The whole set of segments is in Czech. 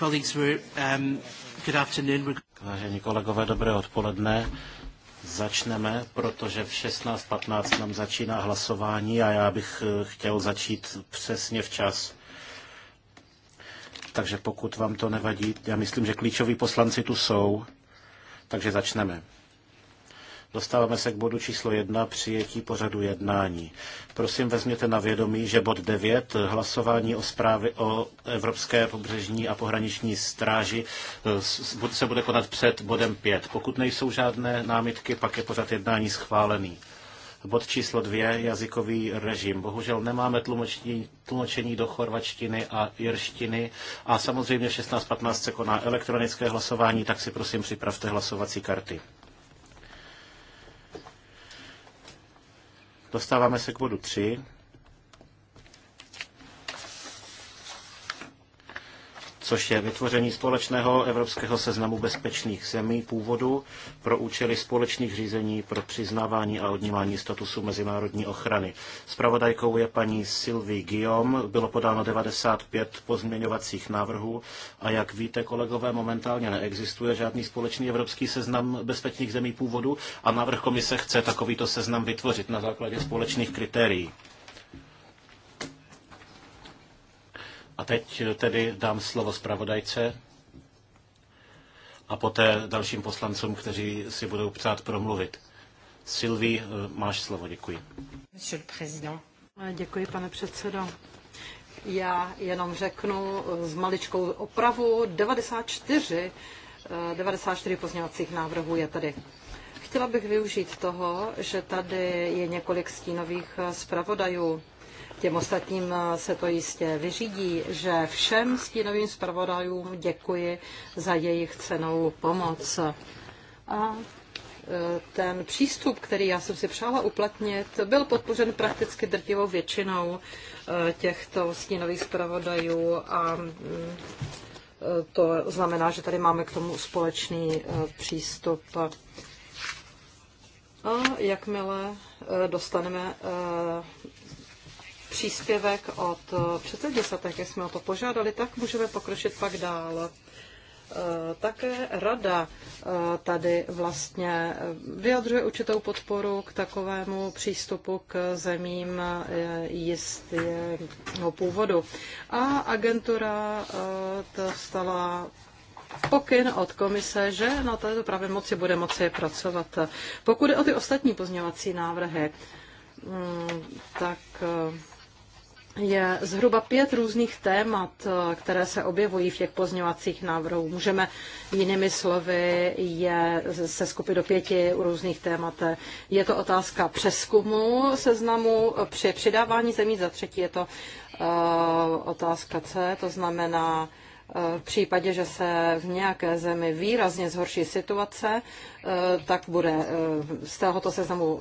Colleagues, we're, um, good afternoon. Vážení kolegové, dobré odpoledne. Začneme, protože v 16.15 nám začíná hlasování a já bych eh, chtěl začít přesně včas. Takže pokud vám to nevadí, já myslím, že klíčoví poslanci tu jsou, takže začneme. Dostáváme se k bodu číslo 1, přijetí pořadu jednání. Prosím, vezměte na vědomí, že bod 9, hlasování o zprávy o Evropské pobřežní a pohraniční stráži, se bude konat před bodem 5. Pokud nejsou žádné námitky, pak je pořad jednání schválený. Bod číslo dvě, jazykový režim. Bohužel nemáme tlumočení, tlumočení do chorvačtiny a jirštiny a samozřejmě 16.15 se koná elektronické hlasování, tak si prosím připravte hlasovací karty. Dostáváme se k bodu 3. což je vytvoření společného evropského seznamu bezpečných zemí původu pro účely společných řízení pro přiznávání a odnímání statusu mezinárodní ochrany. Spravodajkou je paní Sylvie Guillaume. Bylo podáno 95 pozměňovacích návrhů a jak víte, kolegové, momentálně neexistuje žádný společný evropský seznam bezpečných zemí původu a návrh komise chce takovýto seznam vytvořit na základě společných kritérií. A teď tedy dám slovo zpravodajce a poté dalším poslancům, kteří si budou přát promluvit. Sylvie, eh, máš slovo, děkuji. Děkuji, pane předsedo. Já jenom řeknu eh, s maličkou opravu 94, 94 pozněvacích návrhů je tady. Chtěla bych využít toho, že tady je několik stínových eh, zpravodajů Těm ostatním eh, se to jistě vyřídí, že všem stínovým zpravodajům děkuji za jejich cenou pomoc. A eh, ten přístup, který já jsem si přála uplatnit, byl podpořen prakticky drtivou většinou eh, těchto stínových zpravodajů a mm, to znamená, že tady máme k tomu společný přístup. A jakmile dostaneme příspěvek od eh, předsednictva, tak jak jsme o to požádali, tak můžeme pokročit pak dál. Eh, také rada eh, tady vlastně vyjadřuje určitou podporu k takovému přístupu k zemím jistého původu. A agentura to stala pokyn od komise, že na této moci bude moci pracovat. Pokud je o ty ostatní pozměňovací návrhy, mm, tak je zhruba pět různých témat, eh, které se objevují v těch pozňovacích návrhů. Můžeme jinými slovy je se skupit do pěti různých témat. Je to otázka přeskumu seznamu eh, při přidávání zemí, za třetí je to uh, otázka C, to znamená v případě, že se v nějaké zemi výrazně zhorší situace, tak bude z tohoto seznamu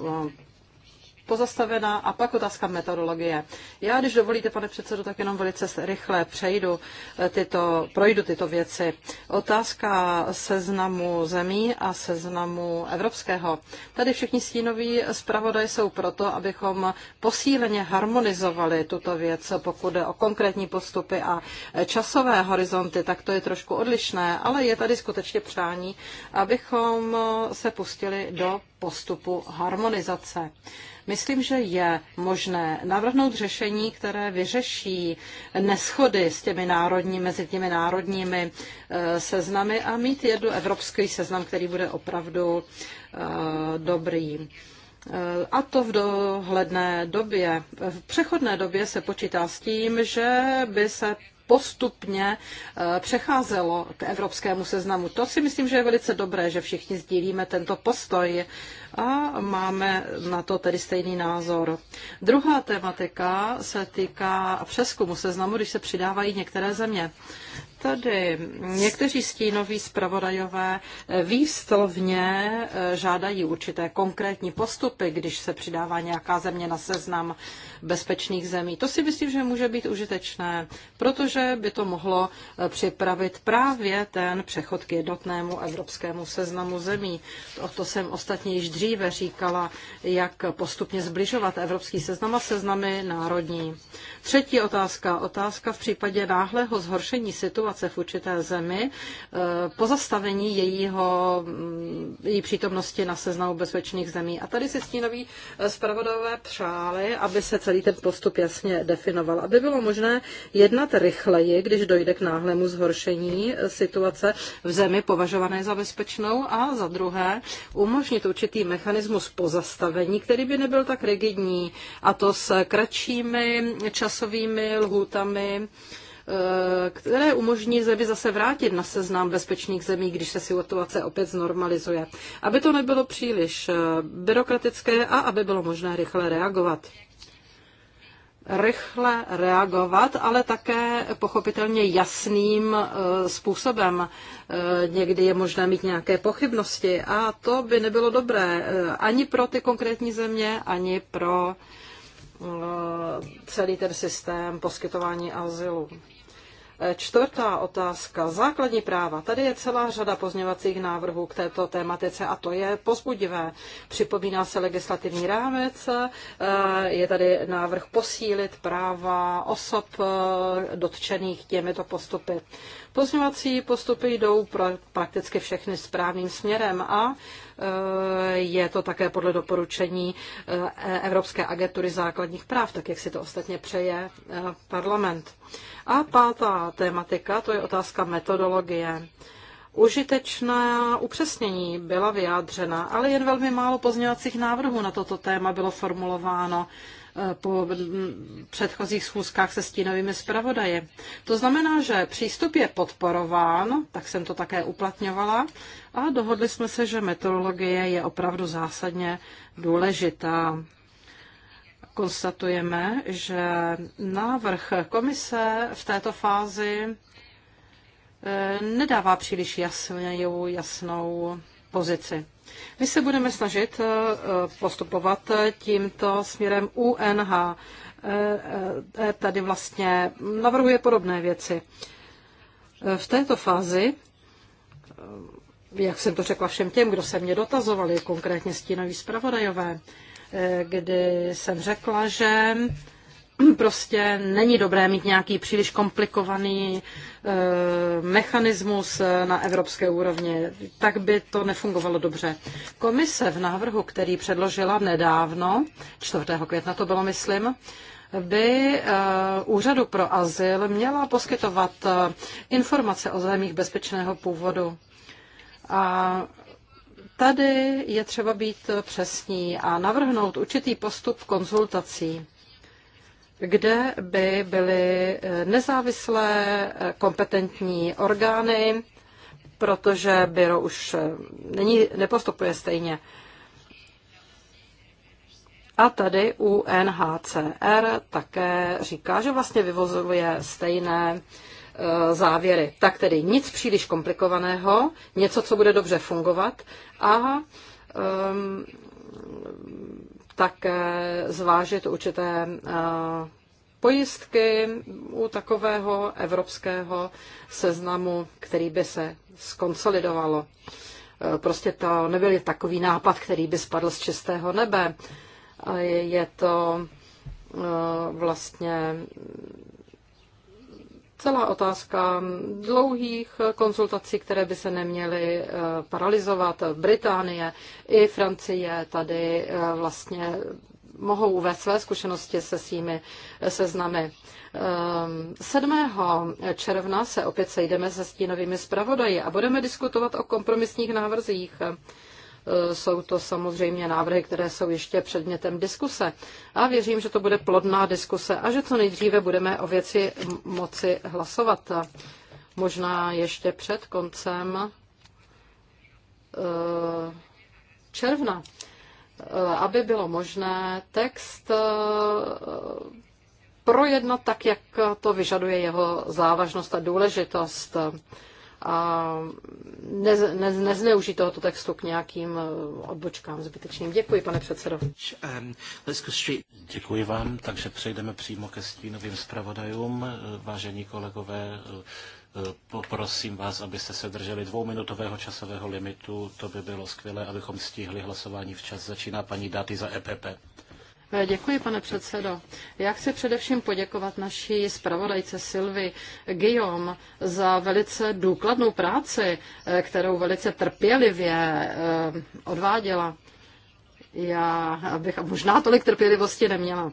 pozastavena a pak otázka metodologie. Já, když dovolíte, pane předsedo, tak jenom velice rychle přejdu eh, tyto, projdu tyto věci. Otázka seznamu zemí a seznamu evropského. Tady všichni stínoví zpravodaj jsou proto, abychom posíleně harmonizovali tuto věc, pokud jde o konkrétní postupy a eh, časové horizonty, tak to je trošku odlišné, ale je tady skutečně přání, abychom eh, se pustili do postupu harmonizace. Myslím, že je možné navrhnout řešení, které vyřeší neschody s těmi národní, mezi těmi národními eh, seznamy a mít jednu evropský seznam, který bude opravdu eh, dobrý. Eh, a to v dohledné době. V přechodné době se počítá s tím, že by se postupně přecházelo k evropskému seznamu. To si myslím, že je velice dobré, že všichni sdílíme tento postoj a máme na to tedy stejný názor. Druhá tematika se týká přeskumu seznamu, když se přidávají některé země. Tady někteří stínoví zpravodajové výstlovně eh, žádají určité konkrétní postupy, když se přidává nějaká země na seznam bezpečných zemí. To si myslím, že může být užitečné, protože by to mohlo eh, připravit právě ten přechod k jednotnému evropskému seznamu zemí. O to jsem ostatně již dříve říkala, jak postupně zbližovat evropský seznam a seznamy národní. Třetí otázka. Otázka v případě náhlého zhoršení situace v určité zemi, eh, pozastavení jejího, mm, její přítomnosti na seznamu bezpečných zemí. A tady si stínoví eh, zpravodové přáli, aby se celý ten postup jasně definoval, aby bylo možné jednat rychleji, když dojde k náhlému zhoršení eh, situace v zemi považované za bezpečnou a za druhé umožnit určitým mechanismus pozastavení, který by nebyl tak rigidní, a to s kratšími časovými lhůtami, eh, které umožní zemi zase vrátit na seznam bezpečných zemí, když se situace opět znormalizuje. Aby to nebylo příliš eh, byrokratické a aby bylo možné rychle reagovat rychle reagovat, ale také pochopitelně jasným e, způsobem. E, někdy je možné mít nějaké pochybnosti a to by nebylo dobré e, ani pro ty konkrétní země, ani pro celý ten systém poskytování azylu. Čtvrtá otázka. Základní práva. Tady je celá řada pozměvacích návrhů k této tématice a to je pozbudivé. Připomíná se legislativní rámec, eh, je tady návrh posílit práva osob eh, dotčených těmito postupy. Pozměvací postupy jdou pro prakticky všechny správným směrem a eh, je to také podle doporučení eh, Evropské agentury základních práv, tak jak si to ostatně přeje eh, parlament. A pátá tématika, to je otázka metodologie. Užitečná upřesnění byla vyjádřena, ale jen velmi málo pozměňovacích návrhů na toto téma bylo formulováno. Eh, po mm, předchozích schůzkách se stínovými zpravodaje. To znamená, že přístup je podporován, tak jsem to také uplatňovala, a dohodli jsme se, že metodologie je opravdu zásadně důležitá. Konstatujeme, že návrh komise v této fázi eh, nedává příliš jasnou, jasnou pozici. My se budeme snažit eh, postupovat eh, tímto směrem UNH. Eh, e tady vlastně navrhuje podobné věci. V této fázi jak jsem to řekla všem těm, kdo se mě dotazovali, konkrétně stínoví zpravodajové, kdy jsem řekla, že prostě není dobré mít nějaký příliš komplikovaný Eh, mechanismus na evropské úrovni, tak by to nefungovalo dobře. Komise v návrhu, který předložila nedávno, 4. května to bylo, myslím, by eh, Úřadu pro azyl měla poskytovat eh, informace o zemích bezpečného původu. A tady je třeba být přesní a navrhnout určitý postup konzultací kde by byly eh, nezávislé eh, kompetentní orgány, protože byro už eh, není, nepostupuje stejně. A tady UNHCR také říká, že vlastně vyvozuje stejné závěry. Tak tedy nic příliš komplikovaného, něco, co bude dobře fungovat a um, také zvážit určité eh, pojistky u takového evropského seznamu, který by se skonsolidovalo. Eh, prostě to nebyl takový nápad, který by spadl z čistého nebe. Je to eh, vlastně celá otázka dlouhých konzultací, které by se neměly eh, paralizovat. Británie i Francie tady eh, vlastně mohou uvést své zkušenosti se svými eh, seznamy. 7. června se opět sejdeme se stínovými zpravodaji a budeme diskutovat o kompromisních návrzích. Eh, jsou to samozřejmě návrhy, které jsou ještě předmětem diskuse. A věřím, že to bude plodná diskuse a že co nejdříve budeme o věci moci hlasovat. Možná ještě před koncem eh, června, eh, aby bylo možné text projednat tak, jak to vyžaduje jeho závažnost a důležitost a ne, ne, nezneužít tohoto textu k nějakým eh, odbočkám zbytečným. Děkuji, pane předsedo. Um, Děkuji vám, takže přejdeme přímo ke stínovým zpravodajům. Eh, vážení kolegové, eh, poprosím vás, abyste se drželi dvouminutového časového limitu. To by bylo skvělé, abychom stihli hlasování včas. Začíná paní Daty za EPP. Eh, děkuji, pane předsedo. Já chci především poděkovat naší zpravodajce Silvi Guillaume za velice důkladnou práci, eh, kterou velice trpělivě eh, odváděla. Já bych možná tolik trpělivosti neměla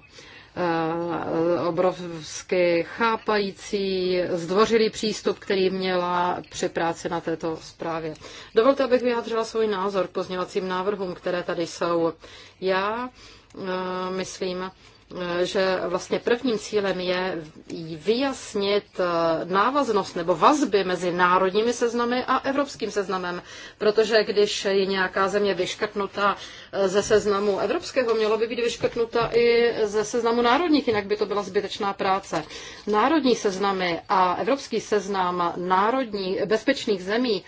obrovsky chápající, zdvořilý přístup, který měla při práci na této zprávě. Dovolte, abych vyjádřila svůj názor k pozněvacím návrhům, které tady jsou. Já Eh, myslím, eh, že vlastně prvním cílem je vyjasnit eh, návaznost nebo vazby mezi národními seznamy a evropským seznamem, protože když je nějaká země vyškrtnuta ze seznamu evropského, mělo by být vyškrtnuta i ze seznamu národních, jinak by to byla zbytečná práce. Národní seznamy a evropský seznam národní bezpečných zemí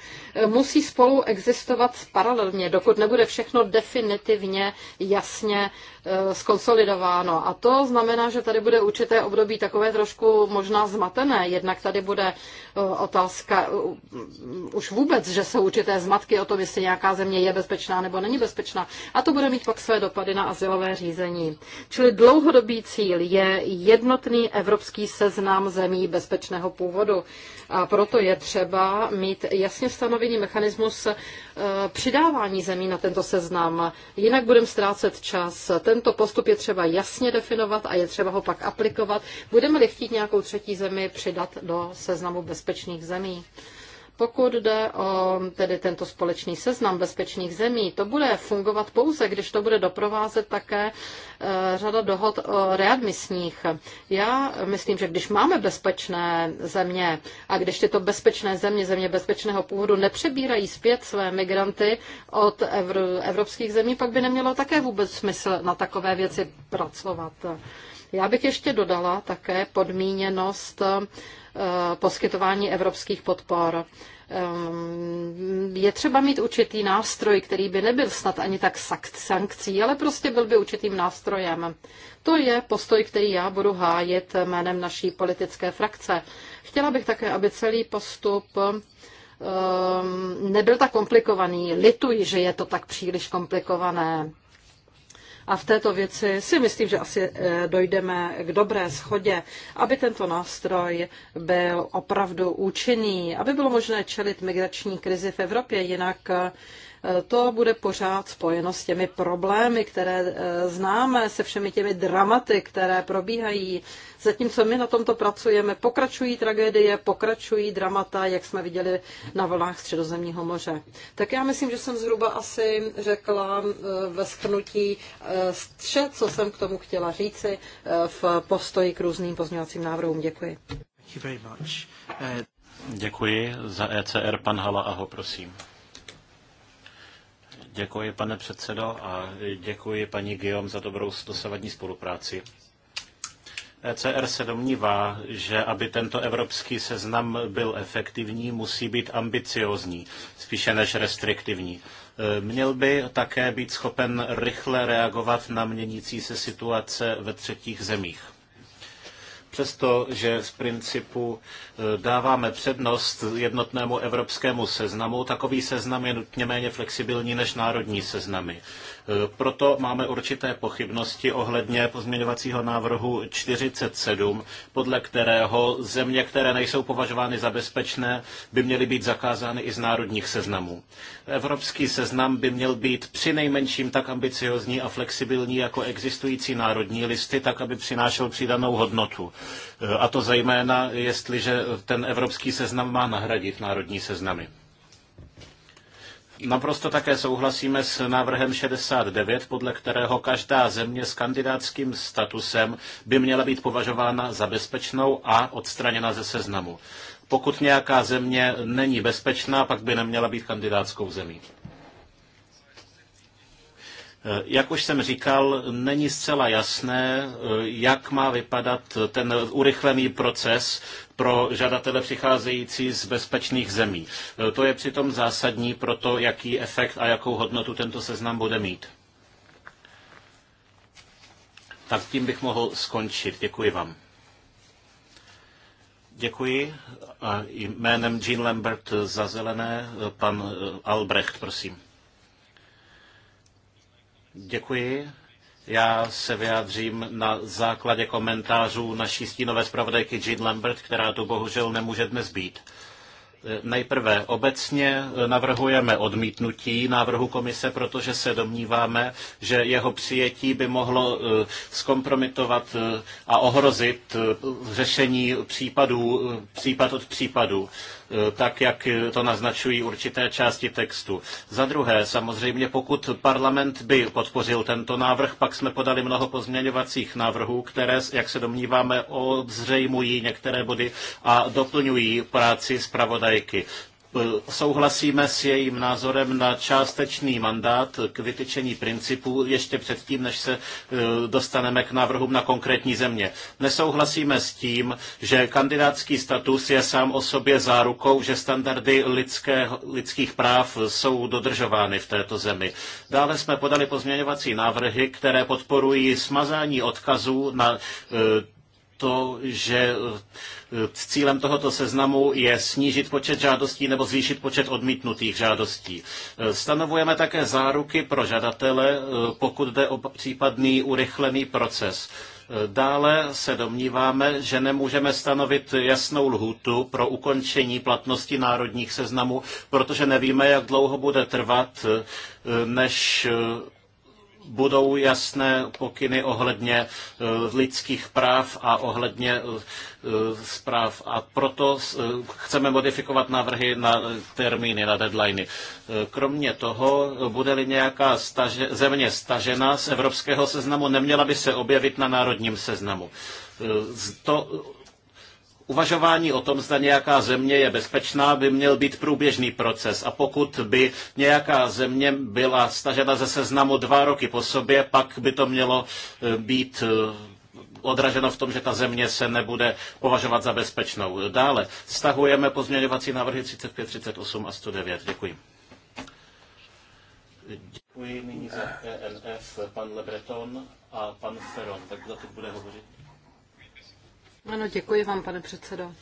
musí spolu existovat paralelně, dokud nebude všechno definitivně jasně e, skonsolidováno. A to znamená, že tady bude určité období takové trošku možná zmatené. Jednak tady bude e, otázka e, už vůbec, že jsou určité zmatky o tom, jestli nějaká země je bezpečná nebo není bezpečná. A to bude mít pak své dopady na asilové řízení. Čili dlouhodobý cíl je jednotný evropský seznam zemí bezpečného původu. A proto je třeba mít jasně stanovit efektivní mechanismus eh, přidávání zemí na tento seznam. Jinak budeme ztrácet čas. Tento postup je třeba jasně definovat a je třeba ho pak aplikovat. Budeme-li chtít nějakou třetí zemi přidat do seznamu bezpečných zemí. Pokud jde o tedy tento společný seznam bezpečných zemí, to bude fungovat pouze, když to bude doprovázet také eh, řada dohod readmisních. Já myslím, že když máme bezpečné země a když tyto bezpečné země, země bezpečného původu nepřebírají zpět své migranty od evropských zemí, pak by nemělo také vůbec smysl na takové věci pracovat. Já bych ještě dodala také podmíněnost Eh, poskytování evropských podpor. Eh, je třeba mít určitý nástroj, který by nebyl snad ani tak sankcí, ale prostě byl by určitým nástrojem. To je postoj, který já budu hájit jménem naší politické frakce. Chtěla bych také, aby celý postup eh, nebyl tak komplikovaný. Lituji, že je to tak příliš komplikované. A v této věci si myslím, že asi eh, dojdeme k dobré schodě, aby tento nástroj byl opravdu účinný, aby bylo možné čelit migrační krizi v Evropě, jinak eh, to bude pořád spojeno s těmi problémy, které e, známe, se všemi těmi dramaty, které probíhají. Zatímco my na tomto pracujeme, pokračují tragédie, pokračují dramata, jak jsme viděli na vlnách Středozemního moře. Tak já myslím, že jsem zhruba asi řekla e, ve schrnutí e, vše, co jsem k tomu chtěla říci v postoji k různým pozměňovacím návrhům. Děkuji. Děkuji. Za ECR pan Hala, aho, prosím. Děkuji, pane předsedo, a děkuji paní Guillaume za dobrou dosavadní spolupráci. ECR se domnívá, že aby tento evropský seznam byl efektivní, musí být ambiciózní, spíše než restriktivní. E, měl by také být schopen rychle reagovat na měnící se situace ve třetích zemích. Přestože z principu e, dáváme přednost jednotnému evropskému seznamu, takový seznam je nutně méně flexibilní než národní seznamy. Proto máme určité pochybnosti ohledně pozměňovacího návrhu 47, podle kterého země, které nejsou považovány za bezpečné, by měly být zakázány i z národních seznamů. Evropský seznam by měl být při tak ambiciozní a flexibilní jako existující národní listy, tak aby přinášel přidanou hodnotu. A to zejména, jestliže ten evropský seznam má nahradit národní seznamy. Naprosto také souhlasíme s návrhem 69, podle kterého každá země s kandidátským statusem by měla být považována za bezpečnou a odstraněna ze seznamu. Pokud nějaká země není bezpečná, pak by neměla být kandidátskou zemí. Jak už jsem říkal, není zcela jasné, jak má vypadat ten urychlený proces pro žadatele přicházející z bezpečných zemí. E, to je přitom zásadní pro to, jaký efekt a jakou hodnotu tento seznam bude mít. Tak tím bych mohl skončit. Děkuji vám. Děkuji. A jménem Jean Lambert za zelené, e, pan e, Albrecht, prosím. Děkuji. Já se vyjádřím na základě komentářů naší stínové zpravodajky Jean Lambert, která tu bohužel nemůže dnes být. Nejprve obecně navrhujeme odmítnutí návrhu komise, protože se domníváme, že jeho přijetí by mohlo eh, zkompromitovat eh, a ohrozit eh, řešení případů, případ od případu. Eh, tak jak to naznačují určité části textu. Za druhé, samozřejmě pokud parlament by podpořil tento návrh, pak jsme podali mnoho pozměňovacích návrhů, které, jak se domníváme, odzřejmují některé body a doplňují práci zpravodajky souhlasíme s jejím názorem na částečný mandát k vytyčení principů ještě předtím, než se e, dostaneme k návrhům na konkrétní země. Nesouhlasíme s tím, že kandidátský status je sám o sobě zárukou, že standardy lidské, lidských práv jsou dodržovány v této zemi. Dále jsme podali pozměňovací návrhy, které podporují smazání odkazů na e, to, že e, cílem tohoto seznamu je snížit počet žádostí nebo zvýšit počet odmítnutých žádostí. E, stanovujeme také záruky pro žadatele, e, pokud jde o případný urychlený proces. Dále se domníváme, že nemůžeme stanovit jasnou lhůtu pro ukončení platnosti národních seznamů, protože nevíme, jak dlouho bude trvat, než budou jasné pokyny ohledně eh, lidských práv a ohledně eh, eh, zpráv. A proto chceme modifikovat návrhy na termíny, na deadliny. Kromě toho, bude-li nějaká staže, země stažena z evropského seznamu, neměla by se objevit na národním seznamu. To Uvažování o tom, zda nějaká země je bezpečná, by měl být průběžný proces a pokud by nějaká země byla stažena ze seznamu dva roky po sobě, pak by to mělo eh, být eh, odraženo v tom, že ta země se nebude považovat za bezpečnou. Dále stahujeme pozměňovací návrhy 35, 38 a 109. Děkuji. Děkuji nyní za ENF pan Lebreton a pan Feron. Tak kdo teď bude hovořit? Ano, děkuji vám, pane předsedo.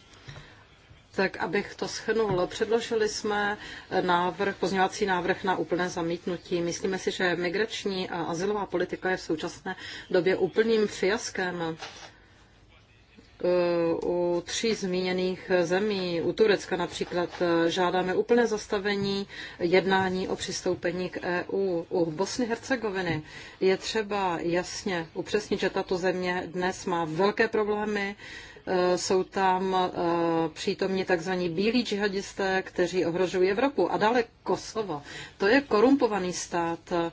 Tak abych to schrnul, předložili jsme návrh, pozměňovací návrh na úplné zamítnutí. Myslíme si, že migrační a asilová politika je v současné době úplným fiaskem Eh, u tří zmíněných zemí, u Turecka například, eh, žádáme úplné zastavení jednání o přistoupení k EU. U Bosny Hercegoviny je třeba jasně upřesnit, že tato země dnes má velké problémy Eh, jsou tam eh, přítomní tzv. bílí džihadisté, kteří ohrožují Evropu. A dále Kosovo. To je korumpovaný stát, eh,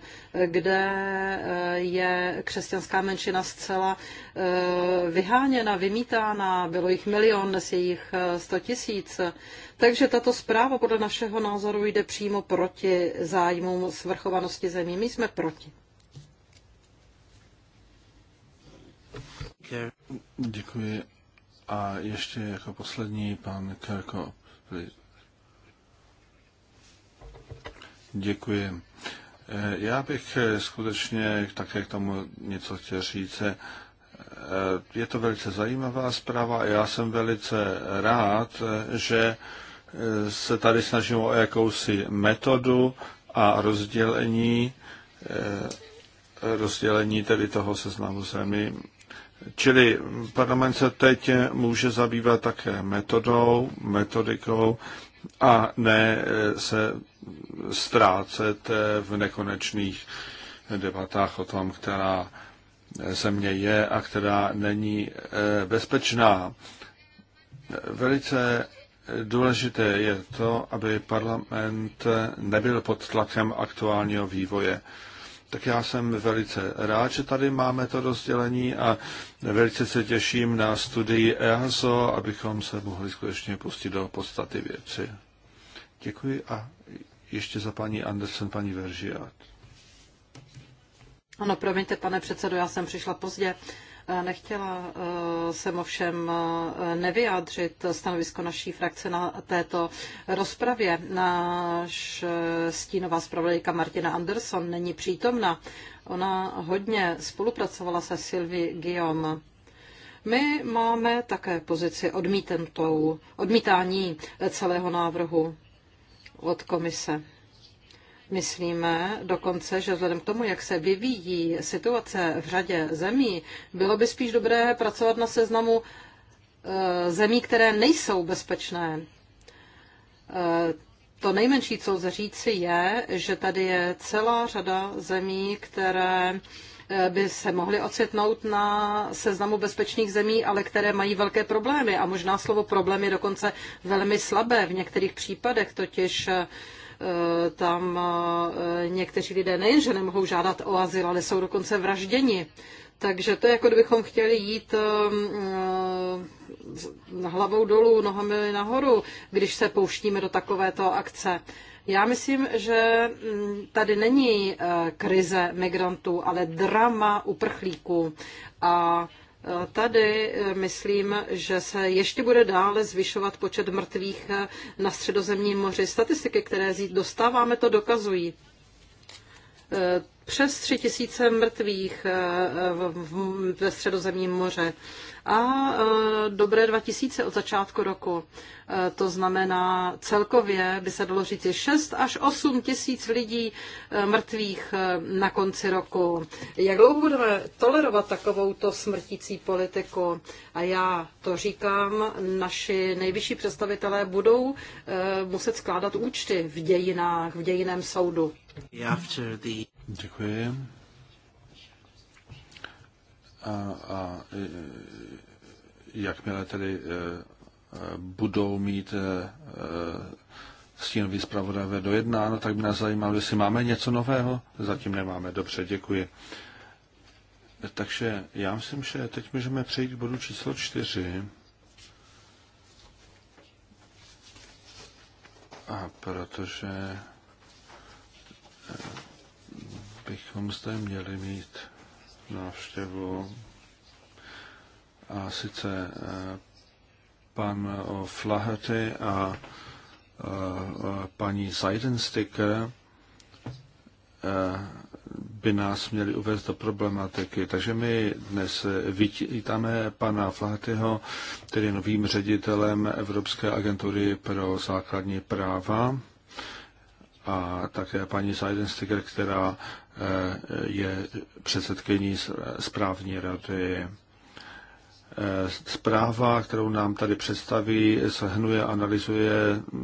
kde je křesťanská menšina zcela vyháněna, vymítána. Bylo jich milion, dnes je jich 100 tisíc. Takže tato zpráva podle našeho názoru jde přímo proti zájmům svrchovanosti zemí. My jsme proti. Děkuji a ještě jako poslední pan Kerko. Děkuji. Eh, já bych eh, skutečně také k tomu něco chtěl říct. Eh, je to velice zajímavá zpráva a já jsem velice rád, že se tady snažím o jakousi metodu a rozdělení, rozdělení tedy toho seznamu zemí Čili parlament se teď může zabývat také metodou, metodikou a ne eh, se ztrácet eh, v nekonečných debatách o tom, která země je a která není eh, bezpečná. Velice důležité je to, aby parlament nebyl pod tlakem aktuálního vývoje. Tak já jsem velice rád, že tady máme to rozdělení a velice se těším na studii EASO, abychom se mohli skutečně pustit do podstaty věci. Děkuji a ještě za paní Andersen, paní Veržiát. Ano, promiňte, pane předsedo, já jsem přišla pozdě. Uh, Eh, nechtěla eh, jsem ovšem eh, nevyjádřit stanovisko naší frakce na této rozpravě. Náš stínová zpravodajka Martina Anderson není přítomna. Ona hodně spolupracovala se Sylvie Guillaume. My máme také pozici odmítání celého návrhu od komise. Myslíme dokonce, že vzhledem k tomu, jak se vyvíjí situace v řadě zemí, bylo by spíš dobré pracovat na seznamu eh, zemí, které nejsou bezpečné. Eh, to nejmenší, co lze říci, je, že tady je celá řada zemí, které eh, by se mohly ocitnout na seznamu bezpečných zemí, ale které mají velké problémy. A možná slovo problém je dokonce velmi slabé v některých případech, totiž Eh, tam eh, někteří lidé nejenže nemohou žádat o azyl, ale jsou dokonce vražděni. Takže to je jako kdybychom chtěli jít ehm, eh, hlavou dolů, nohami nahoru, když se pouštíme do takovéto akce. Já myslím, že hm, tady není krize migrantů, ale drama uprchlíků. A Tady eh, myslím, že se ještě bude dále zvyšovat počet mrtvých eh, na středozemním moři. Statistiky, které dostáváme, to dokazují. Eh, přes tři tisíce mrtvých ve středozemním moře a e, dobré 2000 od začátku roku. E, to znamená, celkově by se dalo říct 6 až 8 tisíc lidí e, mrtvých na konci roku. Jak dlouho budeme tolerovat takovouto smrtící politiku? A já to říkám, naši nejvyšší představitelé budou muset skládat účty v dějinách, v dějiném soudu. Děkuji. A, a e, jakmile tedy e, e, budou mít stínoví zpravodajové dojednáno, tak by nás zajímalo, jestli máme něco nového. Zatím nemáme. Dobře, děkuji. Takže já myslím, že teď můžeme přejít k bodu číslo čtyři. A protože bychom zde měli mít návštěvu a sice eh, pan Flaherty a eh, paní Seidensticker eh, by nás měli uvést do problematiky. Takže my dnes vítáme pana Flahertyho, který je novým ředitelem Evropské agentury pro základní práva a také paní Seidensticker, která Eh, je předsedkyní správní rady. Eh, zpráva, kterou nám tady představí, a analyzuje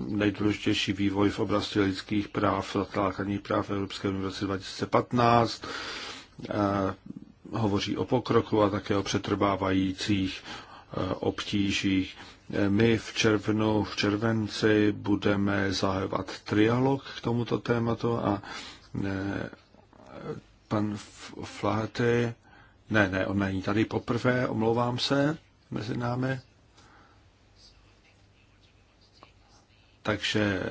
nejdůležitější vývoj v oblasti lidských práv, základních práv Evropské unie v roce 2015, eh, hovoří o pokroku a také o přetrvávajících obtížích. My v červnu, v červenci budeme zahajovat trialog k tomuto tématu a pan Flaherty, ne, ne, on není tady poprvé, omlouvám se, mezi námi. Takže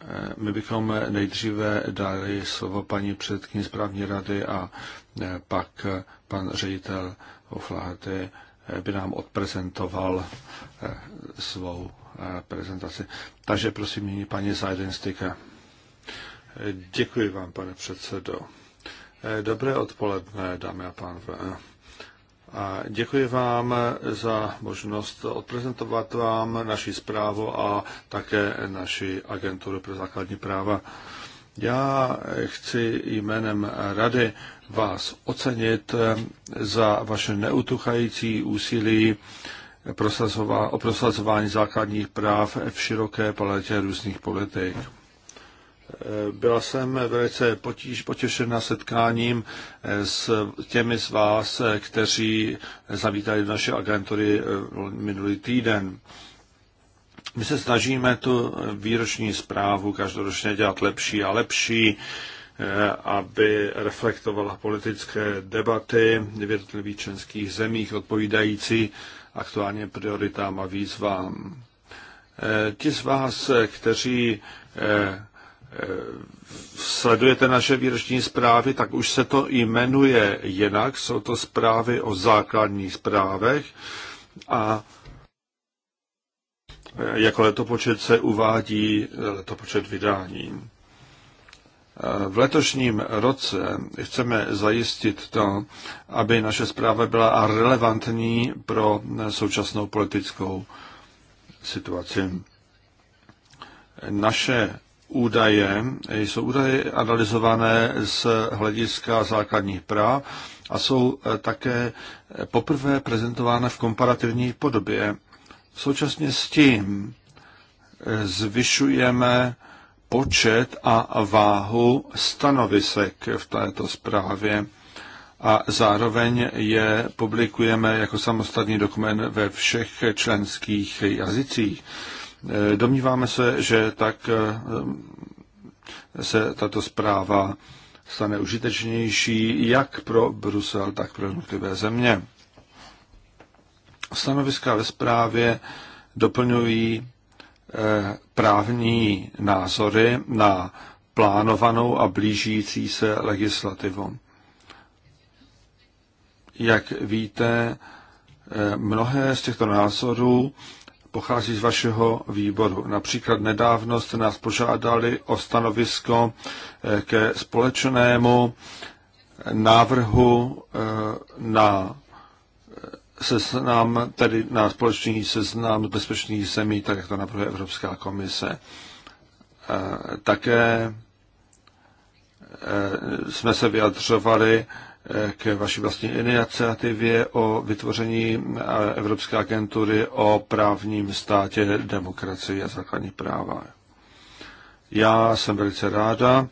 eh, my bychom nejdříve dali slovo paní předkyni správní rady a eh, pak eh, pan ředitel Oflahaty by nám odprezentoval svou prezentaci. Takže prosím nyní paní Zajdenstika. Děkuji vám, pane předsedo. Dobré odpoledne, dámy a pánové. A děkuji vám za možnost odprezentovat vám naši zprávu a také naši agenturu pro základní práva. Já chci jménem Rady vás ocenit za vaše neutuchající úsilí o prosazování základních práv v široké paletě různých politik. Byla jsem velice potíž, potěšena setkáním s těmi z vás, kteří zavítali do naše agentury eh, minulý týden. My se snažíme tu výroční zprávu každoročně dělat lepší a lepší, eh, aby reflektovala politické debaty v jednotlivých členských zemích odpovídající aktuálně prioritám a výzvám. Eh, ti z vás, kteří Eh, sledujete naše výroční zprávy, tak už se to jmenuje jinak. Jsou to zprávy o základních zprávech a eh, jako letopočet se uvádí eh, letopočet vydání. V letošním roce chceme zajistit to, aby naše zpráva byla relevantní pro současnou politickou situaci. Naše údaje jsou údaje analyzované z hlediska základních práv a jsou eh, také eh, poprvé prezentovány v komparativní podobě. Současně s tím eh, zvyšujeme počet a váhu stanovisek v této zprávě a zároveň je publikujeme jako samostatný dokument ve všech členských jazycích. Eh, domníváme se, že tak eh, se tato zpráva stane užitečnější jak pro Brusel, tak pro jednotlivé země. Stanoviska ve zprávě doplňují eh, právní názory na plánovanou a blížící se legislativu. Jak víte, mnohé z těchto názorů pochází z vašeho výboru. Například nedávno jste nás požádali o stanovisko eh, ke společnému eh, návrhu eh, na seznam, tedy na společný seznam bezpečných zemí, tak jak to navrhuje Evropská komise. Také jsme se vyjadřovali k vaší vlastní iniciativě o vytvoření Evropské agentury o právním státě, demokracii a základní práva. Já jsem velice ráda,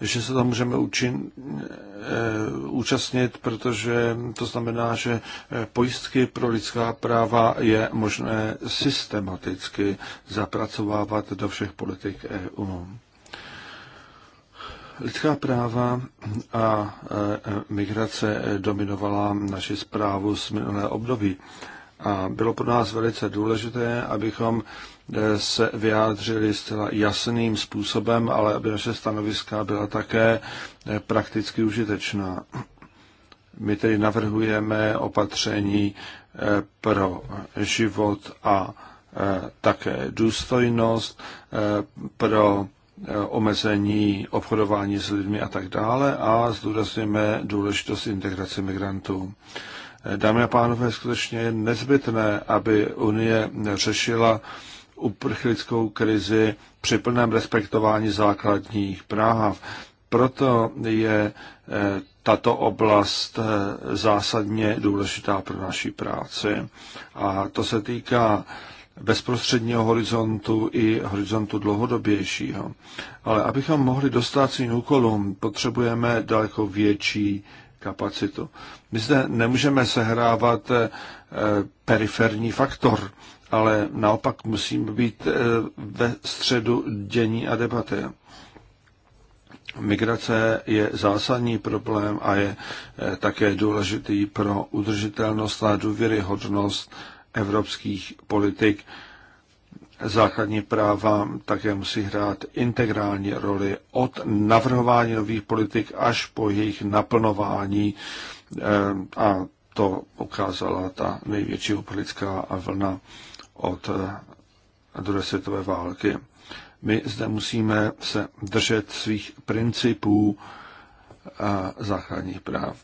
že se tam můžeme učin, e, účastnit, protože to znamená, že pojistky pro lidská práva je možné systematicky zapracovávat do všech politik EU. Lidská práva a e, e, migrace dominovala naši zprávu z minulé období. A bylo pro nás velice důležité, abychom e, se vyjádřili zcela jasným způsobem, ale aby naše stanoviska byla také prakticky užitečná. My tedy navrhujeme opatření pro život a také důstojnost, pro Eh, omezení obchodování s lidmi a tak dále a zdůrazněme důležitost integrace migrantů. Eh, dámy a pánové, skutečně je nezbytné, aby Unie řešila uprchlickou krizi při plném respektování základních práv. Proto je eh, tato oblast zásadně důležitá pro naši práci. A to se týká bezprostředního horizontu i horizontu dlouhodobějšího. Ale abychom mohli dostat svým úkolům, potřebujeme daleko větší kapacitu. My zde nemůžeme sehrávat eh, periferní faktor, ale naopak musíme být eh, ve středu dění a debaty. Migrace je zásadní problém a je eh, také důležitý pro udržitelnost a důvěryhodnost evropských politik. Základní práva také musí hrát integrální roli od navrhování nových politik až po jejich naplnování eh, a to ukázala ta největší uprlická vlna od eh, druhé světové války. My zde musíme se držet svých principů eh, základních práv.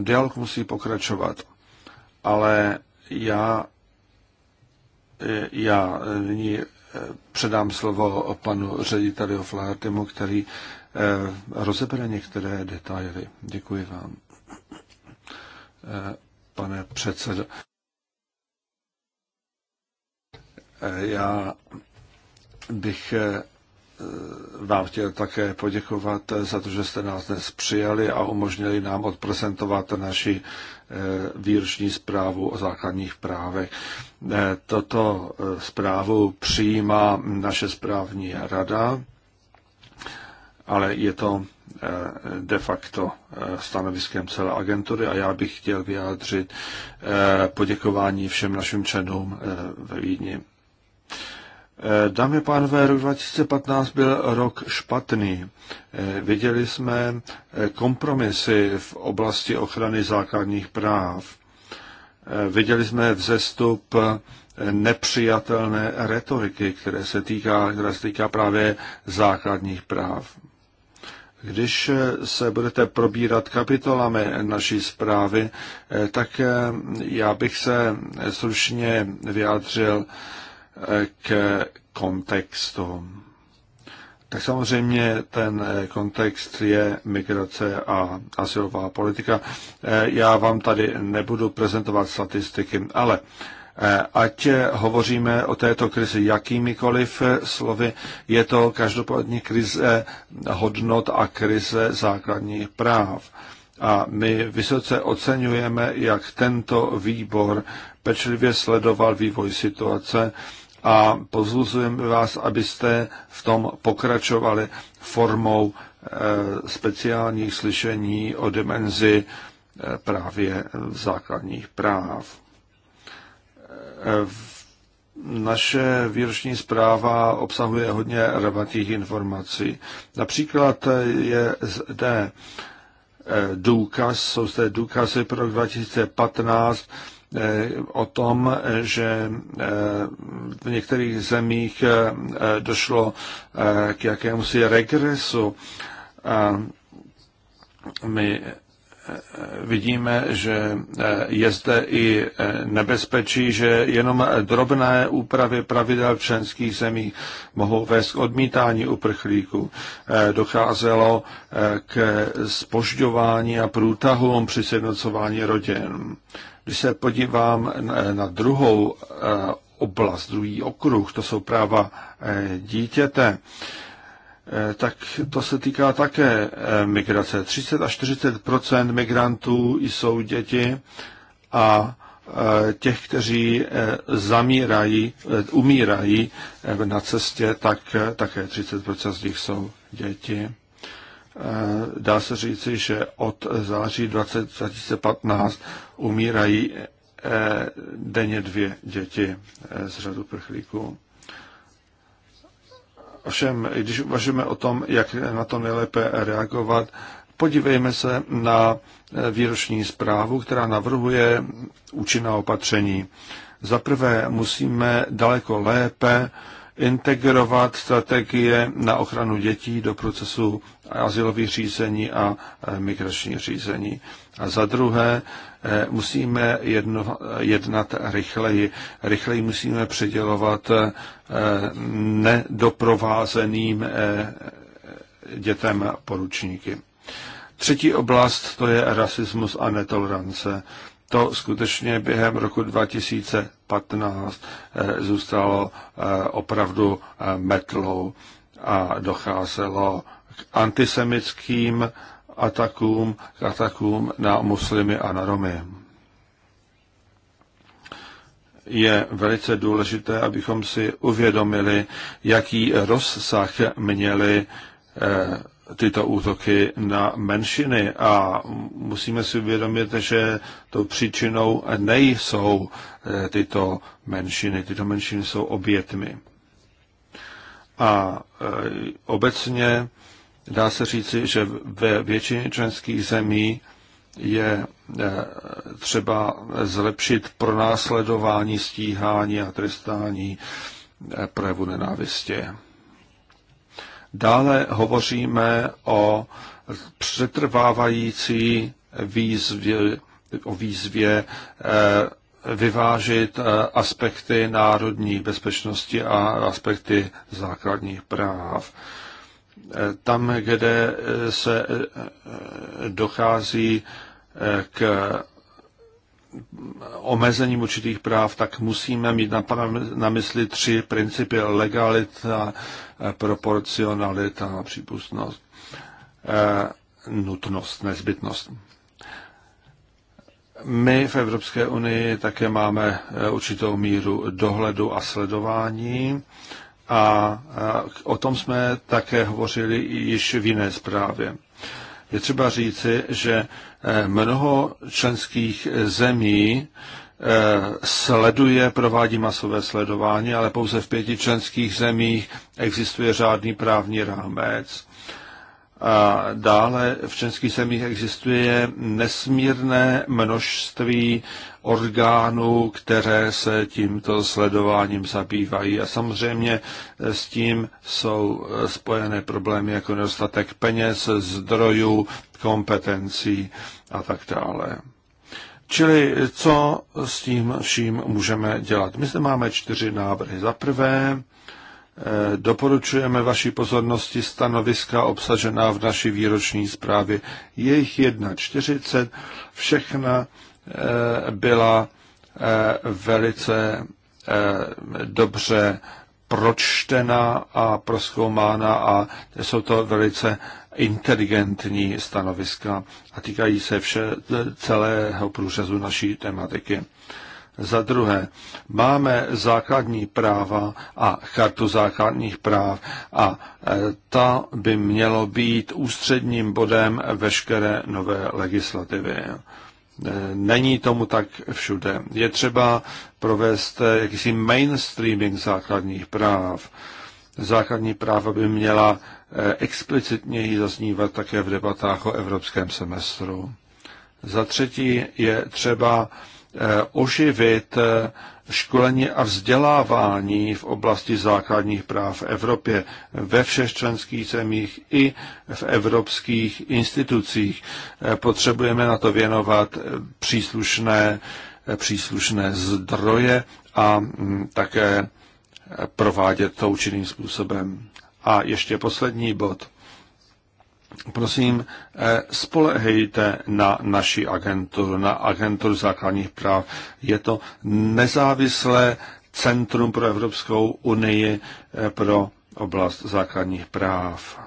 Dialog musí pokračovat, ale já já nyní eh, předám slovo panu řediteli Flahertymu, který eh, rozebere některé detaily. Děkuji vám, eh, pane předsedo. Já bych vám chtěl také poděkovat za to, že jste nás dnes přijali a umožnili nám odprezentovat naši výroční zprávu o základních právech. Eh, Toto eh, zprávu přijímá naše správní rada, ale je to eh, de facto stanoviskem celé agentury a já bych chtěl vyjádřit poděkování všem našim členům ve Vídni. Eh, dámy a pánové, rok 2015 byl rok špatný. Eh, viděli jsme eh, kompromisy v oblasti ochrany základních práv. Viděli jsme vzestup nepřijatelné retoriky, které se týká, která se týká právě základních práv. Když se budete probírat kapitolami naší zprávy, tak já bych se slušně vyjádřil k kontextu. Tak samozřejmě ten kontext je migrace a asilová politika. Já vám tady nebudu prezentovat statistiky, ale eh, ať hovoříme o této krizi jakýmikoliv eh, slovy, je to každopádně krize hodnot a krize základních práv. A my vysoce oceňujeme, jak tento výbor pečlivě sledoval vývoj situace a pozvuzujeme vás, abyste v tom pokračovali formou eh, speciálních slyšení o dimenzi eh, právě základních práv. Eh, naše výroční zpráva obsahuje hodně relevantních informací. Například je zde důkaz, jsou zde důkazy pro 2015 Eh, o tom, že eh, v některých zemích eh, došlo k jakémusi regresu. A my vidíme, že je zde i nebezpečí, že jenom drobné úpravy pravidel v členských zemích mohou vést k odmítání uprchlíků. Docházelo k spožďování a průtahům při sjednocování rodin. Když se podívám na druhou eh, oblast, druhý okruh, to jsou práva eh, dítěte, eh, tak to se týká také migrace. 30 až 40 migrantů jsou děti a těch, kteří zamírají, umírají na cestě, tak také 30 z nich jsou děti. Eh, dá se říci, že od září 2015 umírají eh, denně dvě děti eh, z řadu prchlíků. Ovšem, když uvažujeme o tom, jak na to nejlépe reagovat, podívejme se na výroční zprávu, která navrhuje účinná opatření. Za prvé musíme daleko lépe integrovat strategie na ochranu dětí do procesu asilových řízení a e, migrační řízení. A za druhé, e, musíme jedno, jednat rychleji. Rychleji musíme předělovat e, nedoprovázeným dětem poručníky. Třetí oblast to je rasismus a netolerance to skutečně během roku 2015 eh, zůstalo eh, opravdu eh, metlou a docházelo k antisemickým atakům, k atakům na muslimy a na Romy. Je velice důležité, abychom si uvědomili, jaký rozsah měly tyto útoky na menšiny a musíme si uvědomit, že to příčinou nejsou eh, tyto menšiny. Tyto menšiny jsou obětmi. A eh, obecně dá se říci, že ve většině členských zemí je eh, třeba zlepšit pronásledování, stíhání a trestání projevu nenávistě. Dále hovoříme o přetrvávající výzvě, o výzvě eh, vyvážit eh, aspekty národní bezpečnosti a aspekty základních práv. Eh, tam, kde se dochází k omezením určitých práv, tak musíme mít na, na mysli tři principy legalita, eh, proporcionalita a přípustnost. Eh, nutnost, nezbytnost. My v Evropské unii také máme eh, určitou míru dohledu a sledování a o tom jsme také hovořili již v jiné zprávě. Je třeba říci, že Eh, mnoho členských eh, zemí eh, sleduje, provádí masové sledování, ale pouze v pěti členských zemích existuje řádný právní rámec. A dále v českých zemích existuje nesmírné množství orgánů, které se tímto sledováním zabývají. A samozřejmě s tím jsou eh, spojené problémy jako nedostatek peněz, zdrojů, kompetencí a tak dále. Čili co s tím vším můžeme dělat? My zde máme čtyři návrhy. Za prvé, eh, Doporučujeme vaší pozornosti stanoviska obsažená v naší výroční zprávě. Je jich 41, všechna Eh, byla eh, velice eh, dobře pročtena a proskoumána a jsou to velice inteligentní stanoviska a týkají se vše, celého průřezu naší tematiky. Za druhé, máme základní práva a chartu základních práv a ta by mělo být ústředním bodem veškeré nové legislativy. Eh, není tomu tak všude. Je třeba provést eh, jakýsi mainstreaming základních práv. Základní práva by měla eh, explicitněji zaznívat také v debatách o evropském semestru. Za třetí je třeba oživit školení a vzdělávání v oblasti základních práv v Evropě ve všech členských zemích i v evropských institucích. Potřebujeme na to věnovat příslušné, příslušné zdroje a mm, také provádět to účinným způsobem. A ještě poslední bod prosím, eh, spolehejte na naši agenturu, na agenturu základních práv. Je to nezávislé centrum pro Evropskou unii eh, pro oblast základních práv.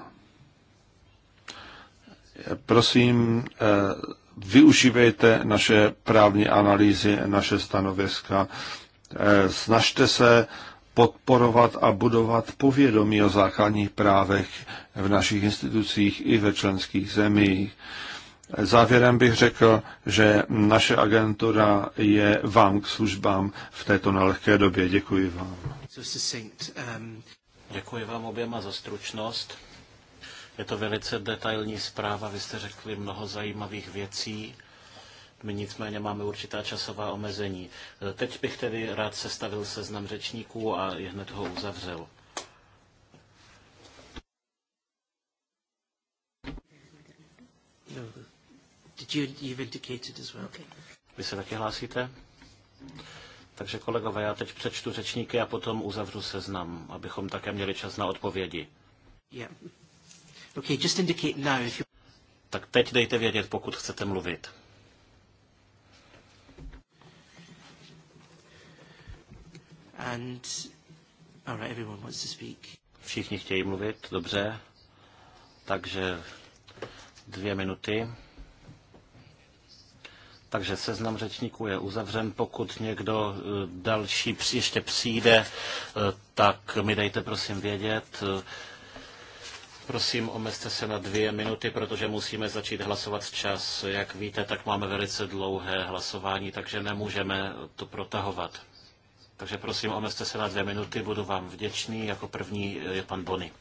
Prosím, eh, využívejte naše právní analýzy, naše stanoviska, snažte se podporovat a budovat povědomí o základních právech v našich institucích i ve členských zemích. Závěrem bych řekl, že naše agentura je vám k službám v této nelehké době. Děkuji vám. Děkuji vám oběma za stručnost. Je to velice detailní zpráva, vy jste řekli mnoho zajímavých věcí. My nicméně máme určitá časová omezení. E, teď bych tedy rád sestavil seznam řečníků a hned ho uzavřel. No, Vy se taky hlásíte? Takže kolegové, já teď přečtu řečníky a potom uzavřu seznam, abychom také měli čas na odpovědi. Yeah. Okay, just indicate now if you... Tak teď dejte vědět, pokud chcete mluvit. And, all right, everyone wants to speak. Všichni chtějí mluvit, dobře. Takže dvě minuty. Takže seznam řečníků je uzavřen. Pokud někdo eh, další ještě přijde, eh, tak mi dejte prosím vědět. Prosím, omezte se na dvě minuty, protože musíme začít hlasovat včas. Jak víte, tak máme velice dlouhé hlasování, takže nemůžeme to protahovat. Takže prosím, omezte se na dvě minuty, budu vám vděčný. Jako první je pan Bony.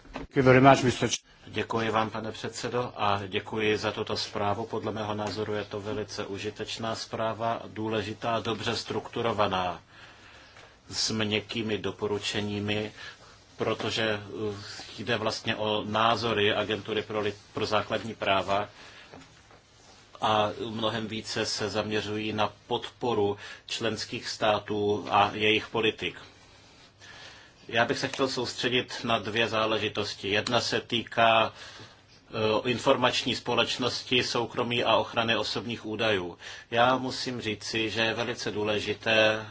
Děkuji vám, pane předsedo, a děkuji za tuto zprávu. Podle mého názoru je to velice užitečná zpráva, důležitá, dobře strukturovaná, s měkkými doporučeními, protože eh, jde vlastně o názory Agentury pro, pro základní práva a mnohem více se zaměřují na podporu členských států a jejich politik. Já bych se chtěl soustředit na dvě záležitosti. Jedna se týká e, informační společnosti, soukromí a ochrany osobních údajů. Já musím říci, že je velice důležité e,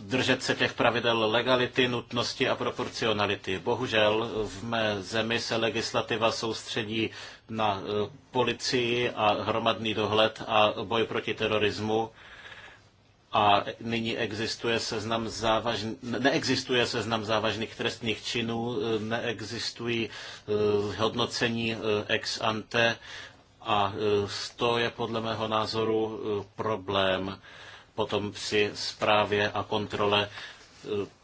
držet se těch pravidel legality, nutnosti a proporcionality. Bohužel v mé zemi se legislativa soustředí na eh, policii a hromadný dohled a boj proti terorismu a nyní existuje seznam závažný, neexistuje seznam závažných trestných činů, eh, neexistují eh, hodnocení ex ante a to je podle mého názoru problém potom při správě a kontrole,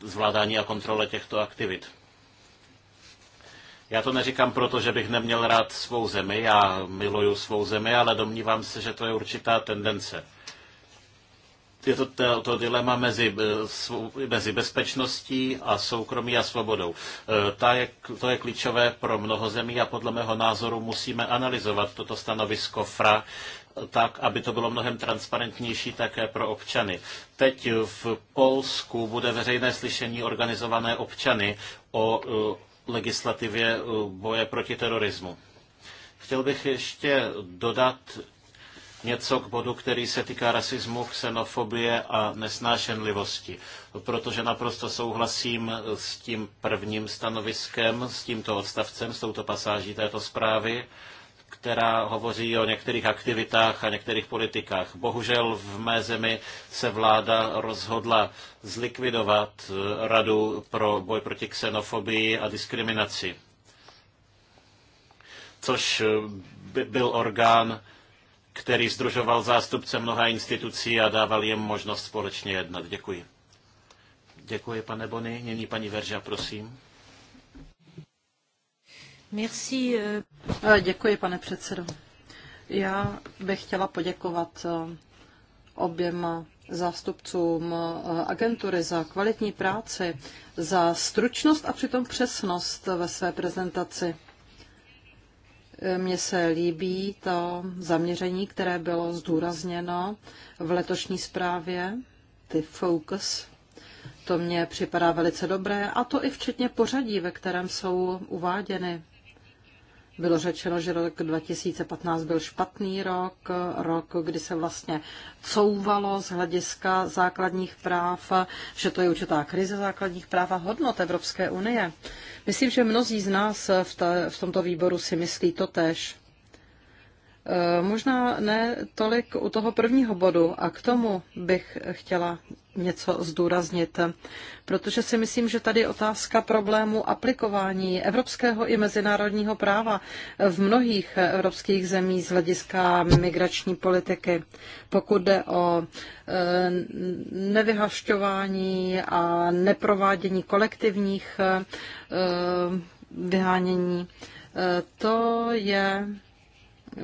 zvládání a kontrole těchto aktivit. Já to neříkám proto, že bych neměl rád svou zemi, já miluju svou zemi, ale domnívám se, že to je určitá tendence. Je to to, to dilema mezi, eh, mezi bezpečností a soukromí a svobodou. Eh, ta je, to je klíčové pro mnoho zemí a podle mého názoru musíme analyzovat toto stanovisko FRA, eh, tak, aby to bylo mnohem transparentnější také pro občany. Teď v Polsku bude veřejné slyšení organizované občany o legislativě eh, boje proti terorismu. Chtěl bych ještě dodat něco k bodu, který se týká rasismu, xenofobie a nesnášenlivosti, protože naprosto souhlasím s tím prvním stanoviskem, s tímto odstavcem, s touto pasáží této zprávy která hovoří o některých aktivitách a některých politikách. Bohužel v mé zemi se vláda rozhodla zlikvidovat eh, Radu pro boj proti xenofobii a diskriminaci, což eh, by byl orgán, který združoval zástupce mnoha institucí a dával jim možnost společně jednat. Děkuji. Děkuji, pane Bony. Nyní paní Verža, prosím. Merci. Eh, děkuji, pane předsedo. Já bych chtěla poděkovat eh, oběma zástupcům eh, agentury za kvalitní práci, za stručnost a přitom přesnost ve své prezentaci. Mně se líbí to zaměření, které bylo zdůrazněno v letošní zprávě, ty focus. To mně připadá velice dobré, a to i včetně pořadí, ve kterém jsou uváděny bylo řečeno, že rok 2015 byl špatný rok, rok, kdy se vlastně couvalo z hlediska základních práv, že to je určitá krize základních práv a hodnot Evropské unie. Myslím, že mnozí z nás v, ta, v tomto výboru si myslí to tež. E, možná ne tolik u toho prvního bodu a k tomu bych chtěla něco zdůraznit, protože si myslím, že tady je otázka problému aplikování evropského i mezinárodního práva v mnohých evropských zemí z hlediska migrační politiky. Pokud jde o eh, nevyhašťování a neprovádění kolektivních eh, vyhánění, eh, to je Eh,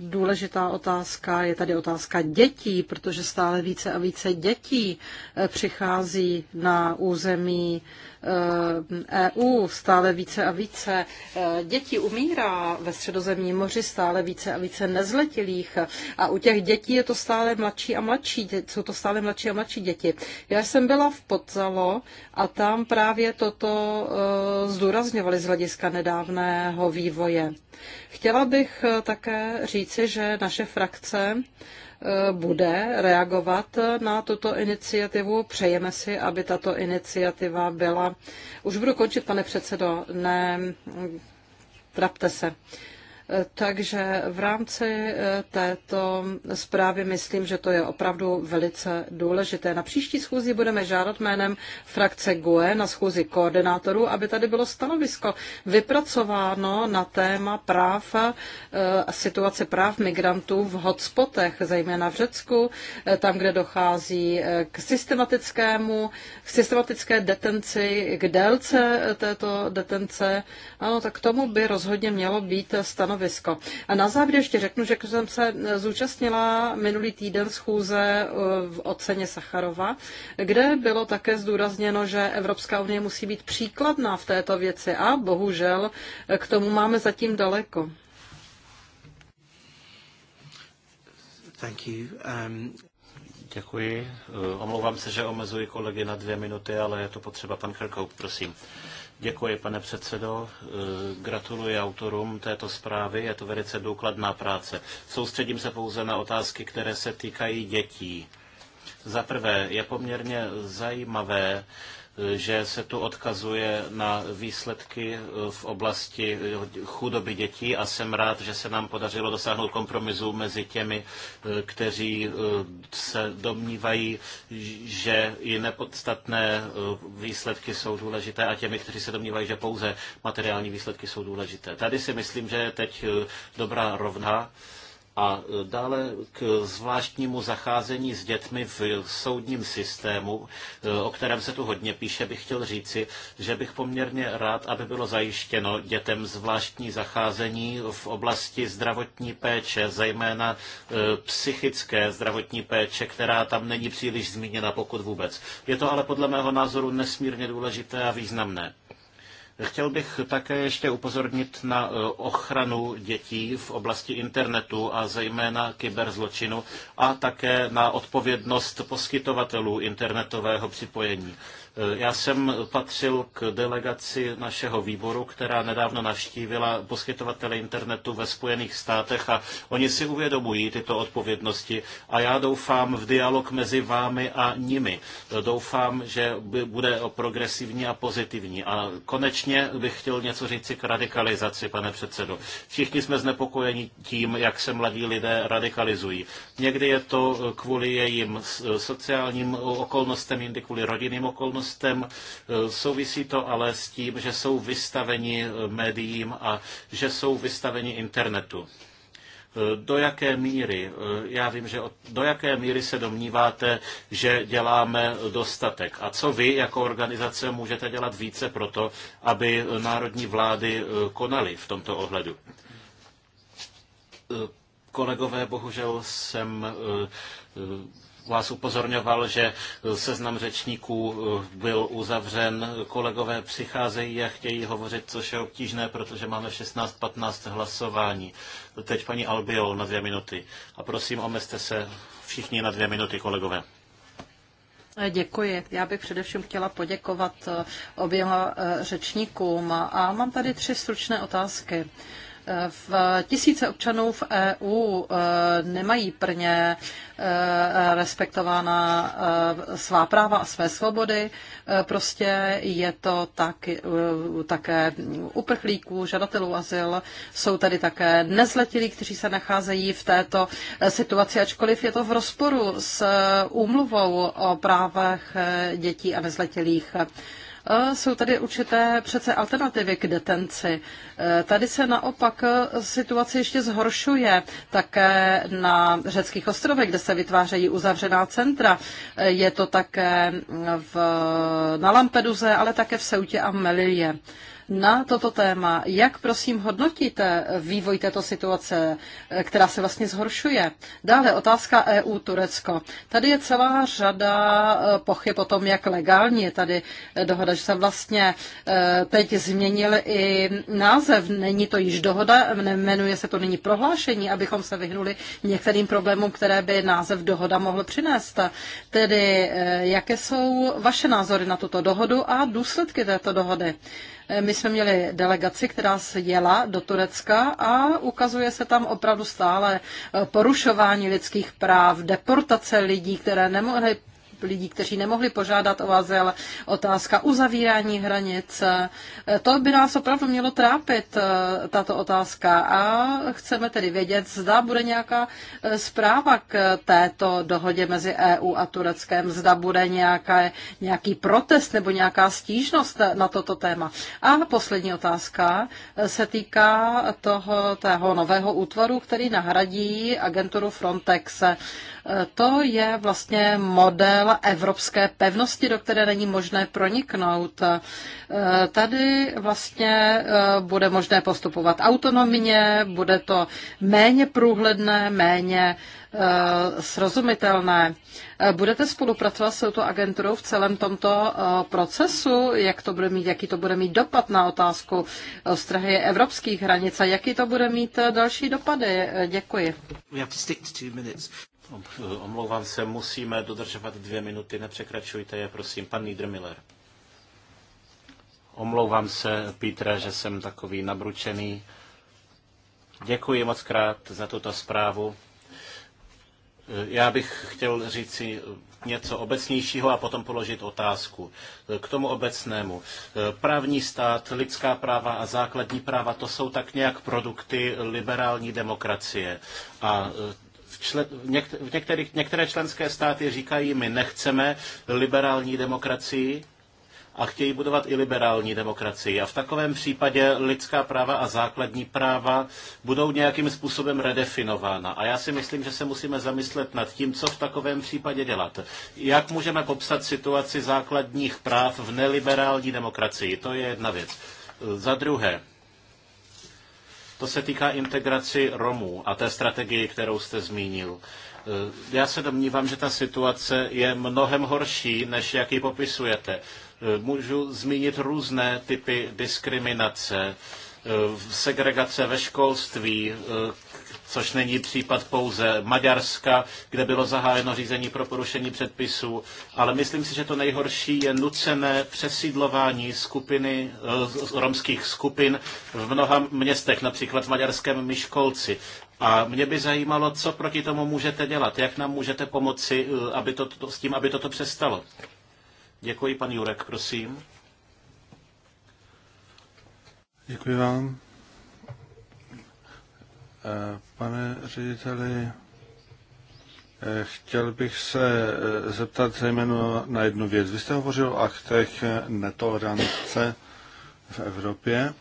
důležitá otázka. Je tady otázka dětí, protože stále více a více dětí eh, přichází na území EU eh, e stále více a více eh, dětí umírá ve středozemním moři, stále více a více nezletilých a u těch dětí je to stále mladší a mladší, jsou to stále mladší a mladší děti. Já jsem byla v Podzalo a tam právě toto eh, zdůrazňovali z hlediska nedávného vývoje. Chtěla bych také říci, že naše frakce Eh, bude reagovat na tuto iniciativu. Přejeme si, aby tato iniciativa byla. Už budu končit, pane předsedo, ne, trapte se. Takže v rámci eh, této zprávy myslím, že to je opravdu velice důležité. Na příští schůzi budeme žádat jménem frakce GUE na schůzi koordinátorů, aby tady bylo stanovisko vypracováno na téma práv a eh, situace práv migrantů v hotspotech, zejména v Řecku, eh, tam, kde dochází k systematickému, k systematické detenci, k délce této detence. Ano, tak tomu by rozhodně mělo být stanovisko stanovisko. A na závěr ještě řeknu, že jsem se zúčastnila minulý týden schůze eh, v oceně Sacharova, kde bylo také zdůrazněno, že Evropská unie musí být příkladná v této věci a bohužel eh, k tomu máme zatím daleko. Thank you. Um... Děkuji. Eh, omlouvám se, že omezuji kolegy na dvě minuty, ale je to potřeba. Pan Krkou, prosím. Děkuji, pane předsedo. Eh, gratuluji autorům této zprávy. Je to velice důkladná práce. Soustředím se pouze na otázky, které se týkají dětí. Za prvé, je poměrně zajímavé, že se tu odkazuje na výsledky eh, v oblasti eh, chudoby dětí a jsem rád, že se nám podařilo dosáhnout kompromisu mezi těmi, eh, kteří se domnívají, že i nepodstatné výsledky jsou důležité a těmi, kteří se domnívají, že pouze materiální výsledky jsou důležité. Tady si myslím, že je teď dobrá rovna a e, dále k zvláštnímu zacházení s dětmi v soudním systému, e, o kterém se tu hodně píše, bych chtěl říci, že bych poměrně rád, aby bylo zajištěno dětem zvláštní zacházení v oblasti zdravotní péče, zejména e, psychické zdravotní péče, která tam není příliš zmíněna, pokud vůbec. Je to ale podle mého názoru nesmírně důležité a významné. Chtěl bych také ještě upozornit na e, ochranu dětí v oblasti internetu a zejména kyberzločinu a také na odpovědnost poskytovatelů internetového připojení. Eh, já jsem patřil k delegaci našeho výboru, která nedávno navštívila poskytovatele internetu ve Spojených státech a oni si uvědomují tyto odpovědnosti a já doufám v dialog mezi vámi a nimi. Eh, doufám, že bude progresivní a pozitivní. A konečně bych chtěl něco říci k radikalizaci, pane předsedo. Všichni jsme znepokojeni tím, jak se mladí lidé radikalizují. Někdy je to eh, kvůli jejím sociálním okolnostem, jindy kvůli rodinným okolnostem společnostem. E, souvisí to ale s tím, že jsou vystaveni médiím a že jsou vystaveni internetu e, do jaké míry, e, já vím, že do jaké míry se domníváte, že děláme dostatek a co vy jako organizace můžete dělat více pro to, aby národní vlády konaly v tomto ohledu? Kolegové, bohužel jsem vás upozorňoval, že eh, seznam řečníků eh, byl uzavřen. Kolegové přicházejí a chtějí hovořit, což je obtížné, protože máme 16 16.15 hlasování. Teď paní Albiol na dvě minuty. A prosím, omezte se všichni na dvě minuty, kolegové. Eh, děkuji. Já bych především chtěla poděkovat oběma řečníkům a mám tady tři stručné otázky. V tisíce občanů v EU e, nemají plně e, respektována e, svá práva a své svobody. Prostě je to tak, také uprchlíků, žadatelů azyl. Jsou tady také nezletilí, kteří se nacházejí v této situaci, ačkoliv je to v rozporu s úmluvou o právech dětí a nezletilých jsou tady určité přece alternativy k detenci. E, tady se naopak e, situace ještě zhoršuje také na řeckých ostrovech, kde se vytvářejí uzavřená centra. E, je to také v, na Lampeduze, ale také v Seutě a Melilie na toto téma. Jak prosím hodnotíte vývoj této situace, eh, která se vlastně zhoršuje? Dále otázka EU Turecko. Tady je celá řada eh, pochyb o tom, jak legální je tady eh, dohoda, že se vlastně teď změnil i název. Není to již dohoda, jmenuje se to nyní prohlášení, abychom se vyhnuli některým problémům, které by název dohoda mohl přinést. Tedy jaké jsou vaše názory na tuto dohodu a důsledky této dohody? Eh, my jsme měli delegaci, která se jela do Turecka a ukazuje se tam opravdu stále eh, porušování lidských práv, deportace lidí, které nemohly lidí, kteří nemohli požádat o azyl, otázka uzavírání hranic. To by nás opravdu mělo trápit, eh, tato otázka. A chceme tedy vědět, zda bude nějaká eh, zpráva k eh, této dohodě mezi EU a Tureckem, zda bude nějaká, nějaký protest nebo nějaká stížnost na toto téma. A poslední otázka se týká toho, toho nového útvaru, který nahradí agenturu Frontex. To je vlastně model evropské pevnosti, do které není možné proniknout. Eh, tady vlastně eh, bude možné postupovat autonomně, bude to méně průhledné, méně eh, srozumitelné. Budete spolupracovat s touto agenturou v celém tomto procesu? Jak to bude mít, jaký to bude mít dopad na otázku strahy evropských hranic a jaký to bude mít další dopady? Děkuji. Omlouvám se, musíme dodržovat dvě minuty, nepřekračujte je, prosím. Pan Niedermiller. Omlouvám se, Pítra, že jsem takový nabručený. Děkuji moc krát za tuto zprávu. Já bych chtěl říci něco obecnějšího a potom položit otázku. K tomu obecnému. Právní stát, lidská práva a základní práva, to jsou tak nějak produkty liberální demokracie. A v člen, v některé členské státy říkají, my nechceme liberální demokracii a chtějí budovat i liberální demokracii. A v takovém případě lidská práva a základní práva budou nějakým způsobem redefinována. A já si myslím, že se musíme zamyslet nad tím, co v takovém případě dělat. Jak můžeme popsat situaci základních práv v neliberální demokracii? To je jedna věc. Za druhé, to se týká integraci Romů a té strategii, kterou jste zmínil. E, já se domnívám, že ta situace je mnohem horší, než jak ji popisujete. E, můžu zmínit různé typy diskriminace, e, segregace ve školství, což není případ pouze Maďarska, kde bylo zahájeno řízení pro porušení předpisů, ale myslím si, že to nejhorší je nucené přesídlování skupiny, eh, romských skupin v mnoha městech, například v maďarském Myškolci. A mě by zajímalo, co proti tomu můžete dělat, jak nám můžete pomoci eh, aby to, to, s tím, aby toto přestalo. Děkuji, pan Jurek, prosím. Děkuji vám. Eh, pane řediteli, eh, chtěl bych se eh, zeptat zejména na jednu věc. Vy jste hovořil o aktech netolerance v Evropě,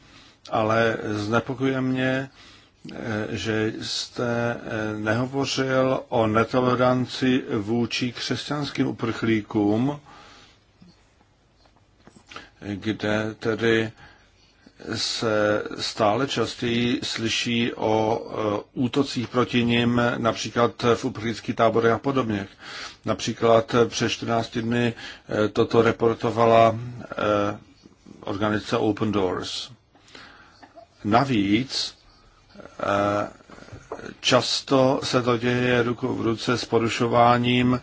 ale znepokuje mě, že jste nehovořil o netoleranci vůči křesťanským uprchlíkům, kde tedy se stále častěji slyší o e, útocích proti nim, například v uprchlických táborech a podobně. Například před 14 dny e, toto reportovala e, organizace Open Doors. Navíc často se to děje ruku v ruce s porušováním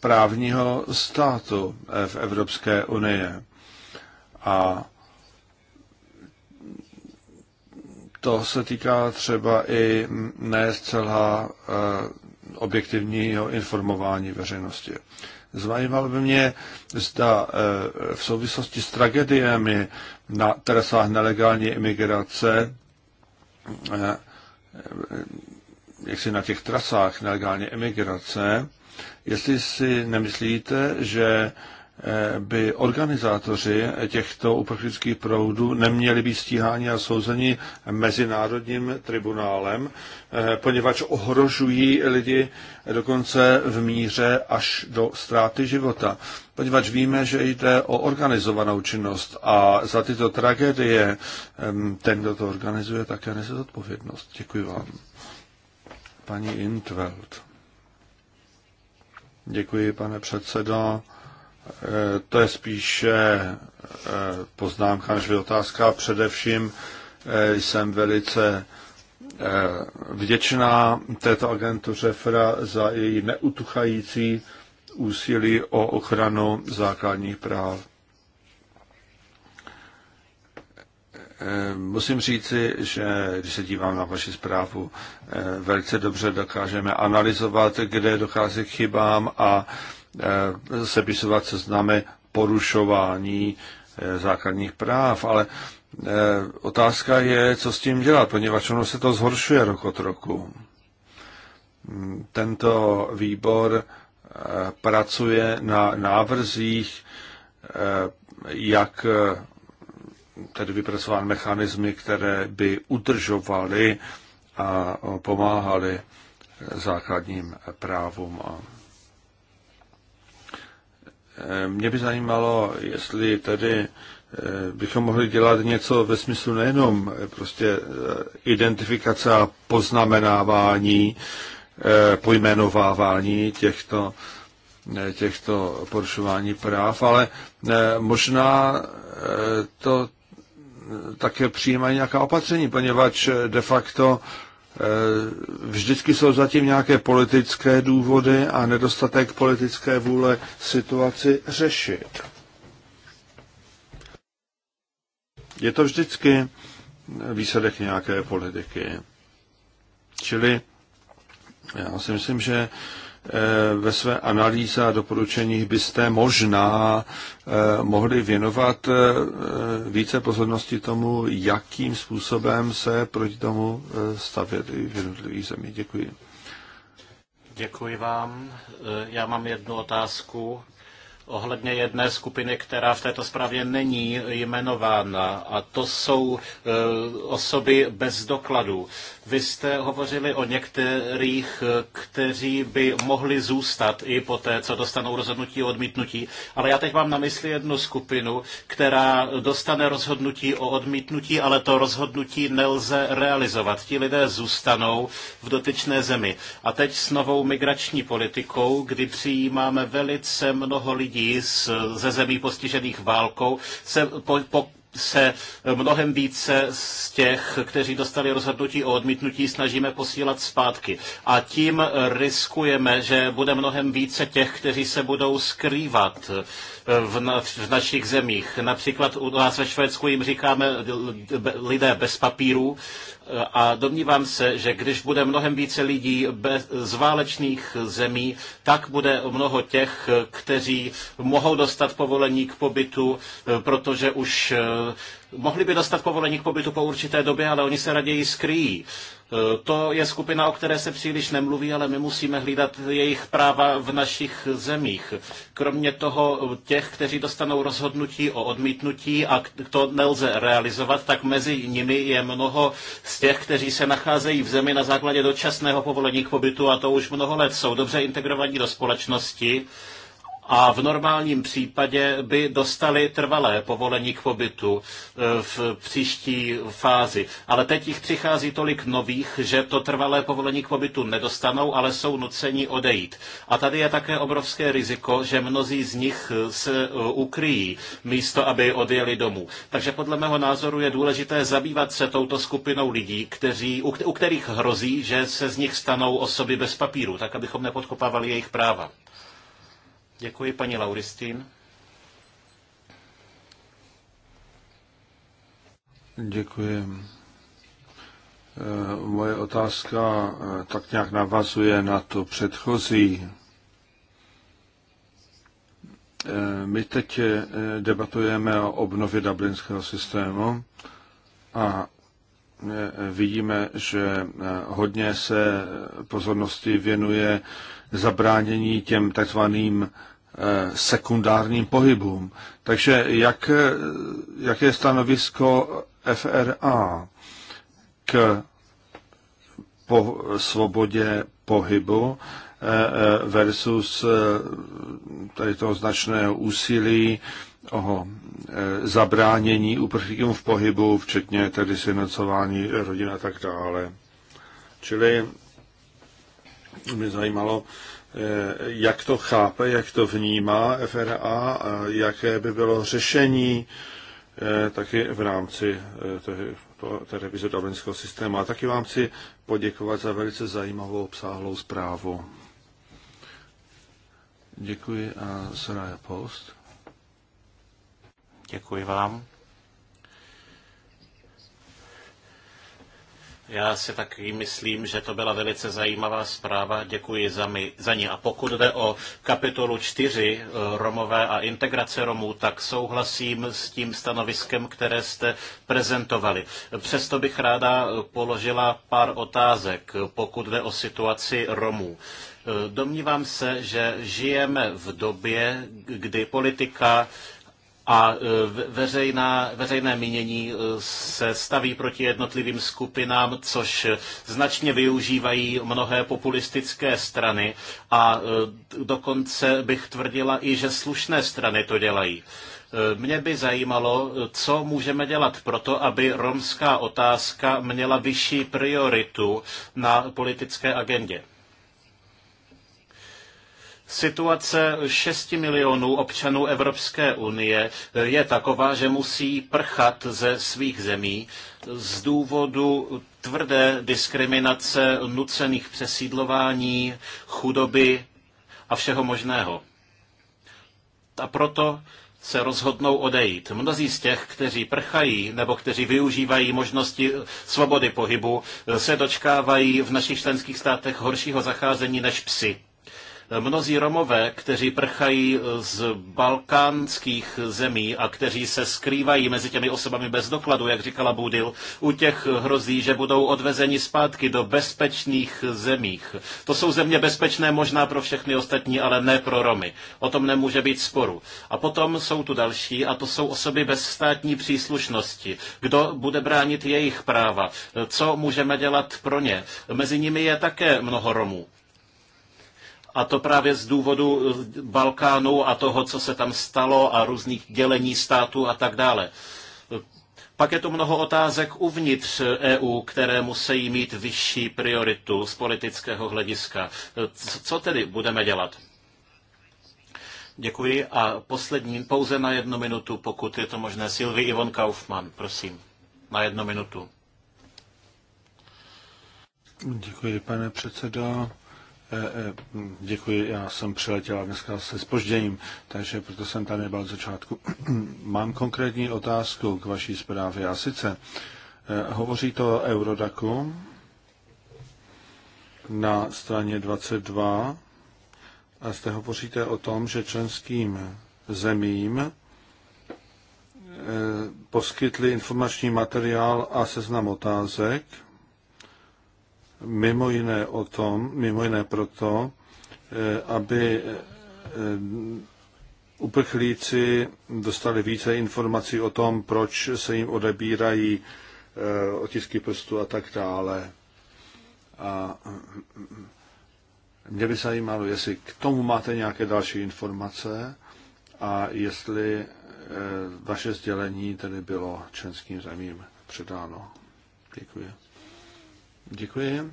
právního státu v Evropské unii. A To se týká třeba i ne zcela eh, objektivního informování veřejnosti. Zajímalo by mě, zda eh, v souvislosti s tragediemi na trasách nelegální imigrace, eh, jak si na těch trasách nelegální imigrace, jestli si nemyslíte, že by organizátoři těchto uprchlických proudů neměli být stíháni a souzeni mezinárodním tribunálem, eh, poněvadž ohrožují lidi dokonce v míře až do ztráty života. Poněvadž víme, že jde o organizovanou činnost a za tyto tragédie ten, kdo to organizuje, také nese zodpovědnost. Děkuji vám. Paní Intveld. Děkuji, pane předsedo. Eh, to je spíše eh, poznámka než otázka. Především eh, jsem velice vděčná této agentuře FRA za její neutuchající úsilí o ochranu základních práv. Musím říci, že když se dívám na vaši zprávu, velice dobře dokážeme analyzovat, kde dochází k chybám a Eh, sepisovat seznamy porušování eh, základních práv, ale eh, otázka je, co s tím dělat, poněvadž ono se to zhoršuje rok od roku. Hmm, tento výbor pracuje na návrzích, jak tedy vypracovat mechanismy, které by udržovaly a pomáhaly základním právům a Eh, mě by zajímalo, jestli tedy eh, bychom mohli dělat něco ve smyslu nejenom eh, prostě identifikace a poznamenávání, pojmenovávání těchto, těchto porušování práv, ale možná to také přijímají nějaká opatření, poněvadž de facto Eh, vždycky jsou zatím nějaké politické důvody a nedostatek politické vůle situaci řešit. Je to vždycky výsledek nějaké politiky. Čili já si myslím, že Eh, ve své analýze a doporučeních byste možná eh, mohli věnovat eh, více pozornosti tomu, jakým způsobem se proti tomu stavět v jednotlivých zemích. Děkuji. Děkuji vám. Já mám jednu otázku ohledně jedné skupiny, která v této zprávě není jmenována, a to jsou osoby bez dokladů. Vy jste hovořili o některých, kteří by mohli zůstat i po té, co dostanou rozhodnutí o odmítnutí. Ale já teď mám na mysli jednu skupinu, která dostane rozhodnutí o odmítnutí, ale to rozhodnutí nelze realizovat. Ti lidé zůstanou v dotyčné zemi. A teď s novou migrační politikou, kdy přijímáme velice mnoho lidí z, ze zemí postižených válkou, se po, po, se mnohem více z těch, kteří dostali rozhodnutí o odmítnutí, snažíme posílat zpátky. A tím riskujeme, že bude mnohem více těch, kteří se budou skrývat v, na, v našich zemích. Například u nás ve Švédsku jim říkáme lidé bez papírů, a domnívám se, že když bude mnohem více lidí bez, z válečných zemí, tak bude mnoho těch, kteří mohou dostat povolení k pobytu, protože už eh, mohli by dostat povolení k pobytu po určité době, ale oni se raději skryjí. Eh, to je skupina, o které se příliš nemluví, ale my musíme hlídat jejich práva v našich zemích. Kromě toho eh, těch, kteří dostanou rozhodnutí o odmítnutí a to nelze realizovat, tak mezi nimi je mnoho z těch, kteří se nacházejí v zemi na základě dočasného povolení k pobytu a to už mnoho let jsou dobře integrovaní do společnosti a v normálním případě by dostali trvalé povolení k pobytu e, v příští fázi. Ale teď jich přichází tolik nových, že to trvalé povolení k pobytu nedostanou, ale jsou nuceni odejít. A tady je také obrovské riziko, že mnozí z nich se e, ukryjí místo, aby odjeli domů. Takže podle mého názoru je důležité zabývat se touto skupinou lidí, kteří, u, kterých hrozí, že se z nich stanou osoby bez papíru, tak abychom nepodkopávali jejich práva. Děkuji paní Lauristín. Děkuji. Eh, moje otázka eh, tak nějak navazuje na to předchozí. Eh, my teď debatujeme o obnově dublinského systému a vidíme, že hodně se pozornosti věnuje zabránění těm takzvaným Eh, sekundárním pohybům. Takže jak, eh, jak je stanovisko FRA k po svobodě pohybu eh, versus tady toho značného úsilí o zabránění uprchlíkům v pohybu, včetně tedy sjednocování rodin a tak dále. Čili mě zajímalo, Eh, jak to chápe, jak to vnímá FRA a jaké by bylo řešení eh, taky v rámci eh, té revize dublinského systému. A taky vám chci poděkovat za velice zajímavou obsáhlou zprávu. Děkuji a Soraya Post. Děkuji vám. Já si taky myslím, že to byla velice zajímavá zpráva. Děkuji za, mi, za ní. A pokud jde o kapitolu 4 eh, Romové a integrace Romů, tak souhlasím s tím stanoviskem, které jste prezentovali. Přesto bych ráda položila pár otázek, pokud jde o situaci Romů. Eh, domnívám se, že žijeme v době, kdy politika a e, veřejná, veřejné mínění e, se staví proti jednotlivým skupinám, což značně využívají mnohé populistické strany a e, dokonce bych tvrdila i, že slušné strany to dělají. Mě by zajímalo, co můžeme dělat pro to, aby romská otázka měla vyšší prioritu na politické agendě. Situace 6 milionů občanů Evropské unie eh, je taková, že musí prchat ze svých zemí z důvodu tvrdé diskriminace, nucených přesídlování, chudoby a všeho možného. A proto se rozhodnou odejít. Mnozí z těch, kteří prchají nebo kteří využívají možnosti eh, svobody pohybu, eh, se dočkávají v našich členských státech horšího zacházení než psy. Mnozí Romové, kteří prchají z balkánských zemí a kteří se skrývají mezi těmi osobami bez dokladu, jak říkala Budil, u těch hrozí, že budou odvezeni zpátky do bezpečných zemích. To jsou země bezpečné možná pro všechny ostatní, ale ne pro Romy. O tom nemůže být sporu. A potom jsou tu další, a to jsou osoby bez státní příslušnosti. Kdo bude bránit jejich práva? Co můžeme dělat pro ně? Mezi nimi je také mnoho Romů. A to právě z důvodu eh, Balkánu a toho, co se tam stalo a různých dělení států a tak dále. Pak je tu mnoho otázek uvnitř EU, které musí mít vyšší prioritu z politického hlediska. Eh, co tedy budeme dělat? Děkuji a poslední, pouze na jednu minutu, pokud je to možné. Silvi Ivon Kaufmann, prosím, na jednu minutu. Děkuji, pane předsedo. Eh, eh, hm, děkuji, já jsem přiletěla dneska se spožděním, takže proto jsem tady nebyl od začátku. Mám konkrétní otázku k vaší zprávě a sice eh, hovoří to o Eurodaku na straně 22 a zde hovoříte o tom, že členským zemím poskytli informační materiál a seznam otázek, mimo jiné, o tom, mimo jiné proto, eh, aby eh, uprchlíci dostali více informací o tom, proč se jim odebírají eh, otisky prstů a tak dále. A mě by zajímalo, jestli k tomu máte nějaké další informace a jestli vaše sdělení tedy bylo členským zemím předáno. Děkuji. Děkuji.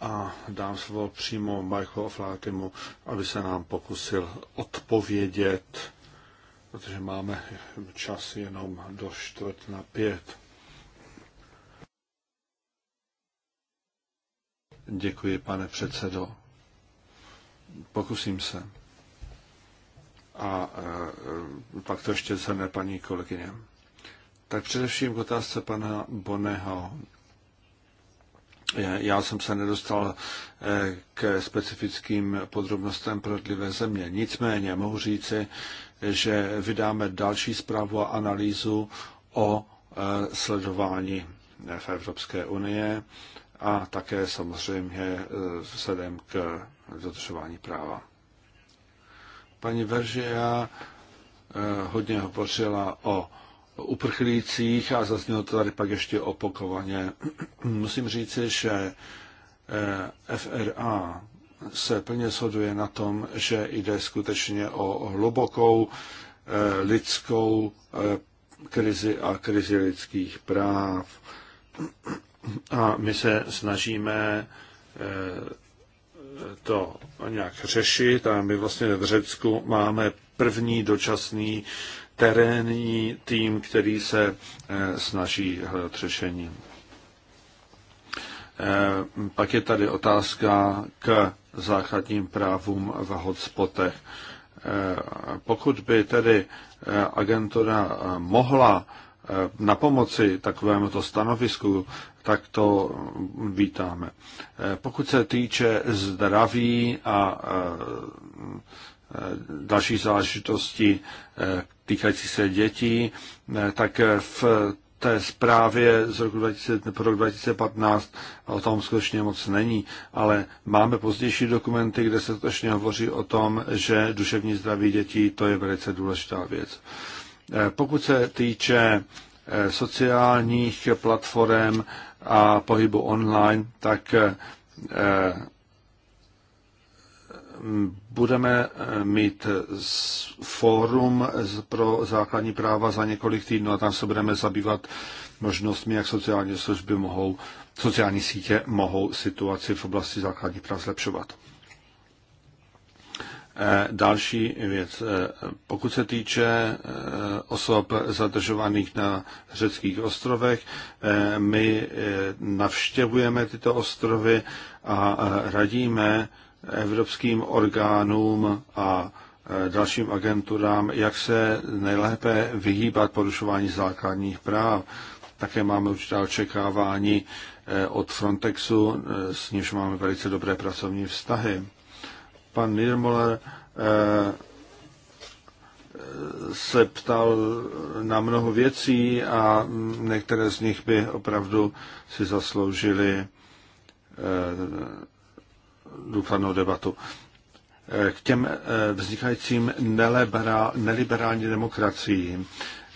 A dám slovo přímo Michael Flatimu, aby se nám pokusil odpovědět, protože máme čas jenom do čtvrt na pět. Děkuji, pane předsedo. Pokusím se. A e, pak to ještě zhrne paní kolegyně. Tak především k otázce pana Boneho. Já jsem se nedostal eh, k specifickým podrobnostem pro jednotlivé země. Nicméně mohu říci, že vydáme další zprávu a analýzu o eh, sledování eh, v Evropské unie a také samozřejmě vzhledem k dodržování práva. Paní Veržia hodně hovořila o uprchlících a zaznělo to tady pak ještě opakovaně. Musím říci, že eh, FRA se plně shoduje na tom, že jde skutečně o hlubokou eh, lidskou eh, krizi a krizi lidských práv. A my se snažíme to nějak řešit a my vlastně v Řecku máme první dočasný terénní tým, který se eh, snaží hledat řešení. Eh, pak je tady otázka k základním právům v hotspotech. Eh, pokud by tedy agentura mohla na pomoci takovémuto stanovisku, tak to vítáme. Pokud se týče zdraví a další záležitosti eh, týkající se dětí, eh, tak eh, v té zprávě z roku 2000, pro rok 2015 o tom skutečně moc není, ale máme pozdější dokumenty, kde se skutečně hovoří o tom, že duševní zdraví dětí to je velice důležitá věc. Pokud se týče sociálních platform a pohybu online, tak budeme mít fórum pro základní práva za několik týdnů a tam se budeme zabývat možnostmi, jak sociální služby mohou, sociální sítě mohou situaci v oblasti základních práv zlepšovat. Eh, další věc. Eh, pokud se týče eh, osob zadržovaných na řeckých ostrovech, my navštěvujeme tyto ostrovy a radíme evropským orgánům a e, dalším agenturám, jak se nejlépe vyhýbat porušování základních práv. Také máme určitá očekávání e, od Frontexu, e, s nímž máme velice dobré pracovní vztahy. Pan Nirmoller se ptal na mnoho věcí a některé z nich by opravdu si zasloužili důkladnou debatu. Eh, k těm eh, vznikajícím neliberální demokraciím.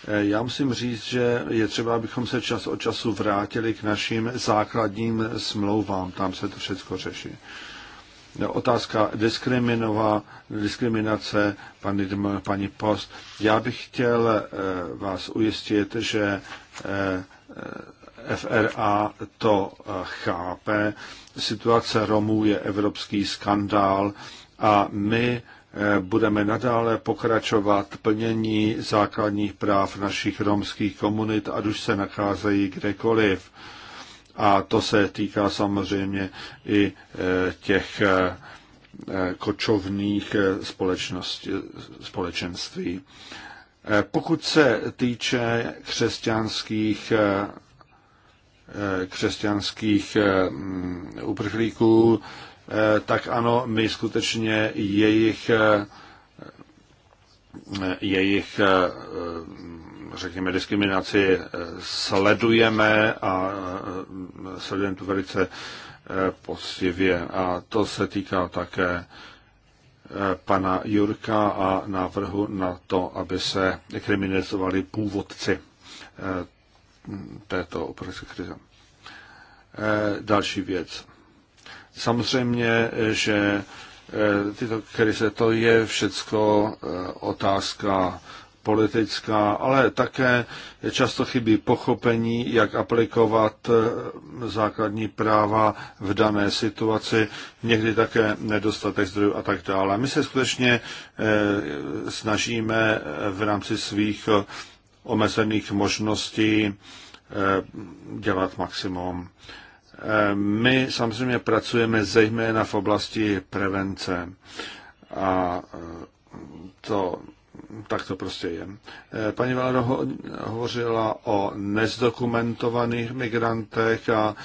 Eh, já musím říct, že je třeba, abychom se čas od času vrátili k našim základním smlouvám. Tam se to všechno řeší. Otázka diskriminace, paní, paní Post. Já bych chtěl vás ujistit, že FRA to eh, chápe. Situace Romů je evropský skandál a my eh, budeme nadále pokračovat plnění základních práv našich romských komunit, ať už se nacházejí kdekoliv. A to se týká samozřejmě i eh, těch kočovných společenství. Pokud se týče křesťanských Eh, křesťanských eh, mm, uprchlíků, eh, tak ano, my skutečně jejich, jejich mm, řekněme, diskriminaci sledujeme a sledujeme to velice poctivě. A to se týká také pana Jurka a návrhu na to, aby se kriminalizovali původci této uprchlické krize. Eh, další věc. Samozřejmě, že eh, tyto krize, to je všecko eh, otázka politická, ale také často chybí pochopení, jak aplikovat základní práva v dané situaci, někdy také nedostatek zdrojů a tak dále. My se skutečně snažíme v rámci svých omezených možností eh, dělat maximum. Eh, my samozřejmě pracujeme zejména v oblasti prevence a eh, to tak to prostě je. Paní Valero ho, hovořila o nezdokumentovaných migrantech a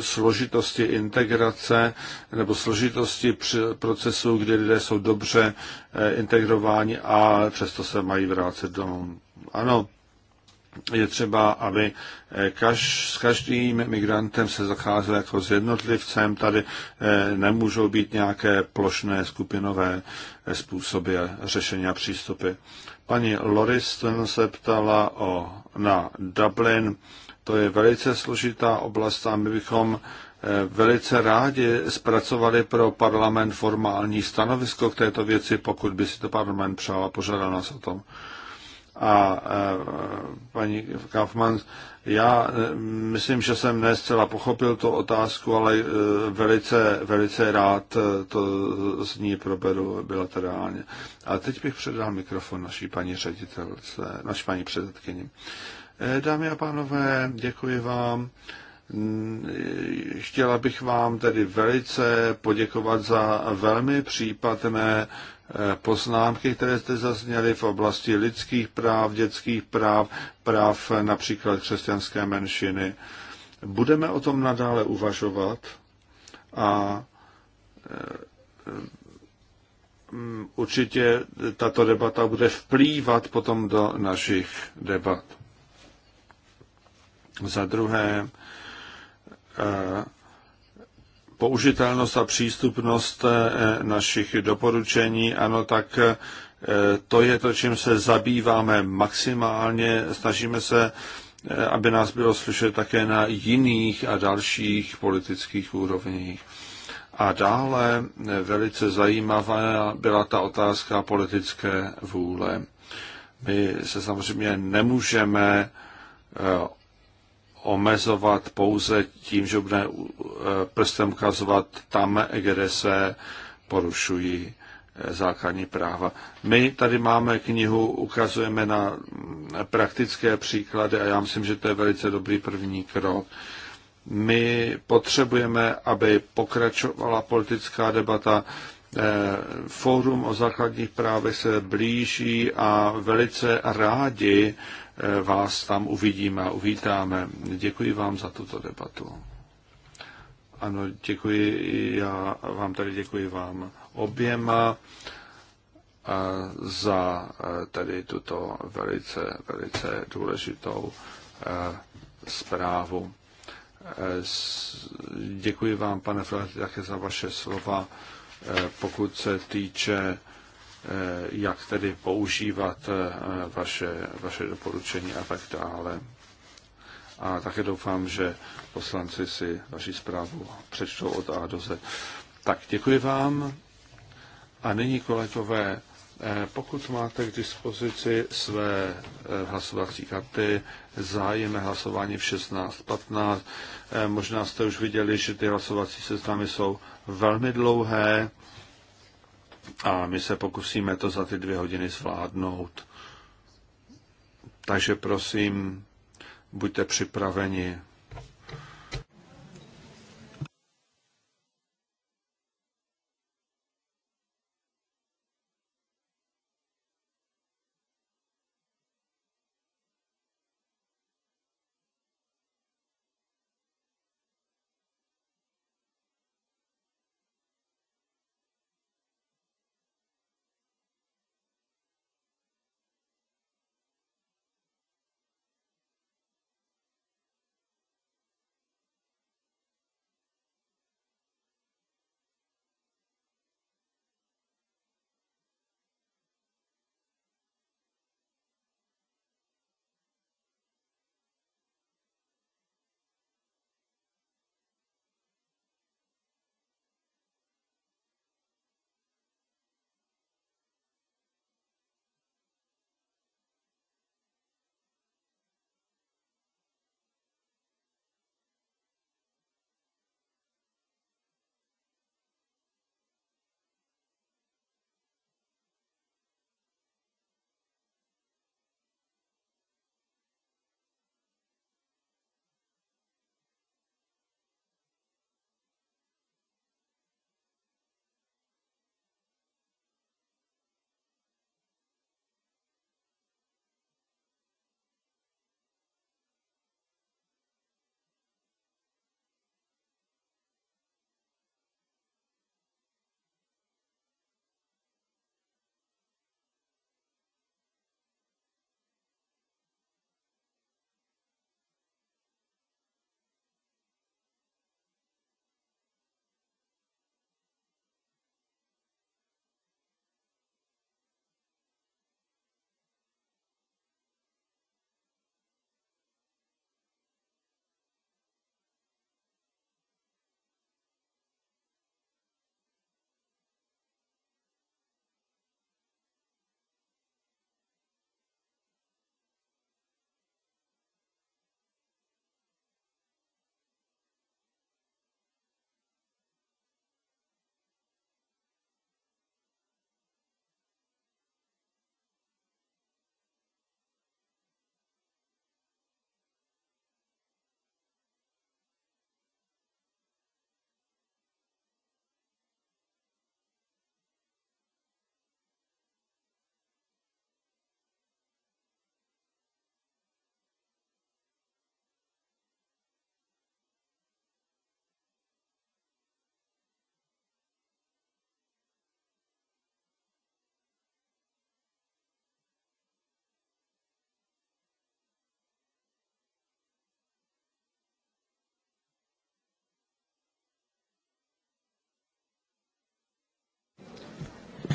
složitosti integrace nebo složitosti procesu, kdy lidé jsou dobře integrováni a přesto se mají vrátit domů. Ano, je třeba, aby eh, kaž, s každým migrantem se zacházelo jako s jednotlivcem. Tady eh, nemůžou být nějaké plošné skupinové eh, způsoby řešení a přístupy. Paní Loriston se ptala o, na Dublin. To je velice složitá oblast a my bychom velice rádi zpracovali pro parlament formální stanovisko k této věci, pokud by si to parlament přál a požádal nás o tom a e, paní Kaufmann, já e, myslím, že jsem ne zcela pochopil tu otázku, ale e, velice, velice rád to z ní proberu bilaterálně. A teď bych předal mikrofon naší paní ředitelce, naší paní předsedkyni. Dámy a pánové, děkuji vám. Chtěla bych vám tedy velice poděkovat za velmi případné Eh, poznámky, které zde zazněly v oblasti lidských práv, dětských práv, práv eh, například křesťanské menšiny. Budeme o tom nadále uvažovat a eh, mm, určitě tato debata bude vplývat potom do našich debat. Za druhé, použitelnost a přístupnost eh, našich doporučení, ano, tak eh, to je to, čím se zabýváme maximálně. Snažíme se, eh, aby nás bylo slyšet také na jiných a dalších politických úrovních. A dále velice zajímavá byla ta otázka politické vůle. My se samozřejmě nemůžeme omezovat pouze tím, že bude eh, prstem ukazovat tam, kde se porušují eh, základní práva. My tady máme knihu, ukazujeme na mm, praktické příklady a já myslím, že to je velice dobrý první krok. My potřebujeme, aby pokračovala politická debata. Eh, fórum o základních právech se blíží a velice rádi vás tam uvidíme a uvítáme. Děkuji vám za tuto debatu. Ano, děkuji. Já vám tady děkuji vám oběma eh, za eh, tady tuto velice, velice důležitou eh, zprávu. Děkuji vám, pane Frati, také za vaše slova, pokud se týče Eh, jak tedy používat eh, vaše, vaše doporučení a tak dále. A také doufám, že poslanci si vaši zprávu přečtou od A do Z. Tak, děkuji vám. A nyní, kolegové, eh, pokud máte k dispozici své hlasovací karty, zájem hlasování v 16.15, možná jste už viděli, že ty hlasovací seznamy jsou velmi dlouhé, a my se pokusíme to za ty dvě hodiny zvládnout. Takže prosím, buďte připraveni.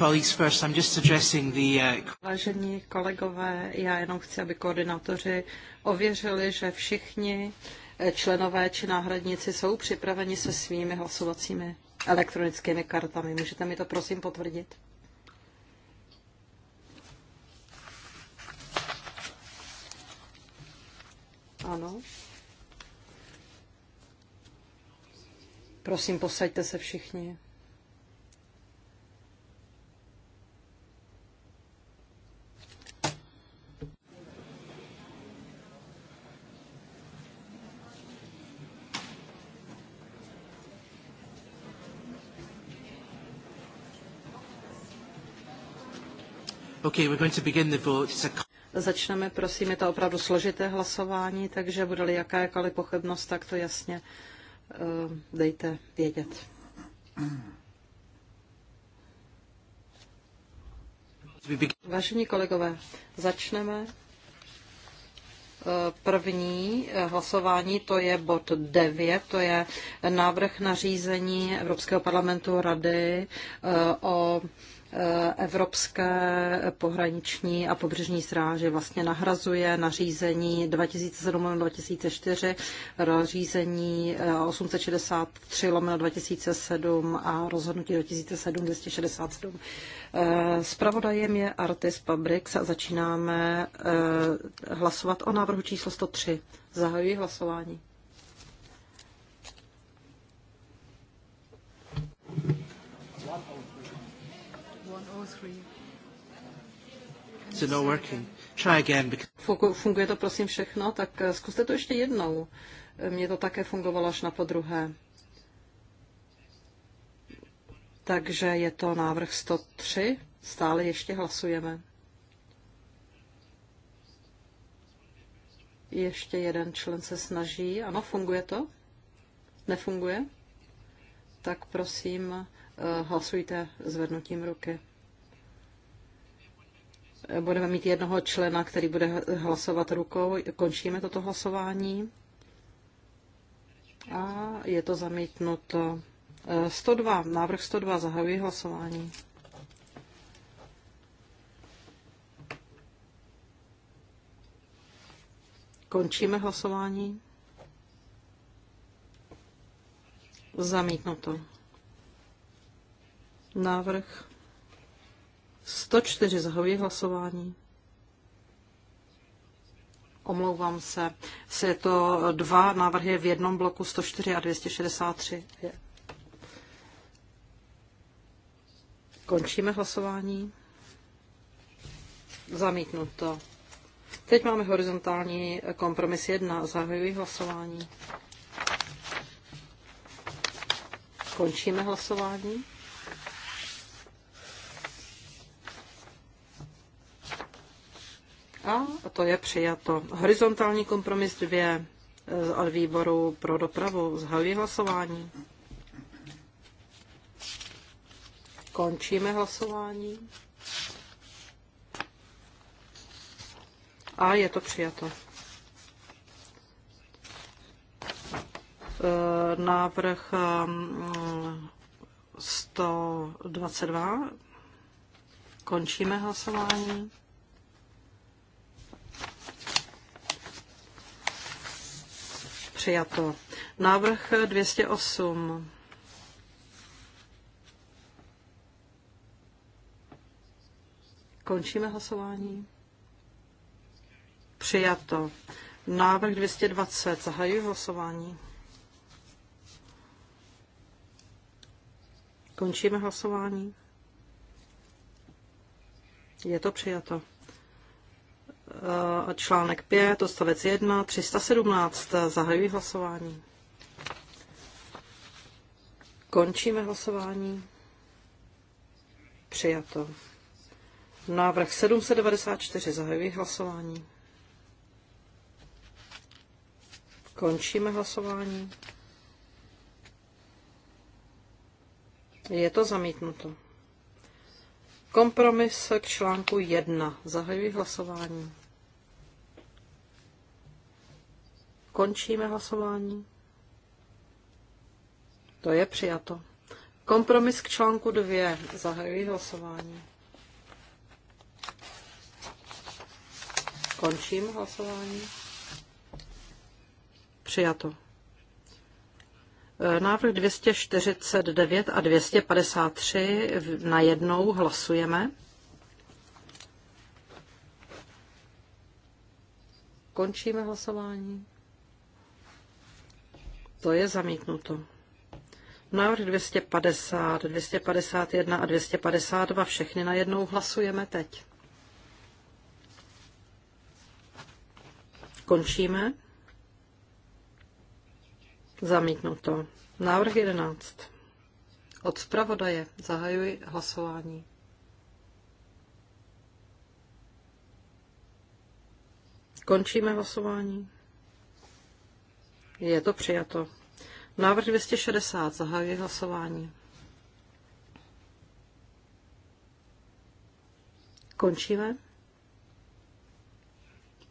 colleagues first. I'm just addressing the... Uh, Vážení kolegové, já jenom chci, aby koordinátoři ověřili, že všichni eh, členové či náhradníci jsou připraveni se svými hlasovacími elektronickými kartami. Můžete mi to prosím potvrdit? Ano. Prosím, posaďte se všichni. Začneme, prosím, je to opravdu složité hlasování, takže bude-li jakákoliv pochybnost, tak to jasně uh, dejte vědět. Vážení kolegové, začneme. Eh, první eh, hlasování, to je bod 9, to je návrh na řízení Evropského parlamentu Rady o Evropské pohraniční a pobřežní stráže vlastně nahrazuje nařízení 2007-2004, nařízení 863 2007 a rozhodnutí 2007-267. Spravodajem eh, je Artis Pabrix a začínáme eh, hlasovat o návrhu číslo 103. Zahajuji hlasování. Funguje to prosím všechno, tak eh, zkuste to ještě jednou. Eh, mně to také fungovalo až na podruhé. Takže je to návrh 103. Stále ještě hlasujeme. Ještě jeden člen se snaží. Ano, funguje to? Nefunguje? Tak prosím, eh, hlasujte zvednutím ruky budeme mít jednoho člena, který bude hlasovat rukou. Končíme toto hlasování. A je to zamítnuto. 102, návrh 102, zahajuji hlasování. Končíme hlasování. Zamítnuto. Návrh 104 zahojí hlasování. Omlouvám se. Je to dva návrhy v jednom bloku 104 a 263. Končíme hlasování. Zamítnuto. Teď máme horizontální kompromis 1. Zahajuji hlasování. Končíme hlasování. A to je přijato. Horizontální kompromis dvě e, od výboru pro dopravu. Zahajuji hlasování. Končíme hlasování. A je to přijato. E, návrh 122. Um, Končíme hlasování. přijato. Návrh 208. Končíme hlasování. Přijato. Návrh 220. Zahajuji hlasování. Končíme hlasování. Je to přijato. Eh, článek 5, odstavec 1, 317. Zahajuji hlasování. Končíme hlasování. Přijato. Návrh 794. Zahajuji hlasování. Končíme hlasování. Je to zamítnuto. Kompromis k článku 1. Zahajuji hlasování. Končíme hlasování. To je přijato. Kompromis k článku 2. Zahajuji hlasování. Končím hlasování. Přijato. E, návrh 249 a 253 na jednou hlasujeme. Končíme hlasování. To je zamítnuto. Návrh 250, 251 a 252 všechny najednou hlasujeme teď. Končíme. Zamítnuto. Návrh 11. Od zpravodaje zahajuji hlasování. Končíme hlasování. Je to přijato. Návrh 260. Zahajuji hlasování. Končíme.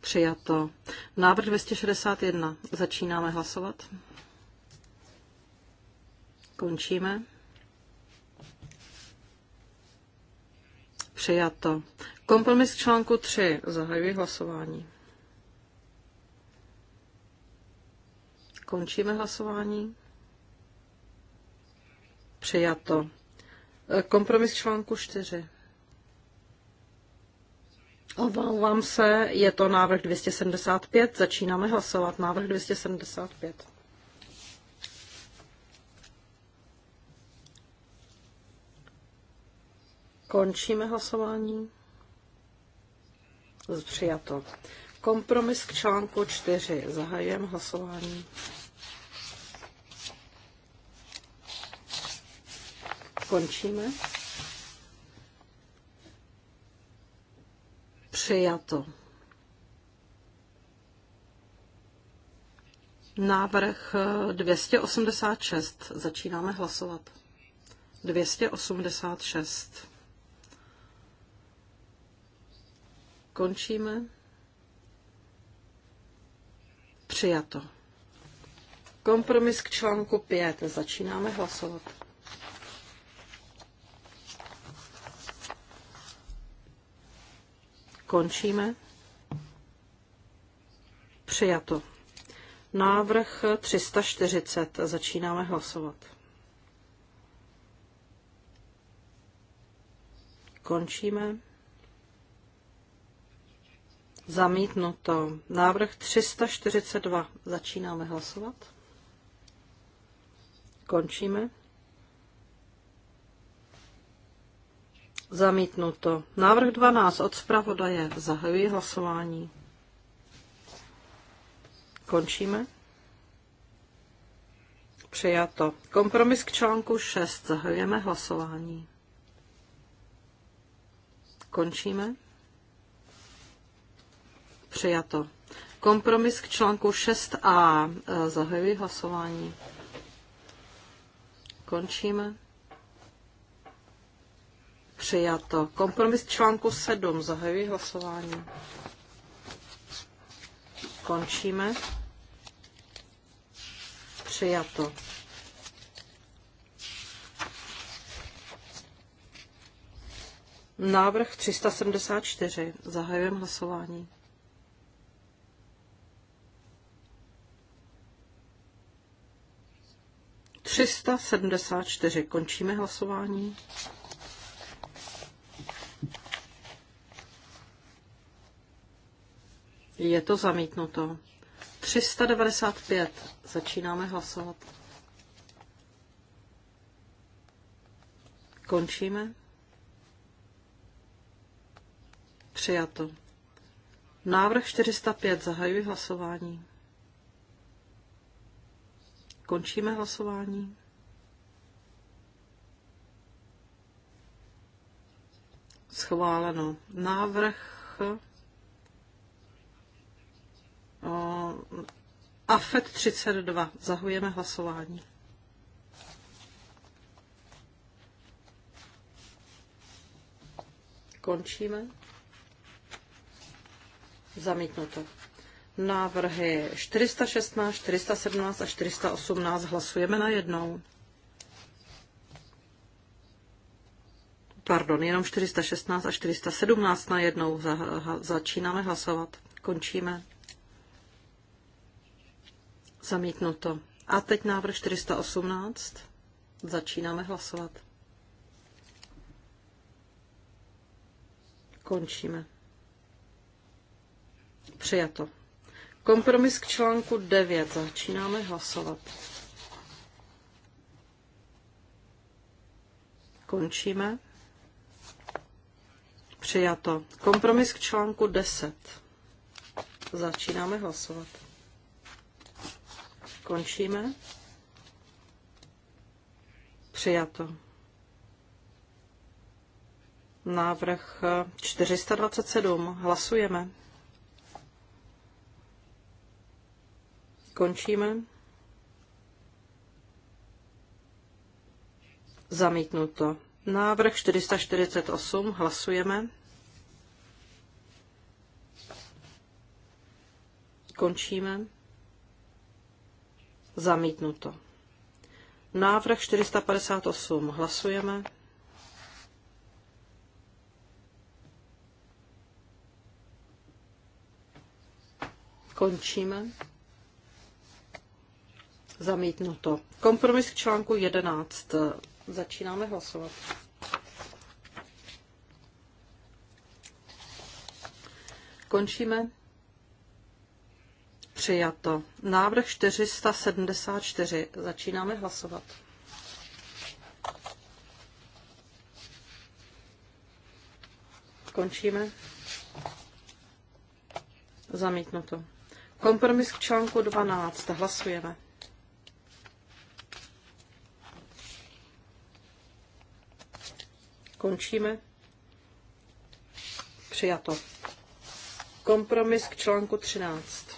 Přijato. Návrh 261. Začínáme hlasovat. Končíme. Přijato. Kompromis k článku 3. Zahajuji hlasování. Končíme hlasování. Přijato. Kompromis článku 4. Omlouvám se, je to návrh 275. Začínáme hlasovat. Návrh 275. Končíme hlasování. Přijato. Kompromis k článku 4. Zahajujeme hlasování. skončíme. Přijato. Návrh 286. Eh, Začínáme hlasovat. 286. Končíme. Přijato. Kompromis k článku 5. Začínáme hlasovat. Končíme. Přijato. Návrh 340. Začínáme hlasovat. Končíme. Zamítnuto. Návrh 342. Začínáme hlasovat. Končíme. Zamítnuto. Návrh 12 od zpravodaje. Zahajuji hlasování. Končíme. Přijato. Kompromis k článku 6. Zahajujeme hlasování. Končíme. Přijato. Kompromis k článku 6a. Zahajuji hlasování. Končíme. Přijato. Kompromis článku 7. Zahajuji hlasování. Končíme. Přijato. Návrh 374. Zahajujeme hlasování. Třista sedmdesát čtyři. Končíme hlasování. Je to zamítnuto. 395. Začínáme hlasovat. Končíme. Přijato. Návrh 405. Zahajuji hlasování. Končíme hlasování. Schváleno. Návrh uh, AFET 32. Zahujeme hlasování. Končíme. Zamítnuto. Návrhy 416, 417 a 418 hlasujeme na jednou. Pardon, jenom 416 a 417 na jednou začínáme hlasovat. Končíme. Zamítnuto. A teď návrh 418. Začínáme hlasovat. Končíme. Přijato. Kompromis k článku 9. Začínáme hlasovat. Končíme. Přijato. Kompromis k článku 10. Začínáme hlasovat. Končíme. Přijato. Návrh 427. Hlasujeme. Končíme. Zamítnuto. Návrh 448. Hlasujeme. Končíme. Zamítnuto. Návrh 458. Hlasujeme. Končíme. Zamítnuto. Kompromis k článku 11. Začínáme hlasovat. Končíme. Přijato. Návrh 474. Začínáme hlasovat. Končíme. Zamítnuto. Kompromis k článku 12. Hlasujeme. Končíme. Přijato. Kompromis k článku 13.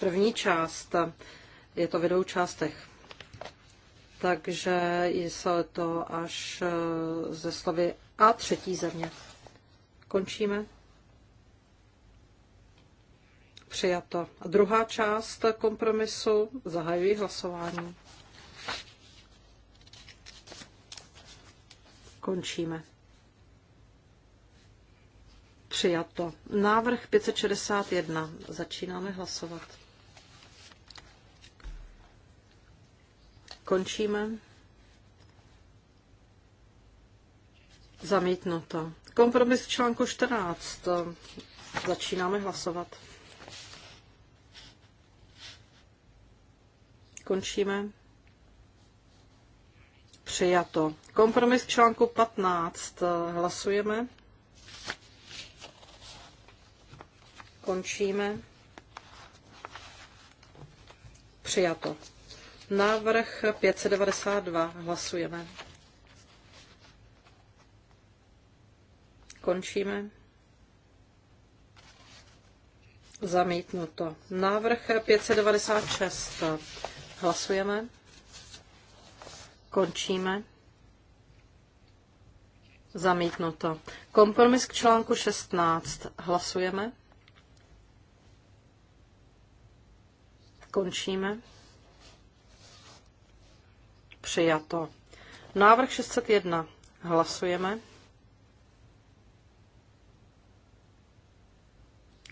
První část je to ve částech. Takže jsou to až eh, ze slovy a třetí země. Končíme. Přijato. A druhá část kompromisu. zahajují hlasování. Končíme. Přijato. Návrh 561. Začínáme hlasovat. Končíme. Zamítnuto. Kompromis v článku 14. Začínáme hlasovat. Končíme. Přijato. Kompromis v článku 15. Hlasujeme. Končíme. Přijato. Návrh 592. Hlasujeme. Končíme. Zamítnuto. Návrh 596. Hlasujeme. Končíme. Zamítnuto. Kompromis k článku 16. Hlasujeme. Končíme. Přijato. Návrh 601. Hlasujeme.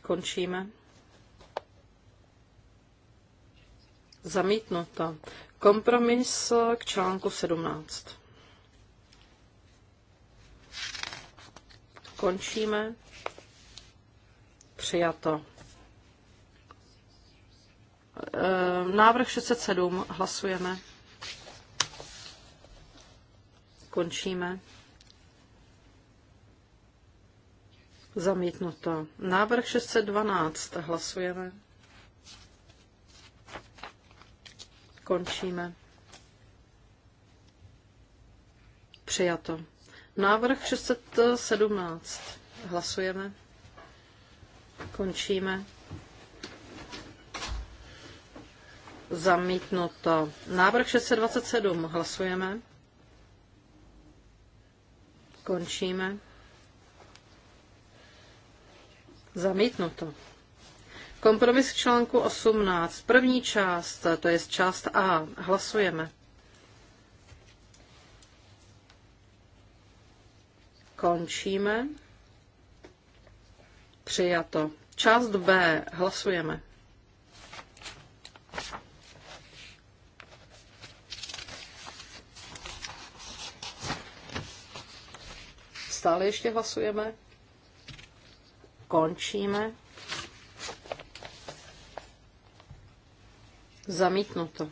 Končíme. Zamítnuto. Kompromis k článku 17. Končíme. Přijato. Eh, návrh 607. Hlasujeme. Končíme. Zamítnuto. Návrh 612. Hlasujeme. Končíme. Přijato. Návrh 617. Hlasujeme. Končíme. Zamítnuto. Návrh 627. Hlasujeme. Končíme. Zamítnuto. Kompromis k článku 18. První část, to je část A. Hlasujeme. Končíme. Přijato. Část B. Hlasujeme. Stále ještě hlasujeme. Končíme. Zamítnuto.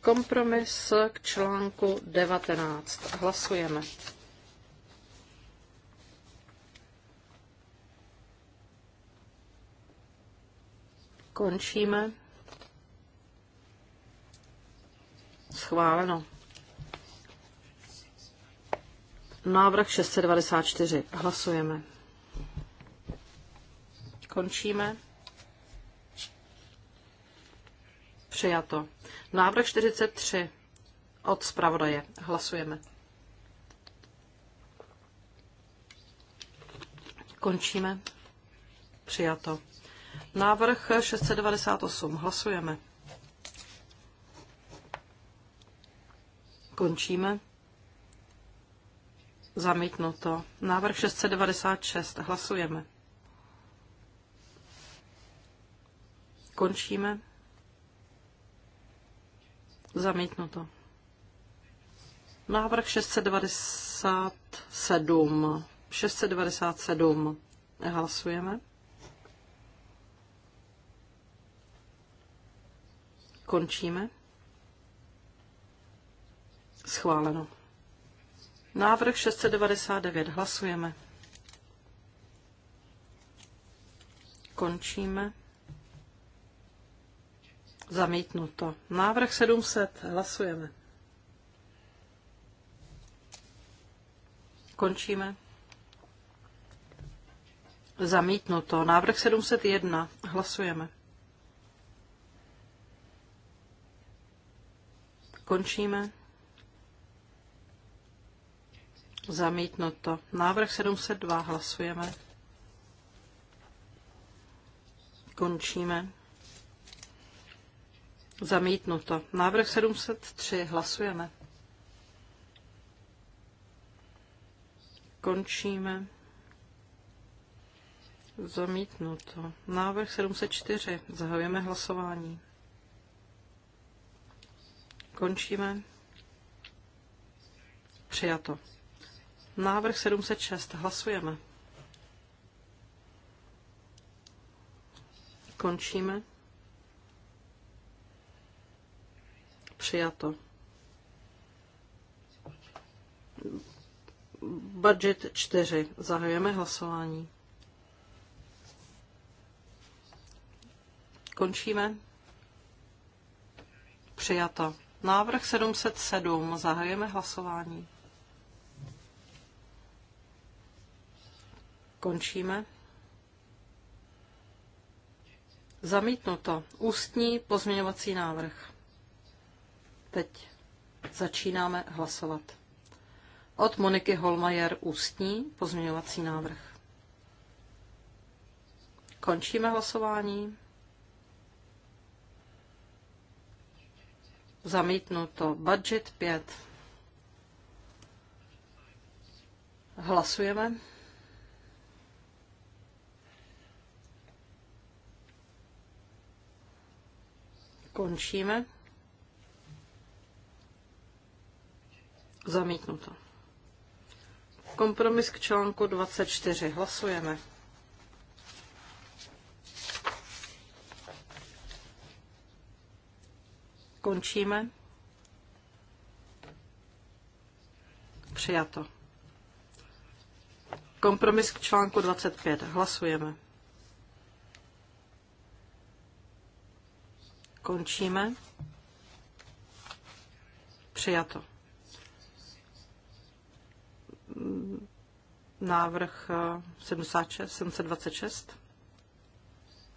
Kompromis k článku 19. Hlasujeme. Končíme. Schváleno. Návrh 694. Hlasujeme. Končíme. Přijato. Návrh 43 od zpravodaje. Hlasujeme. Končíme. Přijato. Návrh 698. Hlasujeme. Končíme. Zamítnuto. Návrh 696. Hlasujeme. Končíme. Zamítnuto. Návrh 697. 697. Hlasujeme. Končíme. Schváleno. Návrh 699. Hlasujeme. Končíme. Zamítnuto. Návrh 700. Hlasujeme. Končíme. Zamítnuto. Návrh 701. Hlasujeme. Končíme. Zamítnuto. Návrh 702 hlasujeme. Končíme. Zamítnuto. Návrh 703 hlasujeme. Končíme. Zamítnuto. Návrh 704. Zahajujeme hlasování. Končíme. Přijato. Návrh 706. Hlasujeme. Končíme. Přijato. Budget 4. Zahajujeme hlasování. Končíme. Přijato. Návrh 707. Zahajujeme hlasování. skončíme. Zamítnuto. Ústní pozměňovací návrh. Teď začínáme hlasovat. Od Moniky Holmajer ústní pozměňovací návrh. Končíme hlasování. Zamítnuto. Budget 5. Hlasujeme. Končíme. Zamítnuto. Kompromis k článku 24. Hlasujeme. Končíme. Přijato. Kompromis k článku 25. Hlasujeme. Končíme. Přijato. Návrh 76, eh, 726.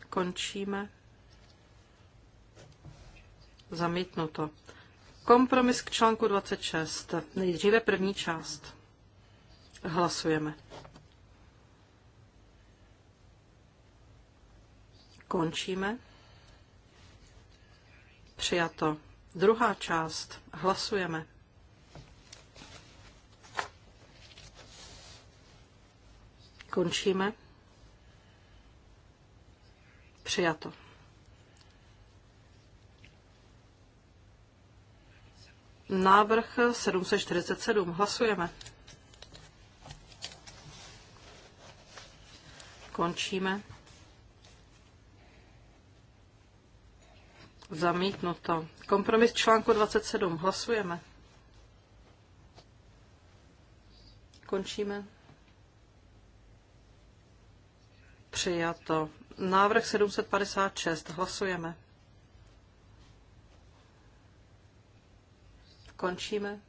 Končíme. Zamítnuto. Kompromis k článku 26. Nejdříve první část. Hlasujeme. Končíme. Přijato. Druhá část. Hlasujeme. Končíme. Přijato. Návrh 747. Hlasujeme. Končíme. Zamítnuto. Kompromis článku 27. Hlasujeme. Končíme. Přijato. Návrh 756. Hlasujeme. Končíme.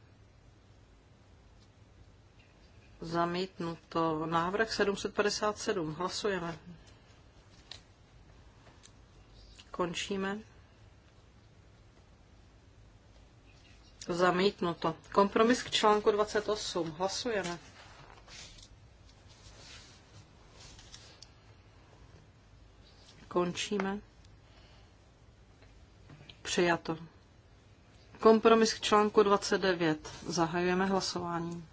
Zamítnuto. Návrh 757. Hlasujeme. Končíme. Zamítnuto. Kompromis k článku 28. Hlasujeme. Končíme. Přijato. Kompromis k článku 29. Zahajujeme hlasování.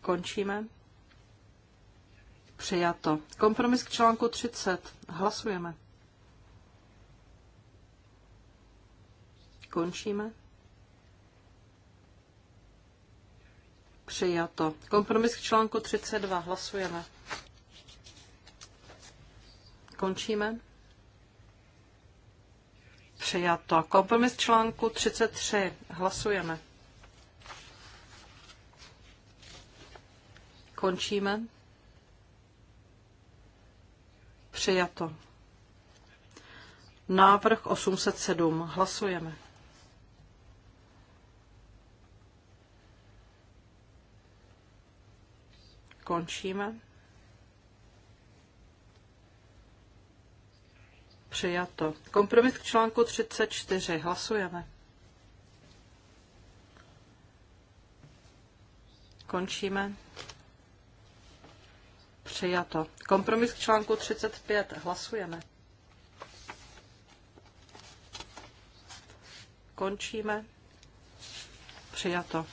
Končíme. Přijato. Kompromis k článku 30. Hlasujeme. Končíme. Přijato. Kompromis k článku 32. Hlasujeme. Končíme. Přijato. Kompromis k článku 33. Hlasujeme. Končíme. Přijato. Návrh 807. Hlasujeme. Končíme. Přijato. Kompromis k článku 34. Hlasujeme. Končíme. Přijato. Kompromis k článku 35. Hlasujeme. Končíme. Přijato.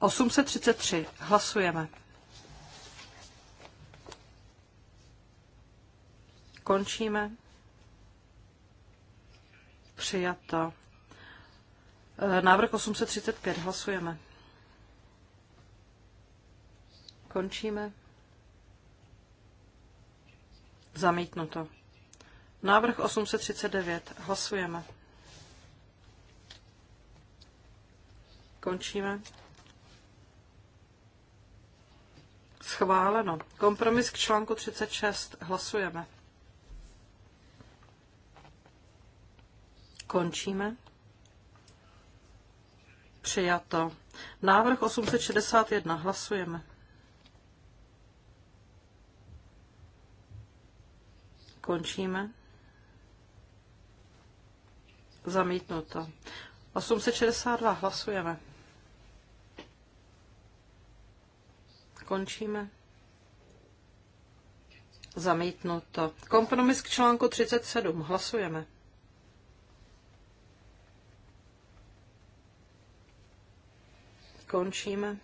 833. Hlasujeme. Končíme. Přijato. E, návrh 835. Hlasujeme. Končíme. Zamítnuto. Návrh 839. Hlasujeme. Končíme. Schváleno. Kompromis k článku 36. Hlasujeme. Končíme. Přijato. Návrh 861. Hlasujeme. Končíme. Zamítnuto. 862. Hlasujeme. končíme. Zamítnuto. Kompromis k článku 37. Hlasujeme. Končíme.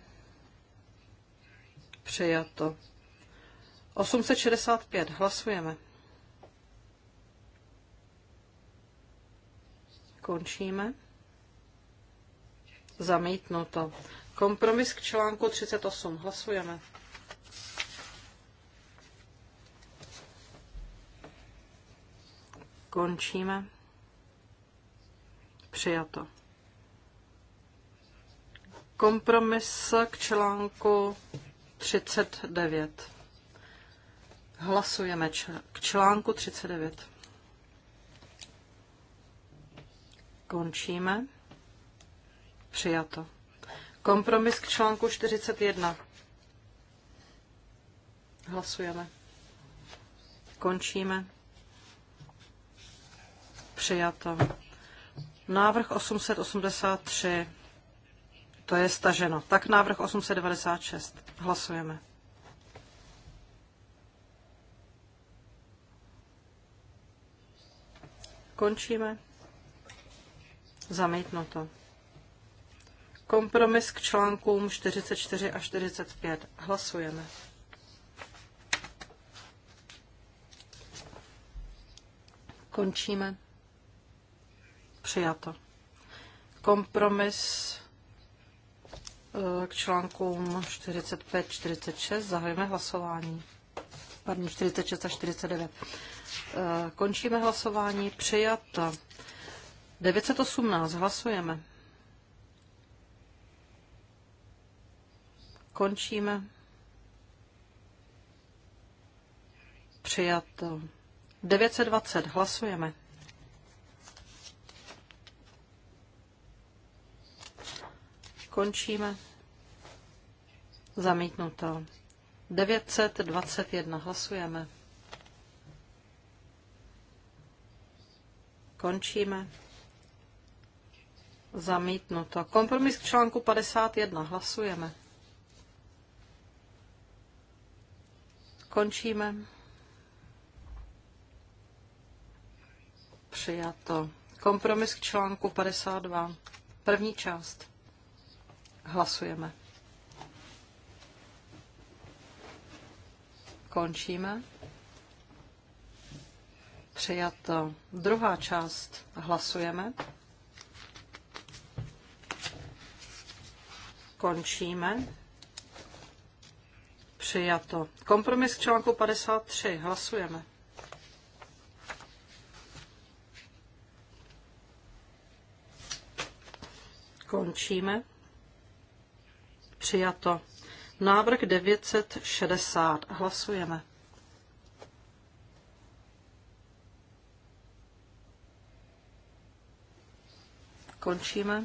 Přijato. 865. Hlasujeme. Končíme. Zamítnuto. Kompromis k článku 38. Hlasujeme. Končíme. Přijato. Kompromis k článku 39. Hlasujeme k článku 39. Končíme. Přijato. Kompromis k článku 41. Hlasujeme. Končíme. Přijato. Návrh 883. To je staženo. Tak návrh 896. Hlasujeme. Končíme. Zamítnuto. Kompromis k článkům 44 a 45. Hlasujeme. Končíme. Přijato. Kompromis eh, k článkům 45, 46. Zahajeme hlasování. Pardon, 46 a 49. Eh, končíme hlasování. Přijato. 918. Hlasujeme. Končíme. Přijato. 920. Hlasujeme. Končíme. Zamítnuto. 921. Hlasujeme. Končíme. Zamítnuto. Kompromis k článku 51. Hlasujeme. Končíme. Přijato. Kompromis k článku 52. První část. Hlasujeme. Končíme. Přijato. Druhá část. Hlasujeme. Končíme. Přijato. Kompromis k článku 53. Hlasujeme. Končíme. Přijato. Návrh 960. Hlasujeme. Končíme.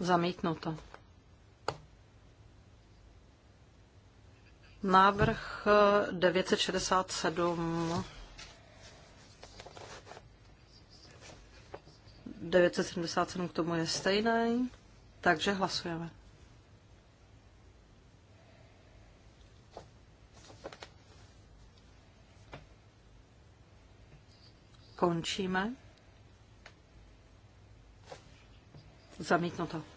Zamítnuto. Návrh 967. Eh, 977 k tomu je stejný, takže hlasujeme. Končíme. Zamítnuto.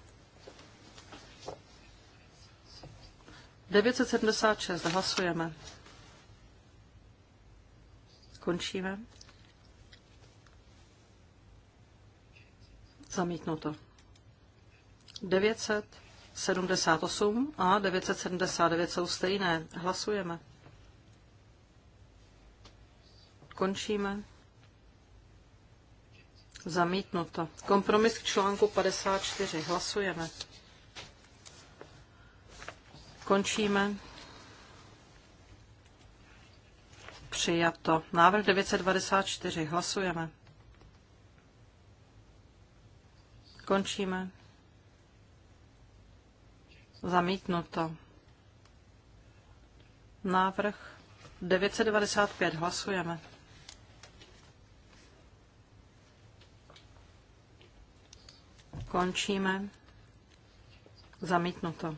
976. Hlasujeme. Končíme. Zamítnuto. 978 a 979 jsou stejné. Hlasujeme. Končíme. Zamítnuto. Kompromis k článku 54. Hlasujeme. Končíme. Přijato. Návrh 924. Hlasujeme. Končíme. Zamítnuto. Návrh 995. Hlasujeme. Končíme. Zamítnuto.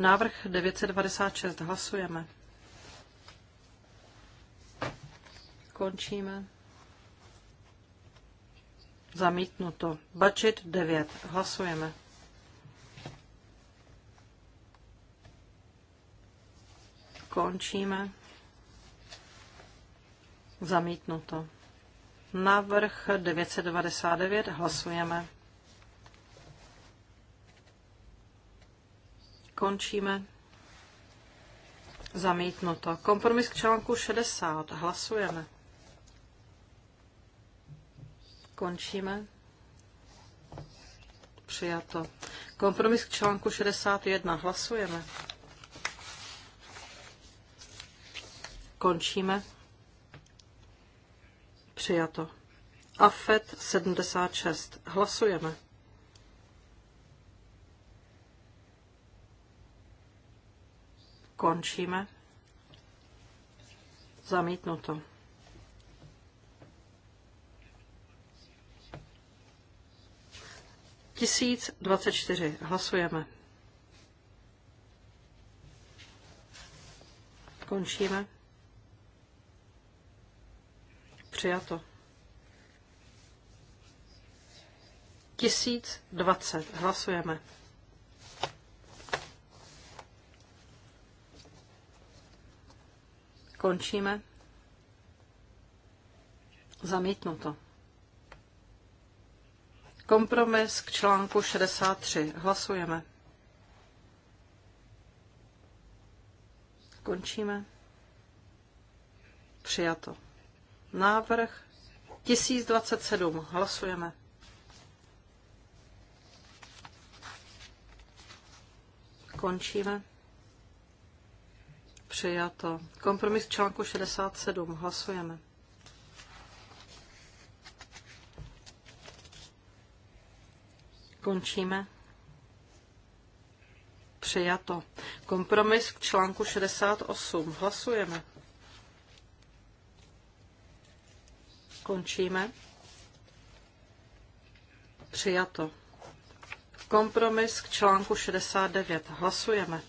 Návrh 996. Hlasujeme. Končíme. Zamítnuto. Budget 9. Hlasujeme. Končíme. Zamítnuto. Návrh 999. Hlasujeme. Končíme. Zamítnuto. Kompromis k článku 60. Hlasujeme. Končíme. Přijato. Kompromis k článku 61. Hlasujeme. Končíme. Přijato. AFET 76. Hlasujeme. Končíme. Zamítnuto. Tisíc dvacet čtyři. Hlasujeme. Končíme. Přijato. Tisíc dvacet. Hlasujeme. Končíme. Zamítnuto. Kompromis k článku 63. Hlasujeme. Končíme. Přijato. Návrh 1027. Hlasujeme. Končíme. Přijato. Kompromis k článku 67. Hlasujeme. Končíme. Přijato. Kompromis k článku 68. Hlasujeme. Končíme. Přijato. Kompromis k článku 69. Hlasujeme.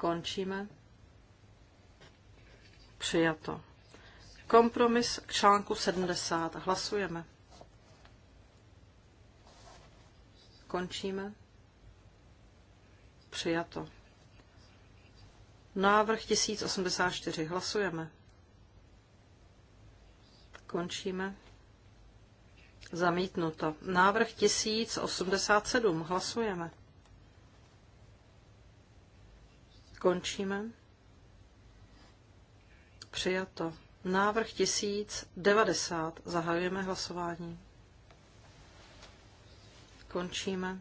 Končíme. Přijato. Kompromis k článku 70. Hlasujeme. Končíme. Přijato. Návrh 1084. Hlasujeme. Končíme. Zamítnuto. Návrh 1087. Hlasujeme. Končíme. Přijato. Návrh 1090. Zahajujeme hlasování. Končíme.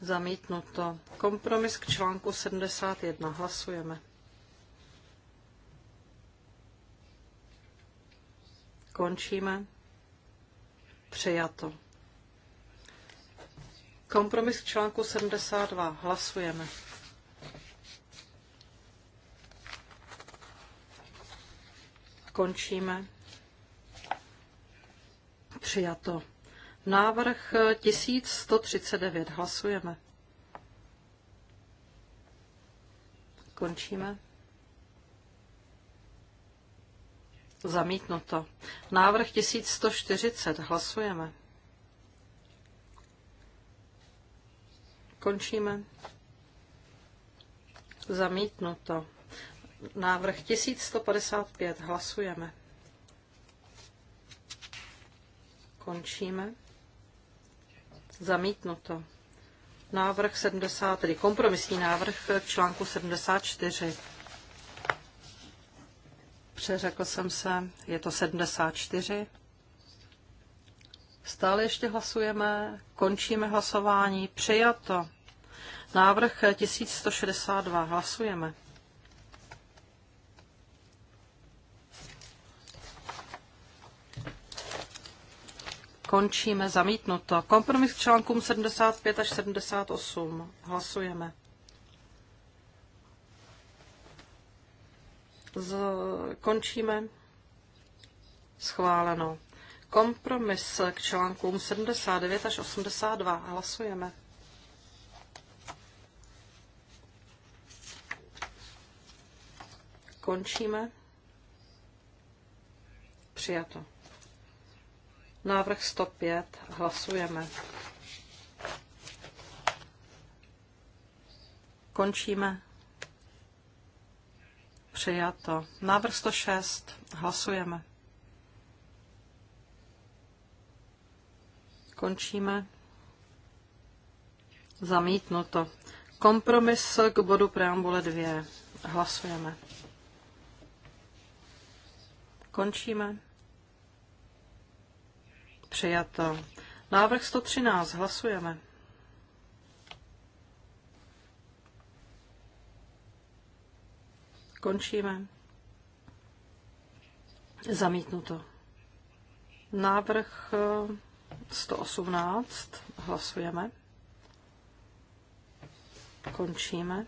Zamítnuto. Kompromis k článku 71. Hlasujeme. Končíme. Přijato. Kompromis k článku 72. Hlasujeme. Končíme. Přijato. Návrh 1139. Hlasujeme. Končíme. Zamítnuto. Návrh 1140. Hlasujeme. Končíme. Zamítnuto. Návrh 1155. Hlasujeme. Končíme. Zamítnuto. Návrh 70, tedy kompromisní návrh k článku 74. Přeřekl jsem se, je to 74. Stále ještě hlasujeme, končíme hlasování, přijato. Návrh 1162, hlasujeme. Končíme, zamítnuto. Kompromis k článkům 75 až 78, hlasujeme. Z, končíme. Schváleno. Kompromis k článkům 79 až 82. Hlasujeme. Končíme. Přijato. Návrh 105. Hlasujeme. Končíme. Přijato. Návrh 106. Hlasujeme. Končíme. Zamítnuto. Kompromis k bodu preambule 2. Hlasujeme. Končíme. Přijato. Návrh 113. Hlasujeme. Končíme. Zamítnuto. Návrh 118. Hlasujeme. Končíme.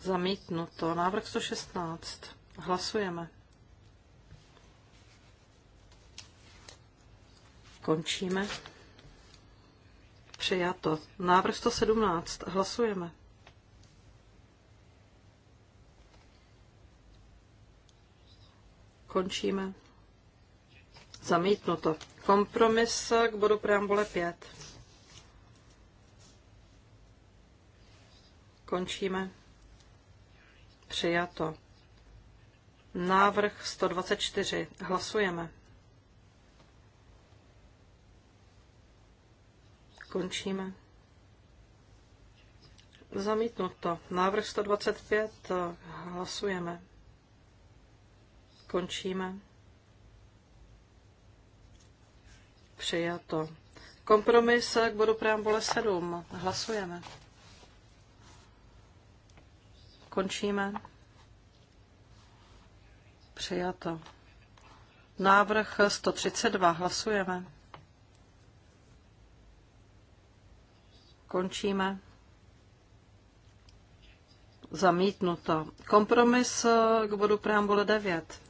Zamítnuto. Návrh 116. Hlasujeme. Končíme. Přijato. Návrh 117. Hlasujeme. Končíme. Zamítnuto. Kompromis k bodu preambule 5. Končíme. Přijato. Návrh 124. Hlasujeme. Končíme. Zamítnuto. Návrh 125. Hlasujeme. Končíme. Přijato. Kompromis k bodu preambule 7. Hlasujeme. Končíme. Přijato. Návrh 132. Hlasujeme. Končíme. Zamítnuto. Kompromis k bodu preambule 9.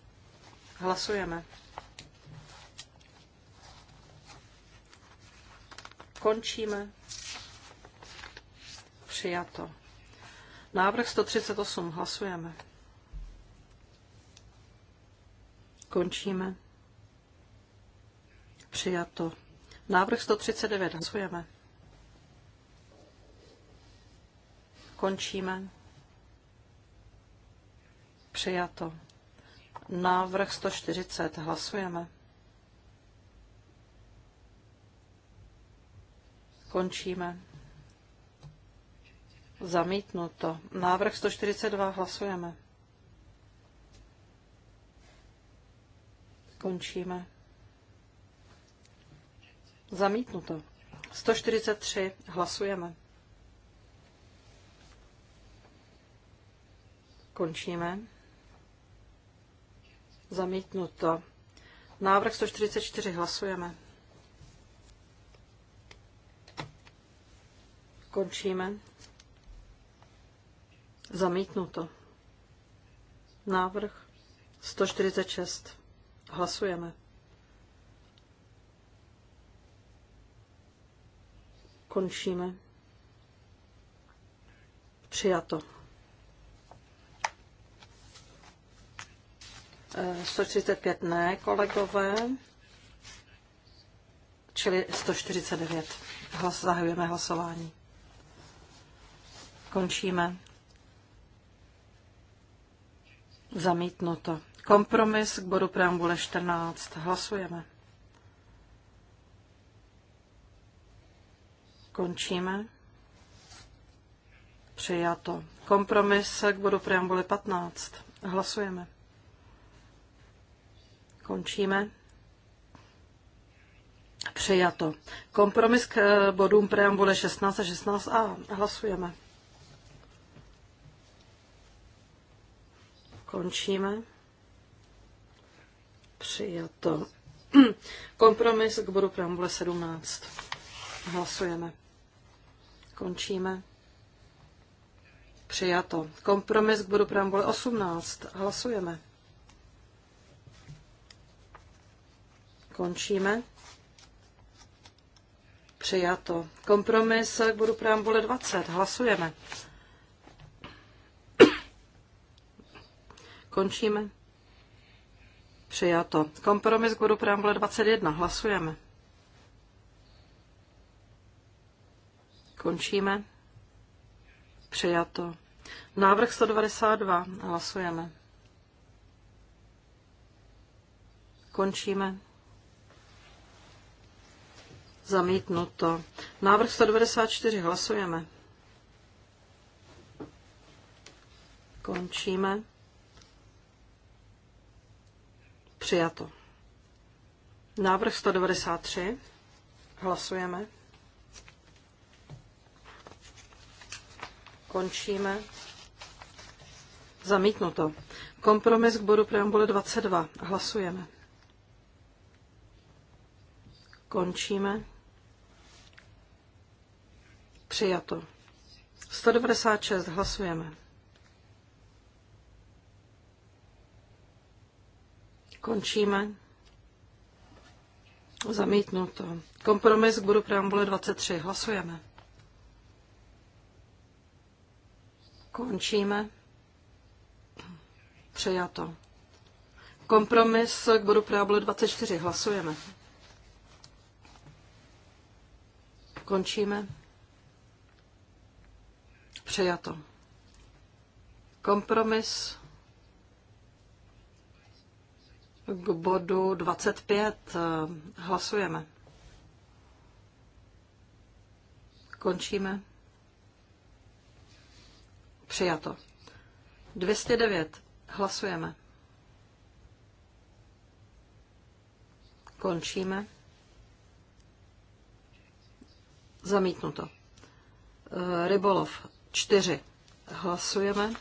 Hlasujeme. Končíme. Přijato. Návrh 138. Hlasujeme. Končíme. Přijato. Návrh 139. Hlasujeme. Končíme. Přijato. Návrh 140. Hlasujeme. Končíme. Zamítnuto. Návrh 142. Hlasujeme. Končíme. Zamítnuto. 143. Hlasujeme. Končíme. Zamítnuto. Návrh 144. Hlasujeme. Končíme. Zamítnuto. Návrh 146. Hlasujeme. Končíme. Přijato. 135 eh, ne, kolegové, čili 149. Hlas, zahajujeme hlasování. Končíme. Zamítnuto. Kompromis k bodu preambule 14. Hlasujeme. Končíme. Přijato. Kompromis k bodu preambule 15. Hlasujeme. Končíme. Přijato. Kompromis k bodům preambule 16 a 16a. Hlasujeme. Končíme. Přijato. Kompromis k bodu preambule 17. Hlasujeme. Končíme. Přijato. Kompromis k bodu preambule 18. Hlasujeme. Končíme. Přijato. Kompromis k bodu preambule 20. Hlasujeme. Končíme. Přijato. Kompromis k bodu preambule 21. Hlasujeme. Končíme. Přijato. Návrh 192. Hlasujeme. Končíme. Zamítnuto. Návrh 194. Hlasujeme. Končíme. Přijato. Návrh 193. Hlasujeme. Končíme. Zamítnuto. Kompromis k bodu preambule 22. Hlasujeme. Končíme. Přijato. 196. Hlasujeme. Končíme. zamítnu to. Kompromis k bodu preambule 23. Hlasujeme. Končíme. Přijato. Kompromis k bodu preambule 24. Hlasujeme. Končíme. Přijato. Kompromis K bodu 25 eh, hlasujeme. Končíme. Přijato. 209. Hlasujeme. Končíme. Zamítnuto. Eh, Rybolov 4. Hlasujeme.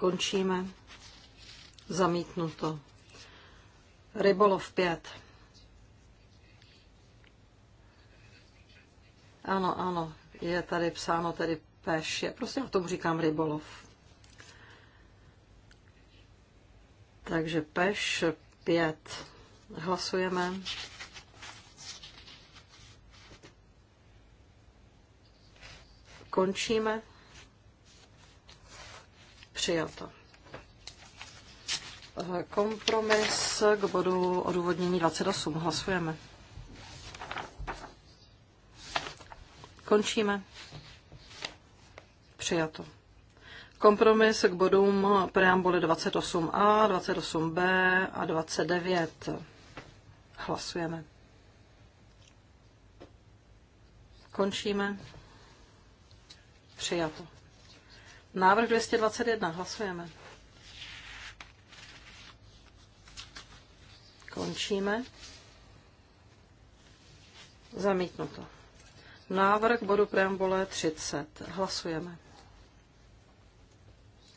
Končíme. Zamítnuto. Rybolov 5. Ano, ano, je tady psáno tedy peš. Já prostě já tomu říkám rybolov. Takže peš 5. Hlasujeme. Končíme. Přijato. Kompromis k bodu odůvodnění 28. Hlasujeme. Končíme. Přijato. Kompromis k bodům preambuly 28a, 28b a 29. Hlasujeme. Končíme. Přijato. Návrh 221. Hlasujeme. Končíme. Zamítnuto. Návrh bodu preambule 30. Hlasujeme.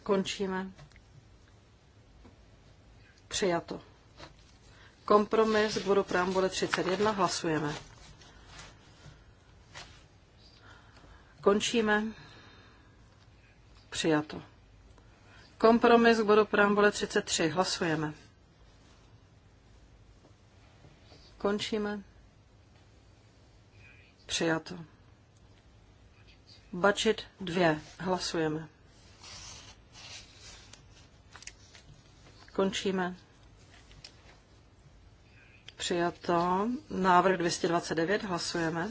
Končíme. Přijato. Kompromis k bodu preambule 31. Hlasujeme. Končíme. Přijato. Kompromis k bodu preambule 33. Hlasujeme. Končíme. Přijato. Bačit 2. Hlasujeme. Končíme. Přijato. Návrh 229. Hlasujeme.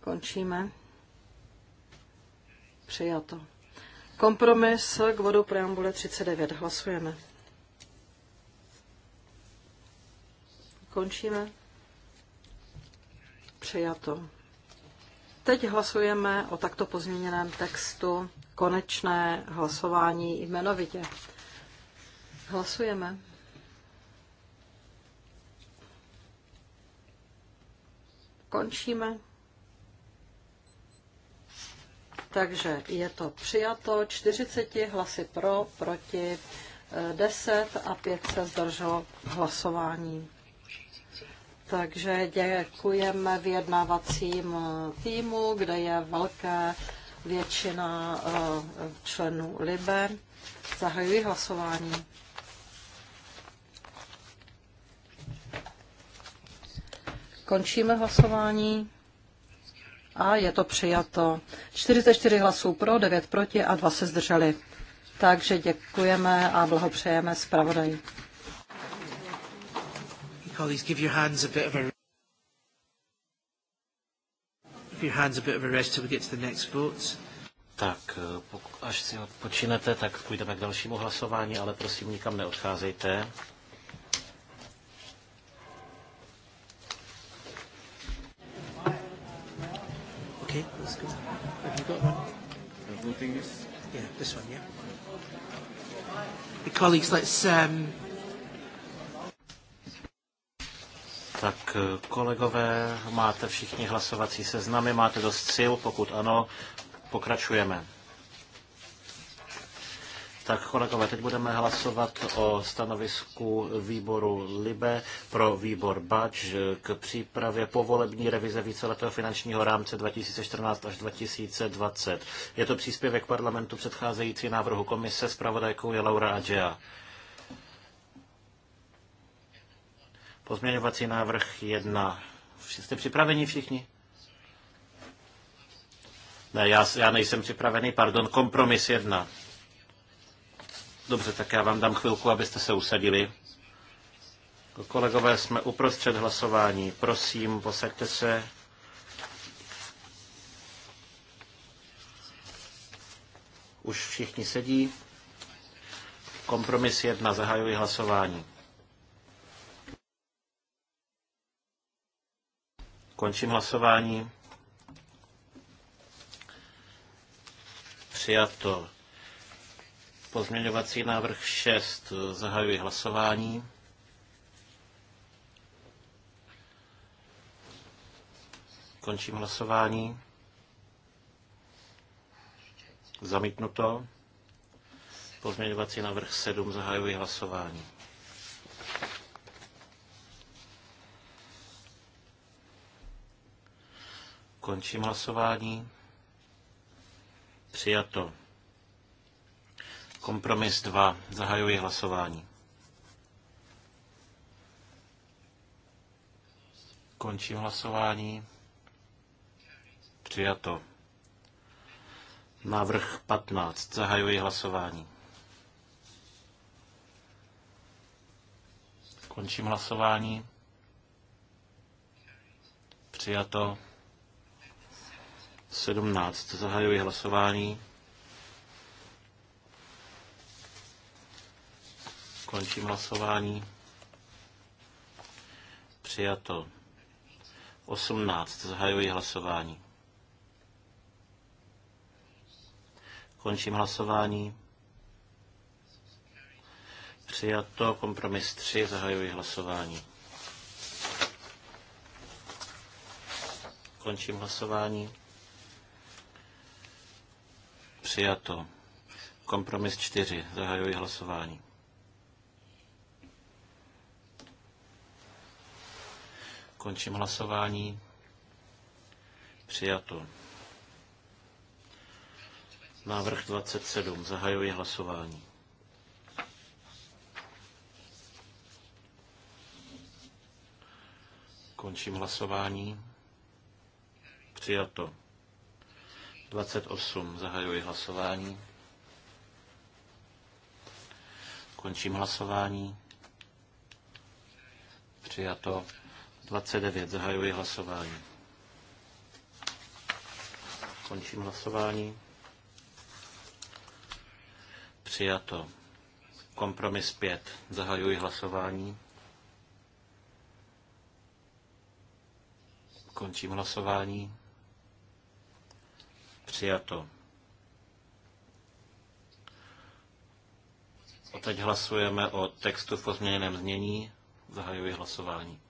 Končíme. Přijato. Kompromis k vodu preambule 39. Hlasujeme. Končíme. Přijato. Teď hlasujeme o takto pozměněném textu konečné hlasování jmenovitě. Hlasujeme. Končíme. Takže je to přijato 40 hlasy pro, proti 10 eh, a 5 se zdrželo hlasování. Takže děkujeme vyjednávacím eh, týmu, kde je velká většina eh, členů LIBE. Zahajuji hlasování. Končíme hlasování a je to přijato. 44 hlasů pro, 9 proti a 2 se zdrželi. Takže děkujeme a blahopřejeme zpravodaji. Colleagues, give your hands a bit of a your hands a bit of a rest we get to the next vote. Tak, eh, až si odpočinete, tak půjdeme k dalšímu hlasování, ale prosím, nikam neodcházejte. Okay, that's good. Have you got one? The voting is? Yeah, this one, yeah. Hey, colleagues, let's... Um... Tak eh, kolegové, máte všichni hlasovací seznamy, máte dost sil, pokud ano, pokračujeme. Tak kolegové, teď budeme hlasovat o stanovisku výboru LIBE pro výbor BAČ k přípravě povolební revize víceletého finančního rámce 2014 až 2020. Je to příspěvek parlamentu předcházející návrhu komise, pravodajkou je Laura Adžea. Pozměňovací návrh 1. Jste připraveni všichni? Ne, já, já nejsem připravený, pardon, kompromis 1. Dobře, tak já vám dám chvilku, abyste se usadili. Kolegové, jsme uprostřed hlasování. Prosím, posaďte se. Už všichni sedí. Kompromis jedna, Zahajuji hlasování. Končím hlasování. Přijato. Pozměňovací návrh 6. Zahajuji hlasování. Končím hlasování. Zamítnuto. Pozměňovací návrh 7. Zahajuji hlasování. Končím hlasování. Přijato. Kompromis 2. Zahajuji hlasování. Končím hlasování. Přijato. Návrh 15. Zahajuji hlasování. Končím hlasování. Přijato. 17. Zahajuji hlasování. Končím hlasování. Přijato. 18. Zahajuji hlasování. Končím hlasování. Přijato. Kompromis 3. Zahajuji hlasování. Končím hlasování. Přijato. Kompromis 4. Zahajuji hlasování. Končím hlasování. Přijato. Návrh 27. Zahajuji hlasování. Končím hlasování. Přijato. 28. Zahajuji hlasování. Končím hlasování. Přijato. 29. Zahajuji hlasování. Končím hlasování. Přijato. Kompromis 5. Zahajuji hlasování. Končím hlasování. Přijato. A teď hlasujeme o textu v pozměněném znění. Zahajuji hlasování.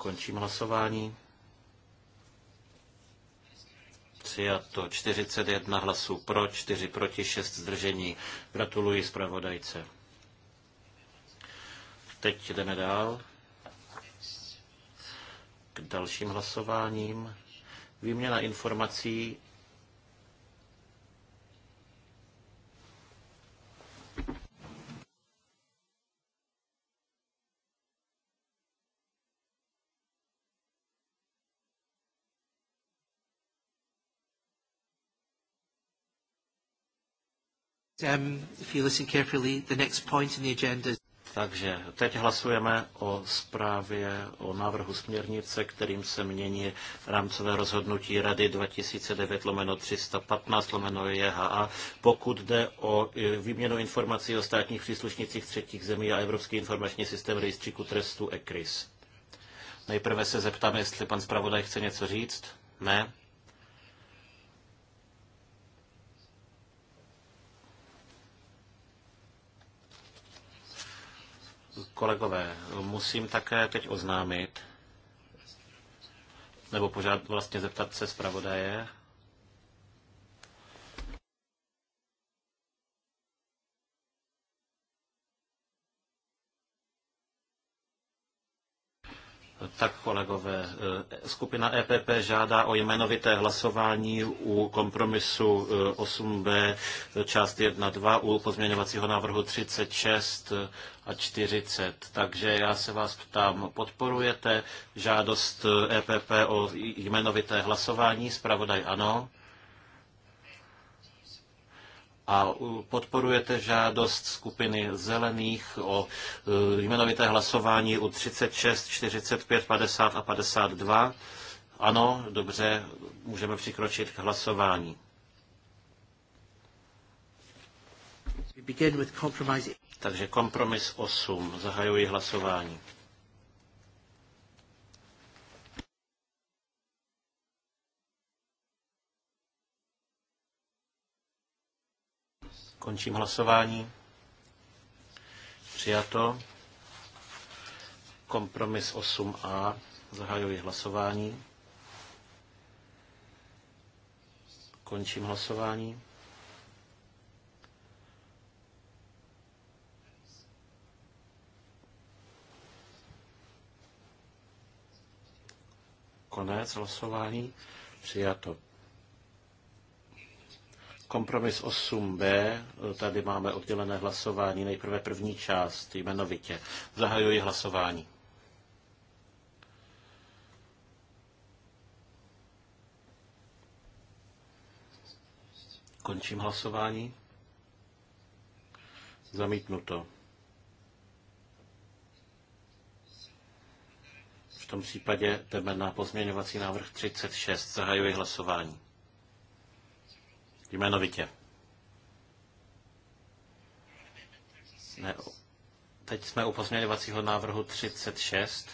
Končím hlasování. Přijato 41 hlasů pro, 4 proti, 6 zdržení. Gratuluji zpravodajce. Teď jdeme dál k dalším hlasováním. Výměna informací Um, if you listen carefully, the next point in the agenda. Takže teď hlasujeme o zprávě o návrhu směrnice, kterým se mění rámcové rozhodnutí Rady 2009 lomeno 315 lomeno JHA, e pokud jde o e, výměnu informací o státních příslušnicích třetích zemí a Evropský informační systém rejstříku trestu ECRIS. Nejprve se zeptám, jestli pan zpravodaj chce něco říct. Ne? Kolegové, musím také teď oznámit, nebo požádat vlastně zeptat se zpravodaje, Tak kolegové, eh, skupina EPP žádá o jmenovité hlasování u kompromisu 8b eh, část 1.2 u pozměňovacího návrhu 36 eh, a 40. Takže já se vás ptám, podporujete žádost EPP e o jmenovité hlasování? Spravodaj ano a podporujete žádost skupiny zelených o e, jmenovité hlasování u 36, 45, 50 a 52. Ano, dobře, můžeme přikročit k hlasování. Takže kompromis 8. Zahajuji hlasování. Končím hlasování. Přijato. Kompromis 8a. Zahajuji hlasování. Končím hlasování. Konec hlasování. Přijato. Kompromis 8b, tady máme oddělené hlasování, nejprve první část jmenovitě. Zahajuji hlasování. Končím hlasování. Zamítnuto. V tom případě jdeme na pozměňovací návrh 36. Zahajuji hlasování. Jmenovitě. Ne, teď jsme u pozměňovacího návrhu 36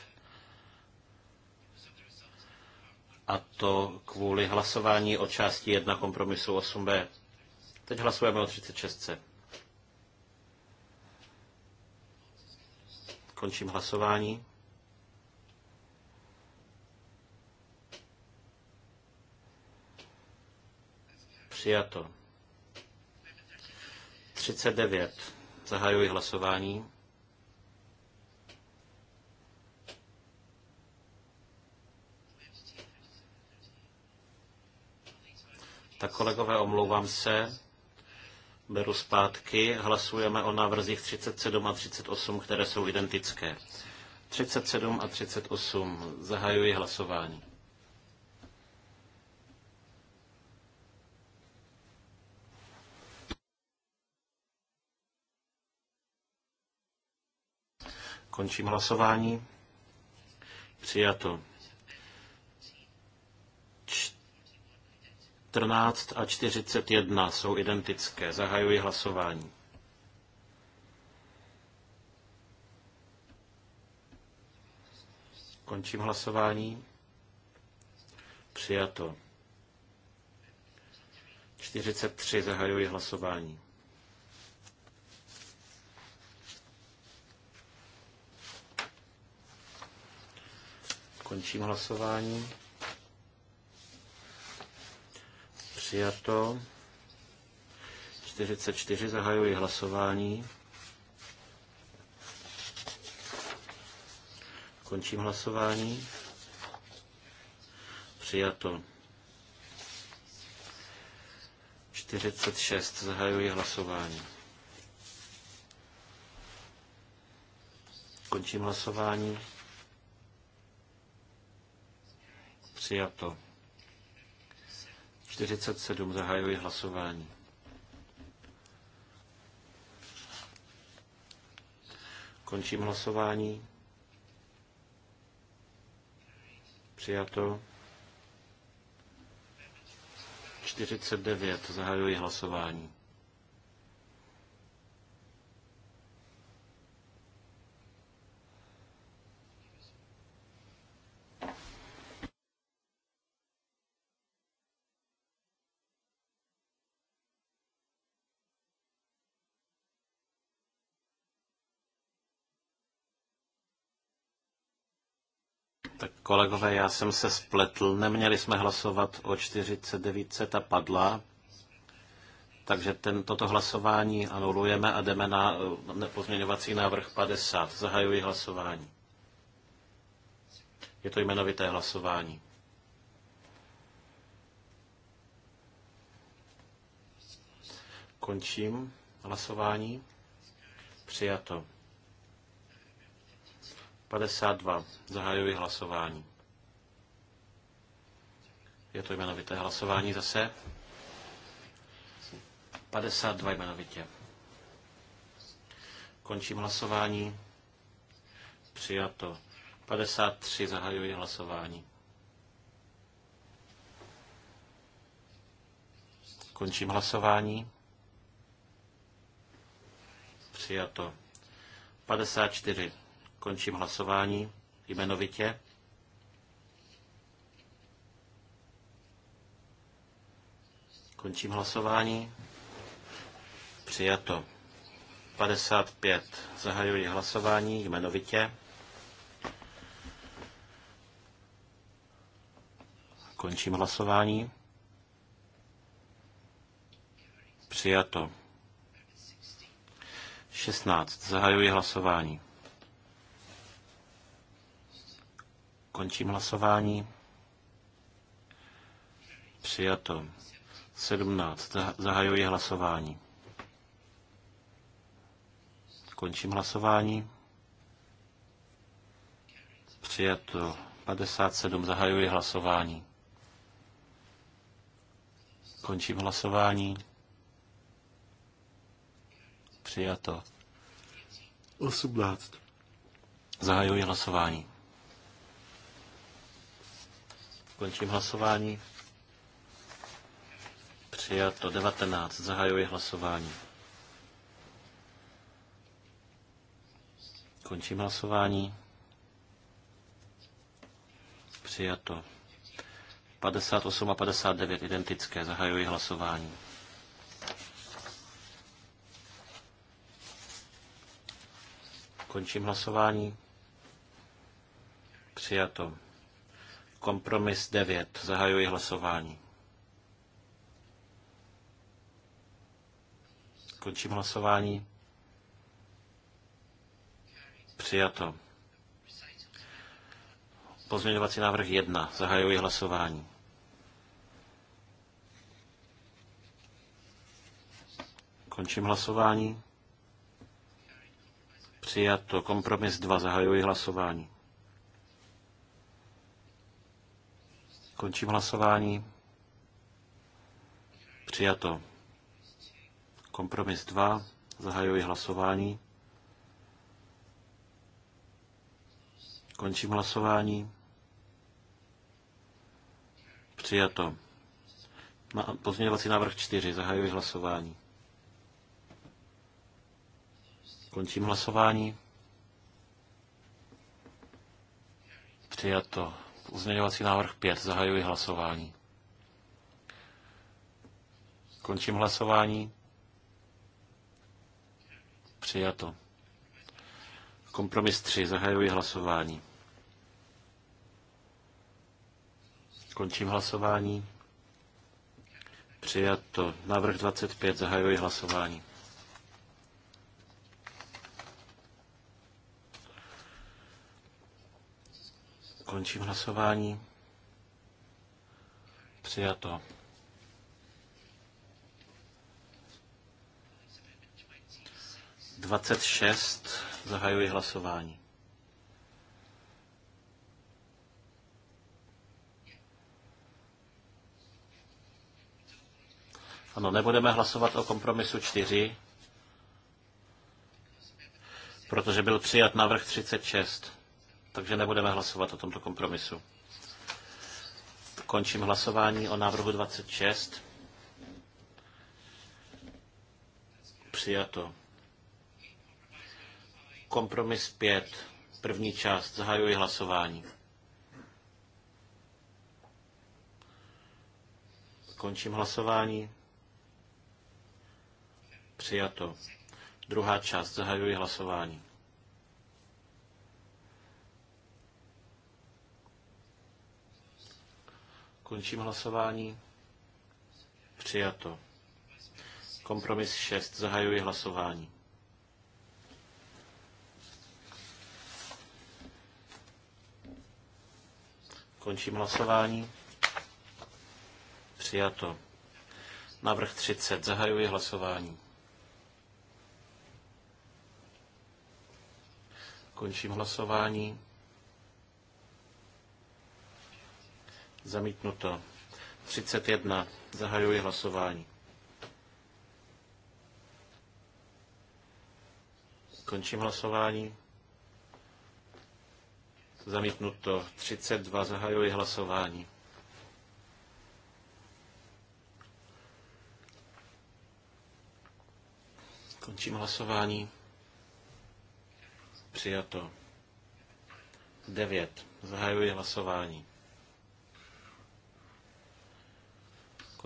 a to kvůli hlasování o části 1 kompromisu 8b. Teď hlasujeme o 36. Končím hlasování. Přijato. 39. Zahajuji hlasování. Tak kolegové, omlouvám se. Beru zpátky. Hlasujeme o návrzích 37 a 38, které jsou identické. 37 a 38. Zahajuji hlasování. Končím hlasování. Přijato. 14 a 41 jsou identické. Zahajuji hlasování. Končím hlasování. Přijato. 43 zahajuji hlasování. Končím hlasování. Přijato. 44 zahajuji hlasování. Končím hlasování. Přijato. 46 zahajuji hlasování. Končím hlasování. Přijato. 47. Zahajuji hlasování. Končím hlasování. Přijato. 49. Zahajuji hlasování. Kolegové, já jsem se spletl. Neměli jsme hlasovat o 49 a padla. Takže ten, toto hlasování anulujeme a jdeme na pozměňovací návrh 50. Zahajuji hlasování. Je to jmenovité hlasování. Končím hlasování. Přijato. 52. Zahajuji hlasování. Je to jmenovité hlasování zase. 52 jmenovitě. Končím hlasování. Přijato. 53 zahajuji hlasování. Končím hlasování. Přijato. 54 Končím hlasování jmenovitě. Končím hlasování. Přijato. 55. Zahajuji hlasování jmenovitě. Končím hlasování. Přijato. 16. Zahajuji hlasování. Končím hlasování. Přijato. 17. Zahajuji hlasování. Končím hlasování. Přijato. 57. Zahajuji hlasování. Končím hlasování. Přijato. 18. Zahajuji hlasování. Končím hlasování. Přijato 19. Zahajuji hlasování. Končím hlasování. Přijato 58 a 59 identické. Zahajuji hlasování. Končím hlasování. Přijato. Kompromis 9. Zahajuji hlasování. Končím hlasování. Přijato. Pozměňovací návrh 1. Zahajuji hlasování. Končím hlasování. Přijato. Kompromis 2. Zahajuji hlasování. Končím hlasování. Přijato. Kompromis 2. Zahajuji hlasování. Končím hlasování. Přijato. Pozměňovací návrh 4. Zahajuji hlasování. Končím hlasování. Přijato. Pozměňovací návrh 5. Zahajuji hlasování. Končím hlasování. Přijato. Kompromis 3. Zahajuji hlasování. Končím hlasování. Přijato. Návrh 25. Zahajuji hlasování. Končím hlasování. Přijato. Dvacet šest. Zahajuji hlasování. Ano, nebudeme hlasovat o kompromisu 4, protože byl přijat návrh 36 takže nebudeme hlasovat o tomto kompromisu. Končím hlasování o návrhu 26. Přijato. Kompromis 5. První část. Zahajuji hlasování. Končím hlasování. Přijato. Druhá část. Zahajuji hlasování. Končím hlasování. Přijato. Kompromis 6. Zahajuji hlasování. Končím hlasování. Přijato. Návrh 30. Zahajuji hlasování. Končím hlasování. Zamítnuto. 31. Zahajuji hlasování. Končím hlasování. Zamítnuto. 32. Zahajuji hlasování. Končím hlasování. Přijato. 9. Zahajuji hlasování.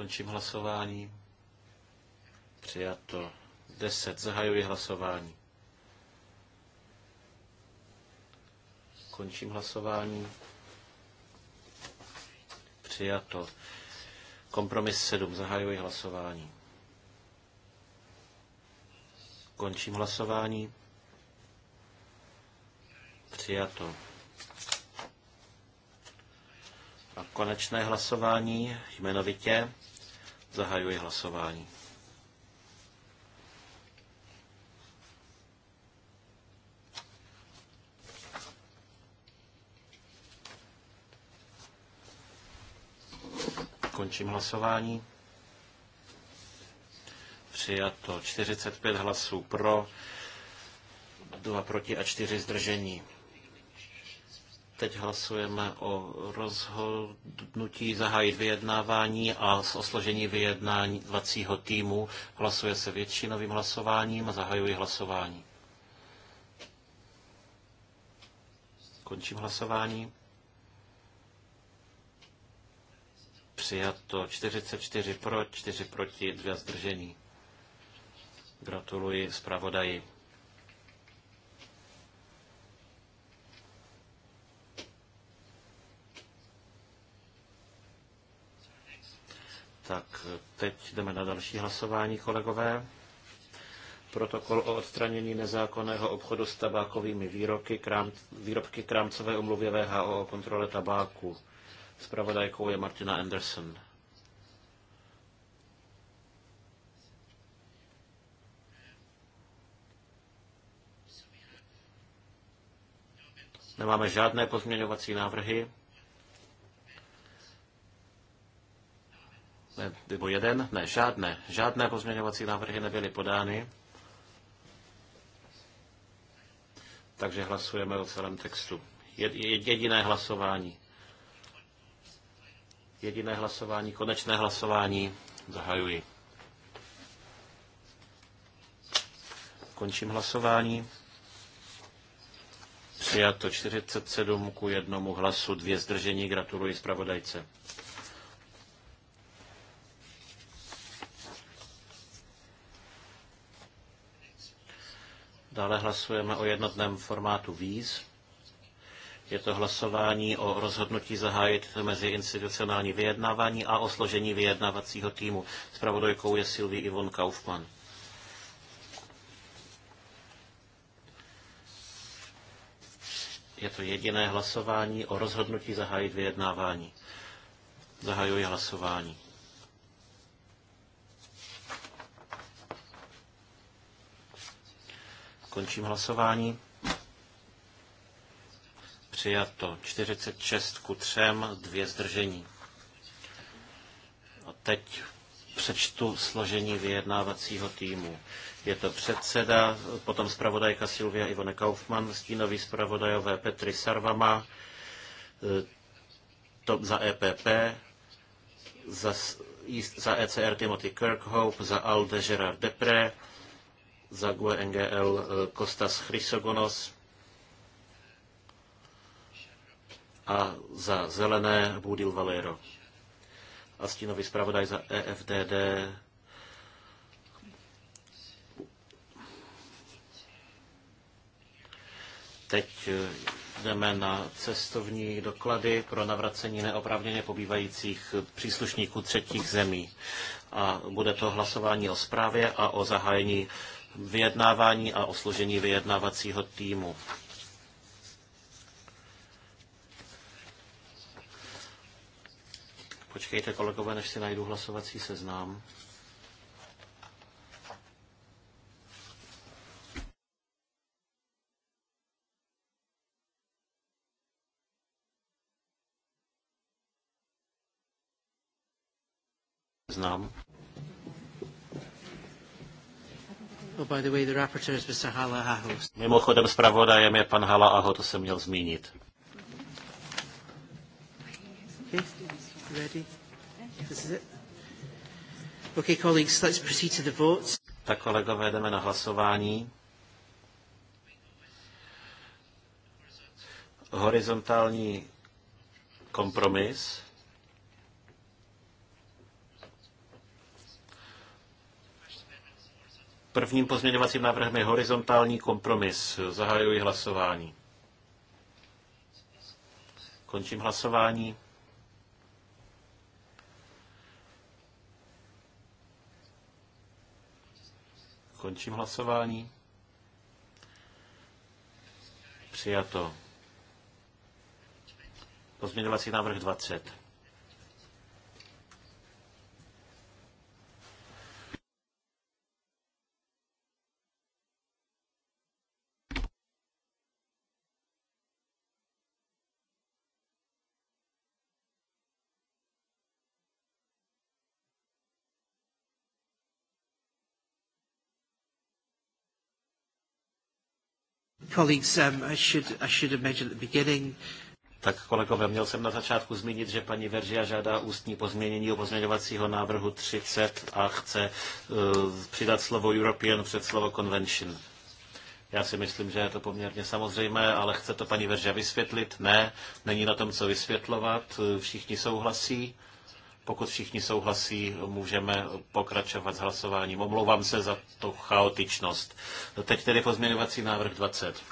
Končím hlasování. Přijato. 10. Zahajuji hlasování. Končím hlasování. Přijato. Kompromis 7. Zahajuji hlasování. Končím hlasování. Přijato. A konečné hlasování jmenovitě. Zahajuji hlasování. Končím hlasování. Přijato 45 hlasů pro, 2 proti a 4 zdržení. Teď hlasujeme o rozhodnutí zahájit vyjednávání a s složení vyjednávacího týmu. Hlasuje se většinovým hlasováním a zahajuji hlasování. Končím hlasování. Přijato 44 pro, 4 proti, 2 zdržení. Gratuluji zpravodaji. Tak teď jdeme na další hlasování, kolegové. Protokol o odstranění nezákonného obchodu s tabákovými výroky, krám, výrobky krámcové umluvy VHO o kontrole tabáku. Spravodajkou je Martina Anderson. Nemáme žádné pozměňovací návrhy. ne, nebo jeden, ne, žádné, žádné pozměňovací návrhy nebyly podány. Takže hlasujeme o celém textu. Jediné hlasování. Jediné hlasování, konečné hlasování. Zahajuji. Končím hlasování. Přijato 47 ku jednomu hlasu, dvě zdržení. Gratuluji zpravodajce. Dále hlasujeme o jednotném formátu víz. Je to hlasování o rozhodnutí zahájit mezi institucionální vyjednávání a o složení vyjednávacího týmu. Spravodajkou je Silví Ivon Kaufmann. Je to jediné hlasování o rozhodnutí zahájit vyjednávání. Zahajuji hlasování. Končím hlasování. Přijato 46 ku 3, dvě zdržení. A teď přečtu složení vyjednávacího týmu. Je to předseda, potom zpravodajka Silvia Ivone Kaufmann, stínový zpravodajové Petri Sarvama, eh, to za EPP, za, za ECR Timothy Kirkhope, za Alde Gerard Depré, Zague NGL eh, Kostas Chrysogonos a za zelené Budil Valero. A stínový zpravodaj za EFDD Teď eh, jdeme na cestovní doklady pro navracení neoprávněně pobývajících příslušníků třetích zemí. A bude to hlasování o zprávě a o zahájení vyjednávání a o složení vyjednávacího týmu. Počkejte, kolegové, než si najdu hlasovací seznám. Seznám. Oh, Mimochodem zpravodajem je pan Hala Aho, to jsem měl zmínit. Okay. Ready? This is it. Okay, colleagues, let's proceed to the votes. Tak kolegové, jdeme na hlasování. Horizontální kompromis. Prvním pozměňovacím návrhem je horizontální kompromis. Zahajuji hlasování. Končím hlasování. Končím hlasování. Přijato. Pozměňovací návrh 20. Colleagues, um, I should, I should have mentioned at the beginning. Tak kolegové, měl jsem na začátku zmínit, že paní Veržia žádá ústní pozměnění o pozměňovacího návrhu 30 a chce uh, přidat slovo European před slovo Convention. Já si myslím, že je to poměrně samozřejmé, ale chce to paní Veržia vysvětlit? Ne, není na tom co vysvětlovat, eh, všichni souhlasí. Pokud všichni souhlasí, můžeme pokračovat s hlasováním. Omlouvám se za tu chaotičnost. No, teď tedy pozměňovací návrh 20.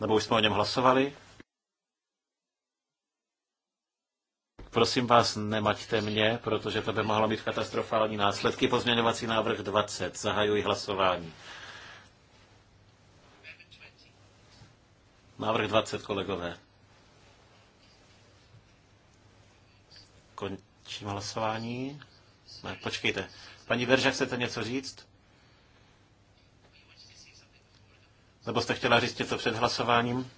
Nebo už jsme o něm hlasovali? Prosím vás, nemaťte mě, protože to by mohlo mít katastrofální následky. Pozměňovací návrh 20. Zahajuji hlasování. Návrh 20, kolegové. Končím hlasování. Ne, počkejte. Paní Verža, chcete něco říct? Nebo jste chtěla říct něco před hlasováním?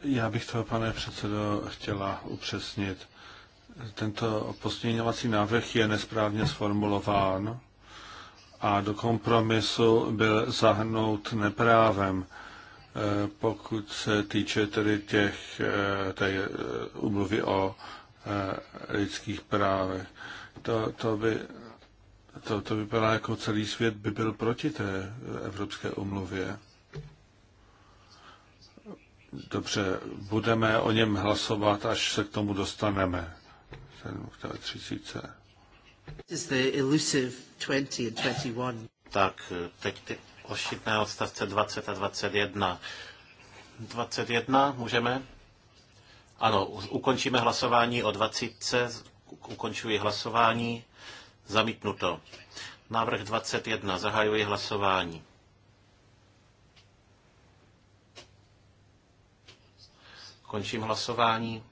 Já bych to, pane předsedo, chtěla upřesnit. Tento posměňovací návrh je nesprávně sformulován a do kompromisu byl zahrnout neprávem. Eh, pokud se týče tedy těch, eh, té eh, umluvy o lidských právech. To, to by to, to vypadá jako celý svět by byl proti té Evropské umluvě. Dobře, budeme o něm hlasovat, až se k tomu dostaneme. K Tak, teď teď ošitné odstavce 20 a 21. 21 můžeme? Ano, ukončíme hlasování o 20. Ukončuji hlasování. Zamítnuto. Návrh 21. Zahajuji hlasování. Končím hlasování.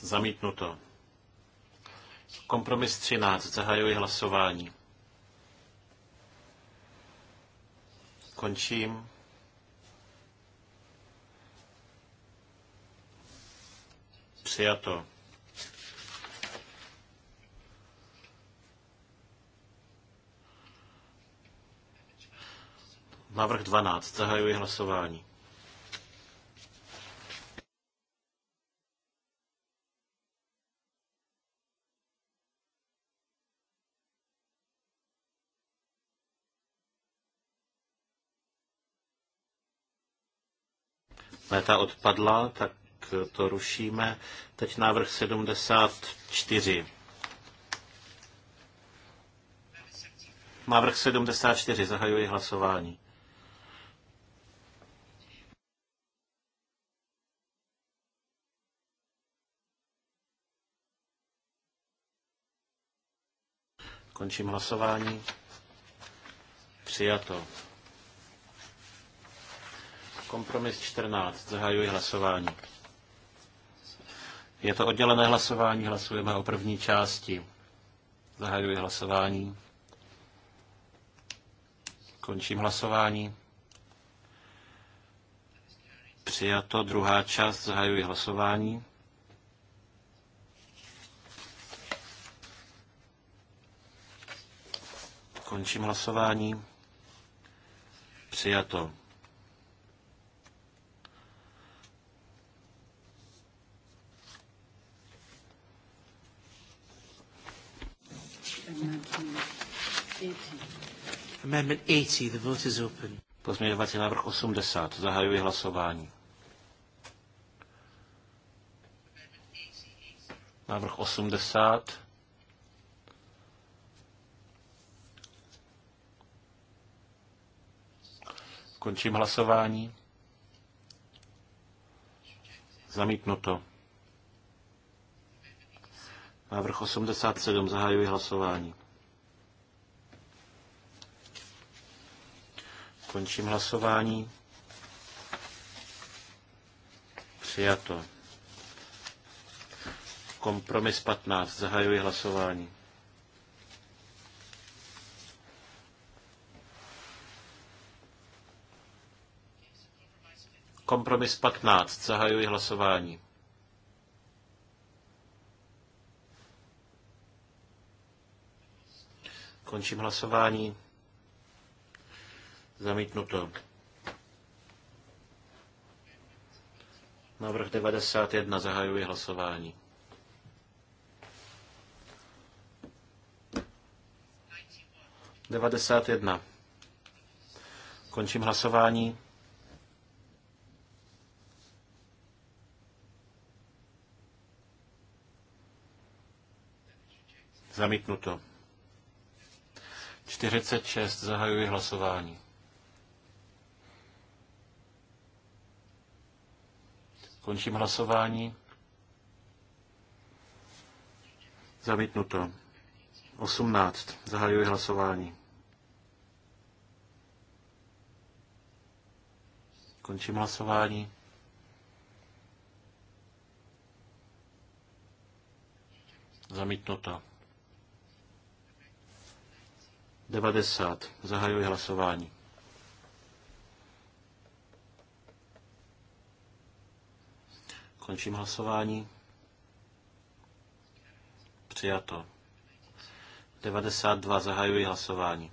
Zamítnuto. Kompromis 13. Zahajuji hlasování. Končím. Přijato. Návrh 12. Zahajuji hlasování. léta ta odpadla, tak to rušíme. Teď návrh 74. Návrh 74, zahajuji hlasování. Končím hlasování. Přijato. Kompromis 14. Zahajuji hlasování. Je to oddělené hlasování, hlasujeme o první části. Zahajuji hlasování. Končím hlasování. Přijato druhá část, zahajuji hlasování. Končím hlasování. Přijato. Amendment 80, the vote is open. Pozměňovací návrh 80. Zahajuji hlasování. Návrh 80. Končím hlasování. Zamítnuto. Návrh 87. Zahajuji hlasování. Končím hlasování. Přijato. Kompromis 15. Zahajuji hlasování. Kompromis 15. Zahajuji hlasování. Končím hlasování. Zamítnuto. Návrh 91. Zahajuji hlasování. Devadesát jedna. Končím hlasování. Zamítnuto. 46. Zahajuji hlasování. Končím hlasování. Zamítnuto. 18. Zahajuji hlasování. Končím hlasování. Zamítnuto. 90. Zahajuji hlasování. Končím hlasování. Přijato. 92. Zahajuji hlasování.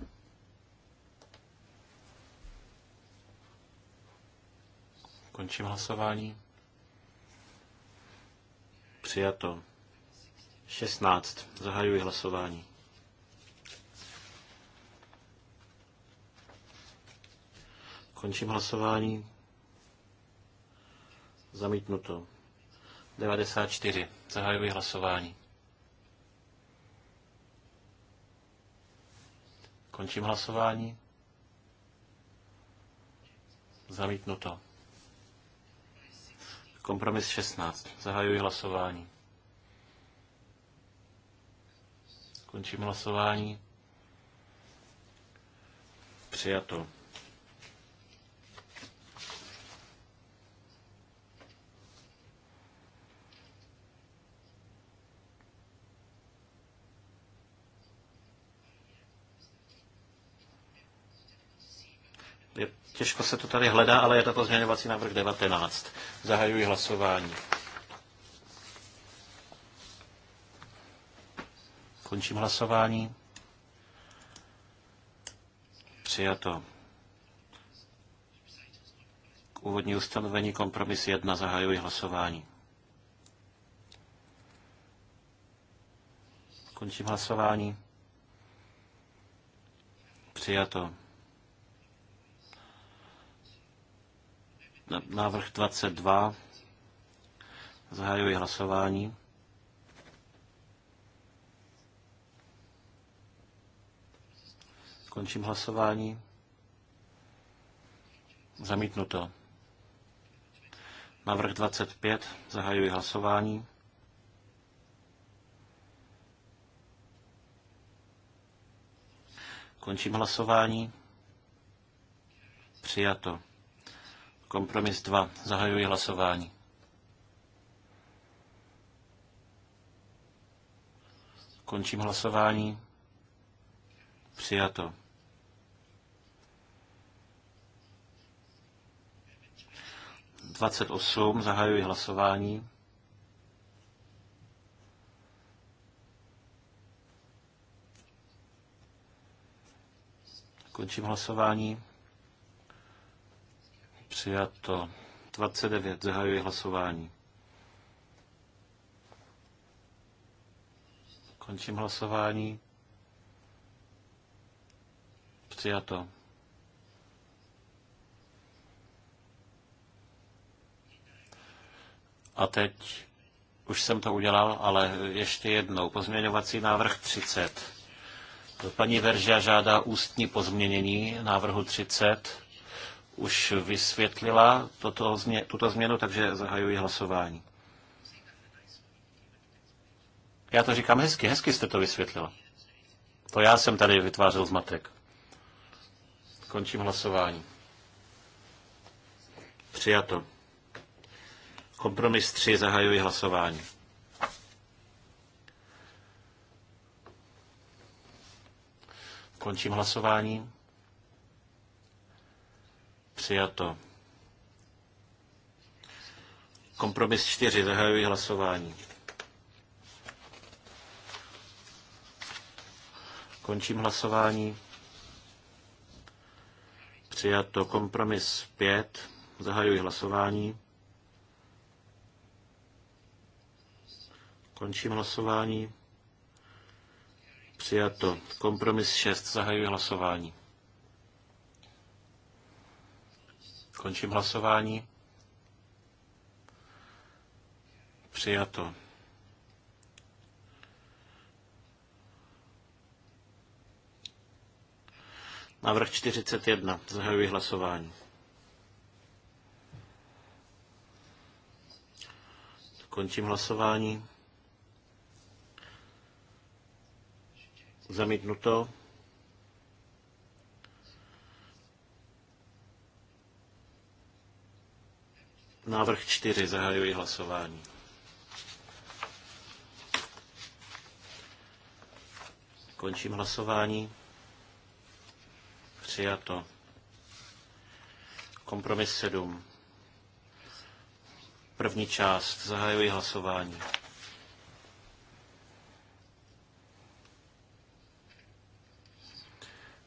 Končím hlasování. Přijato. 16. Zahajuji hlasování. Končím hlasování. Zamítnuto. 94. Zahajuji hlasování. Končím hlasování. Zamítnuto. Kompromis 16. Zahajuji hlasování. Končím hlasování. Přijato. je, těžko se to tady hledá, ale je to pozměňovací návrh 19. Zahajuji hlasování. Končím hlasování. Přijato. K úvodní ustanovení kompromis 1 zahajuji hlasování. Končím hlasování. Přijato. Návrh 22. Zahajuji hlasování. Končím hlasování. Zamítnuto. Návrh 25. Zahajuji hlasování. Končím hlasování. Přijato. Kompromis 2. Zahajuji hlasování. Končím hlasování. Přijato. Dvacet osm. Zahajuji hlasování. Končím hlasování. Přijato. 29. Zahajuji hlasování. Končím hlasování. Přijato. A teď už jsem to udělal, ale ještě jednou. Pozměňovací návrh 30. Paní Veržia žádá ústní pozměnění návrhu 30 už vysvětlila toto změ, tuto změnu, takže zahajuji hlasování. Já to říkám hezky, hezky jste to vysvětlila. To já jsem tady vytvářel zmatek. Končím hlasování. Přijato. Kompromis 3 zahajuji hlasování. Končím hlasování. Přijato. Kompromis 4. Zahajuji hlasování. Končím hlasování. Přijato kompromis 5. Zahajuji hlasování. Končím hlasování. Přijato kompromis 6. Zahajuji hlasování. Končím hlasování. Přijato. Návrh 41. Zahajuji hlasování. Končím hlasování. Zamítnuto. Návrh 4. Zahajuji hlasování. Končím hlasování. Přijato. Kompromis 7. První část. Zahajuji hlasování.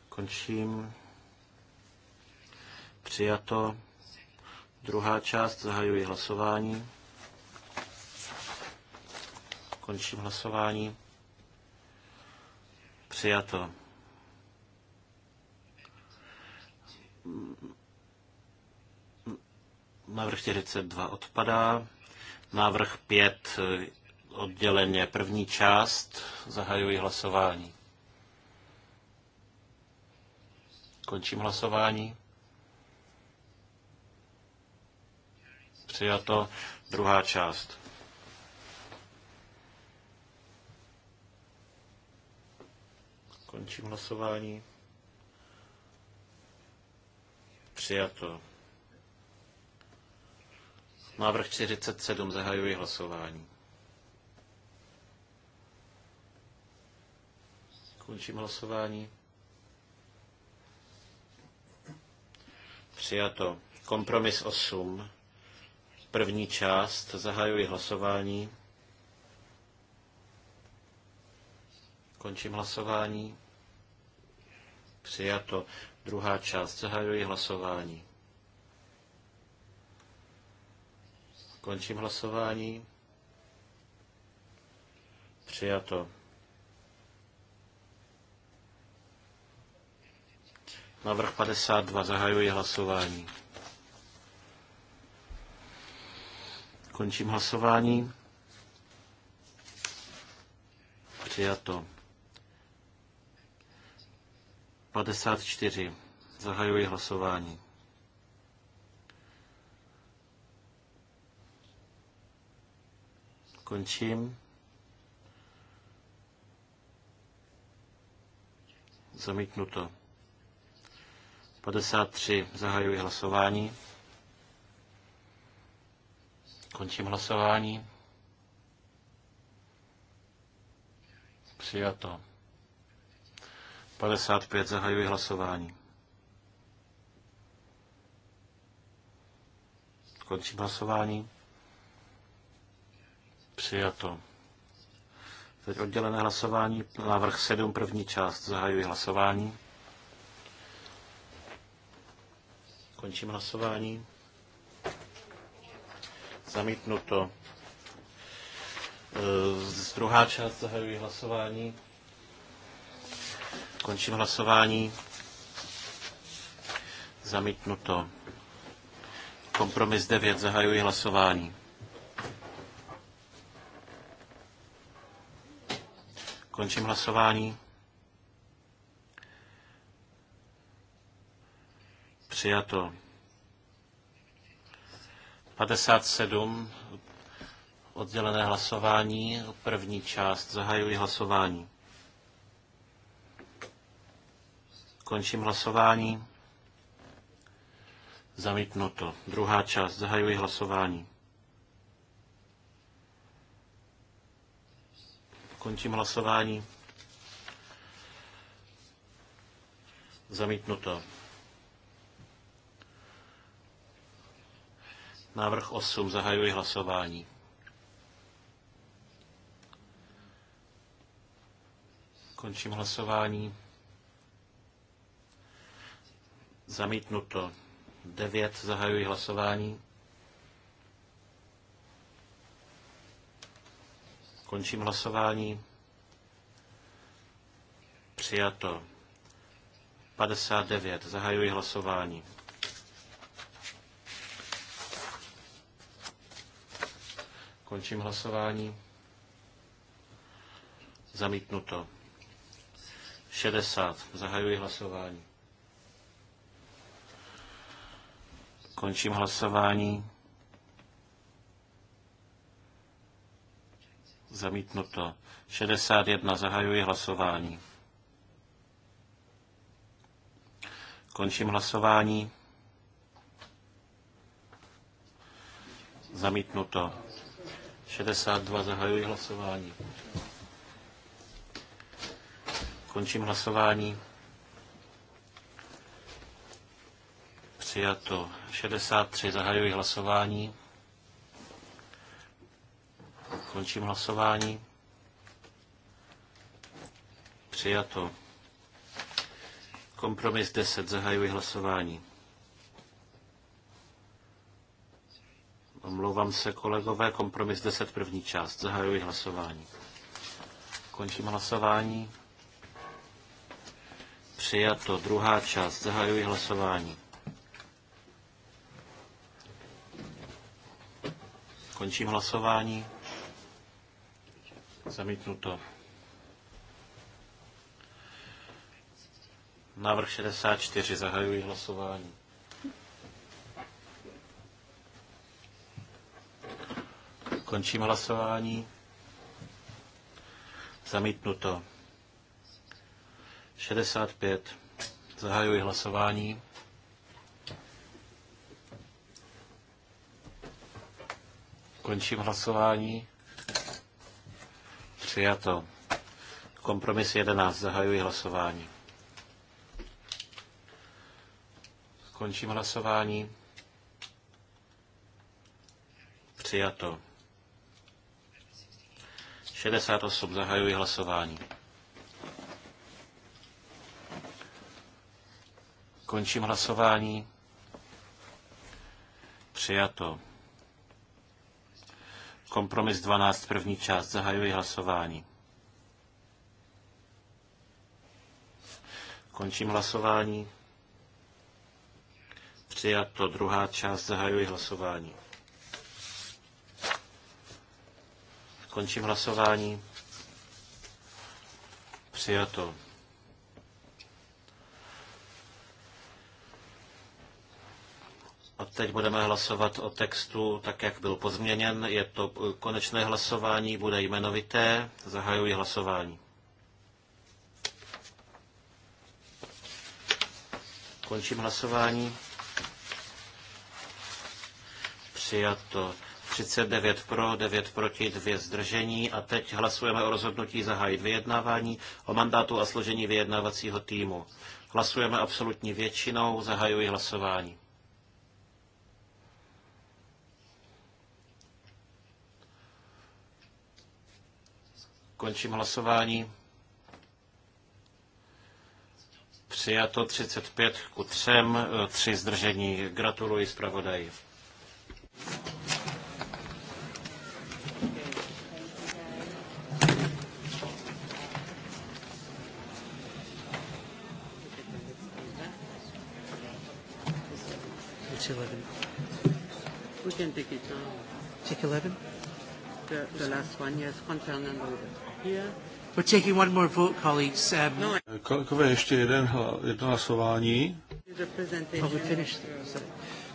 Končím. Přijato. Druhá část, zahajuji hlasování. Končím hlasování. Přijato. Návrh 42 odpadá. Návrh 5 odděleně. První část zahajuji hlasování. Končím hlasování. Přijato. Druhá část. Končím hlasování. Přijato. Návrh 47. Zahajuji hlasování. Končím hlasování. Přijato. Kompromis 8. První část, zahajuji hlasování. Končím hlasování. Přijato. Druhá část, zahajuji hlasování. Končím hlasování. Přijato. Navrh 52. Zahajuji hlasování. Končím hlasování. Přijato. 54. Zahajuji hlasování. Končím. Zamítnuto. 53. Zahajuji hlasování. Končím hlasování. Přijato. 55 zahajuji hlasování. Končím hlasování. Přijato. Teď oddělené hlasování, návrh 7, první část, zahajuji hlasování. Končím hlasování. Zamítnuto. E, z druhá část zahajuji hlasování. Končím hlasování. Zamítnuto. Kompromis 9. Zahajuji hlasování. Končím hlasování. Přijato. 57 oddělené hlasování, první část, zahajuji hlasování. Končím hlasování. Zamítnuto. Druhá část, zahajuji hlasování. Končím hlasování. Zamítnuto. Návrh 8. Zahajuji hlasování. Končím hlasování. Zamítnuto. 9. Zahajuji hlasování. Končím hlasování. Přijato. 59. Zahajuji hlasování. Končím hlasování. Zamítnuto. 60. Zahajuji hlasování. Končím hlasování. Zamítnuto. 61. Zahajuji hlasování. Končím hlasování. Zamítnuto. 62. Zahajuji hlasování. Končím hlasování. Přijato 63. Zahajuji hlasování. Končím hlasování. Přijato. Kompromis 10. Zahajuji hlasování. Omlouvám se, kolegové, kompromis 10 první část. Zahajuji hlasování. Končím hlasování. Přijato druhá část. Zahajuji hlasování. Končím hlasování. Zamítnuto. Návrh 64. Zahajuji hlasování. Končím hlasování. Zamítnuto. 65. Zahajuji hlasování. Končím hlasování. Přijato. Kompromis 11. Zahajuji hlasování. Končím hlasování. Přijato. 68. Zahajuji hlasování. Končím hlasování. Přijato. Kompromis 12, první část. Zahajuji hlasování. Končím hlasování. Přijato. Druhá část. Zahajuji hlasování. Končím hlasování. Přijato. A teď budeme hlasovat o textu tak, jak byl pozměněn. Je to konečné hlasování, bude jmenovité. Zahajuji hlasování. Končím hlasování. Přijato. 39 pro, 9 proti, 2 zdržení. A teď hlasujeme o rozhodnutí zahájit vyjednávání o mandátu a složení vyjednávacího týmu. Hlasujeme absolutní většinou, zahajuji hlasování. Končím hlasování. Přijato 35 ku 3, 3 eh, zdržení. Gratuluji zpravodaji. It's 11. We can take it now. Take 11? The, the last one, yes. Juan Fernando. Yeah. We're taking one more vote, colleagues. Um, no, Kolegové, ještě jeden, jedno hlasování. Oh, we finished.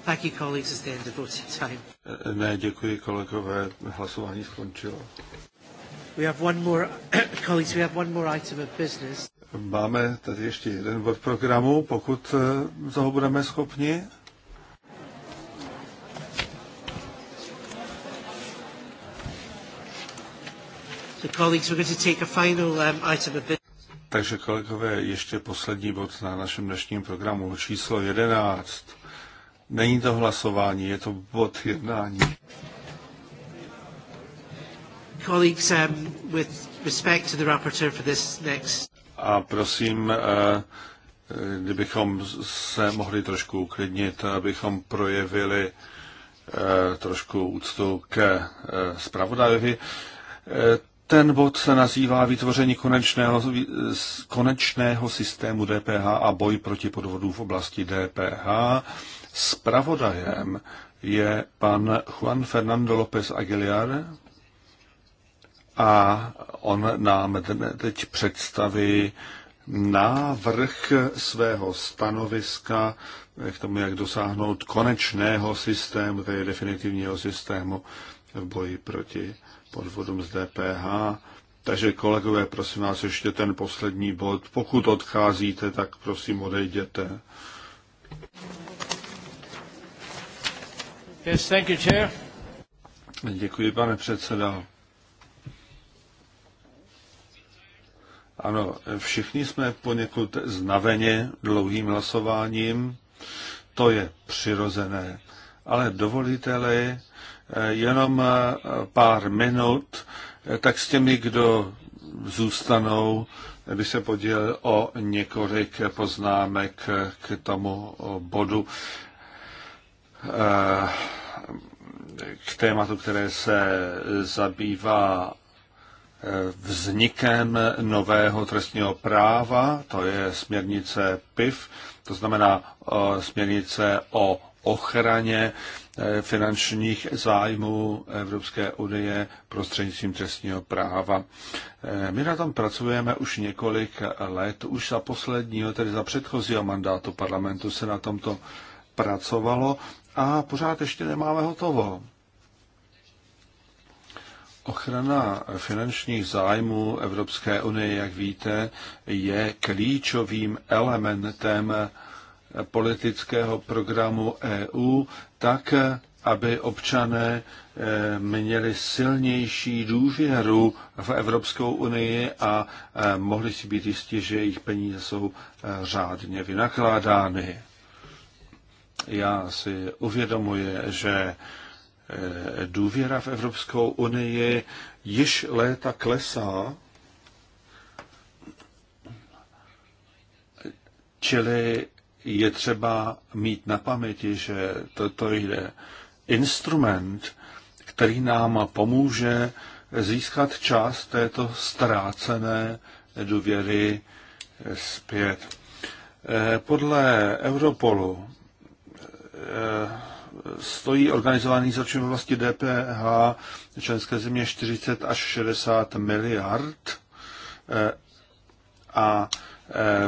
Thank you, colleagues. It's the end of voting time. Eh, eh, ne, děkuji, kolegové. Hlasování skončilo. We have one more, colleagues, we have one more item of business. Máme tady ještě jeden bod programu, pokud eh, toho budeme schopni. Um, Takže kolegové, ještě poslední bod na našem dnešním programu, číslo 11. Není to hlasování, je to bod jednání. Colleagues, um, with respect to the rapporteur for this next... A prosím, uh, uh, kdybychom se mohli trošku uklidnit, abychom projevili uh, trošku úctu ke zpravodajovi. Ten bod se nazývá vytvoření konečného, konečného systému DPH a boj proti podvodům v oblasti DPH. Spravodajem je pan Juan Fernando López Aguilar a on nám teď představí návrh svého stanoviska k tomu, jak dosáhnout konečného systému, tedy definitivního systému v boji proti podvodům z DPH. Takže kolegové, prosím vás, ještě ten poslední bod. Pokud odcházíte, tak prosím odejděte. Yes, thank you, chair. Děkuji, pane předseda. Ano, všichni jsme poněkud znaveně dlouhým hlasováním. To je přirozené. Ale dovolíte-li, jenom eh, pár minut, eh, tak s těmi, kdo zůstanou, by se podělil o několik poznámek eh, k tomu bodu, k tématu, které se zabývá vznikem nového trestního práva, to je směrnice PIV, to znamená směrnice o ochraně Eh, finančních zájmů Evropské unie prostřednictvím trestního práva. Eh, my na tom pracujeme už několik let, už za posledního, tedy za předchozího mandátu parlamentu se na tomto pracovalo a pořád ještě nemáme hotovo. Ochrana finančních zájmů Evropské unie, jak víte, je klíčovým elementem politického programu EU, tak aby občané eh, měli silnější důvěru v Evropskou unii a eh, mohli si být jistí, že jejich peníze jsou eh, řádně vynakládány. Já si uvědomuji, že důvěra v Evropskou unii již léta klesá, čili je třeba mít na paměti, že toto jde instrument, který nám pomůže získat část této ztrácené důvěry zpět. Eh, podle Europolu eh, stojí organizovaný zločin v oblasti DPH členské země 40 až 60 miliard eh, a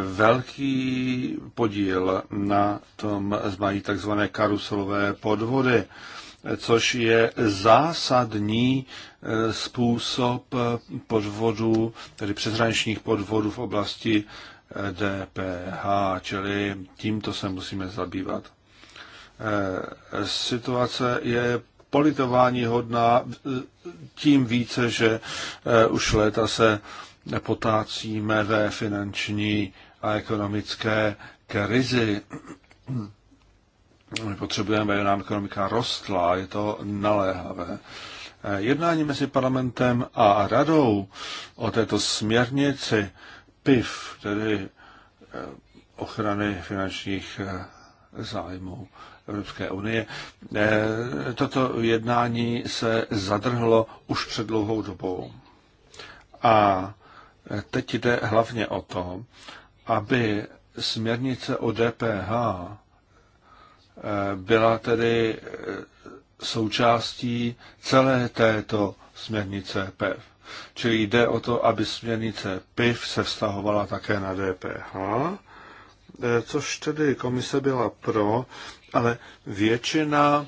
velký podíl na tom mají takzvané karuselové podvody, což je zásadní eh, způsob podvodu, tedy přeshraničních podvodů v oblasti DPH, eh, čili tímto se musíme zabývat. Eh, situace je politování hodná tím více, že už léta se Nepotácíme ve finanční a ekonomické krizi. My potřebujeme, aby nám ekonomika rostla, je to naléhavé. Jednání mezi parlamentem a radou o této směrnici PIF, tedy eh, ochrany finančních eh, zájmů Evropské unie. Eh, toto jednání se zadrhlo už před dlouhou dobou. A Teď jde hlavně o to, aby směrnice o DPH eh, byla tedy eh, součástí celé této směrnice PEV. Čili jde o to, aby směrnice PIV e se vztahovala také na DPH, eh, což tedy komise byla pro, ale většina,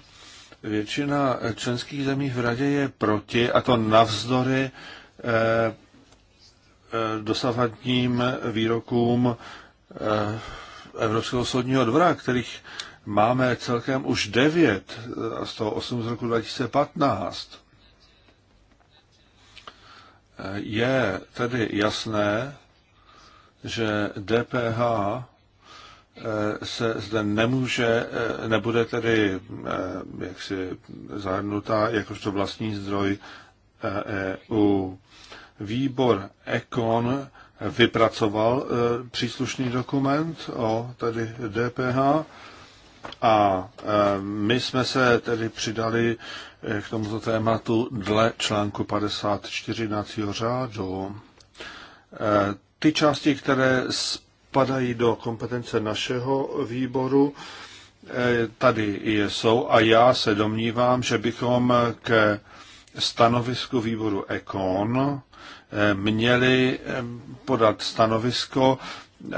většina členských zemí v radě je proti, a to navzdory Eh, dosavadním výrokům eh, Evropského soudního dvora, kterých máme celkem už devět, eh, z toho osm z roku 2015, je tedy jasné, že DPH se zde nemůže, nebude tedy jaksi zahrnutá jakožto vlastní zdroj EU. E výbor Econ vypracoval e, příslušný dokument o tedy DPH a e, my jsme se tedy přidali e, k tomuto tématu dle článku 54 jednacího řádu. Ty části, které spadají do kompetence našeho výboru, tady jsou a já se domnívám, že bychom ke stanovisku výboru ECON Eh, měli eh, podat stanovisko eh,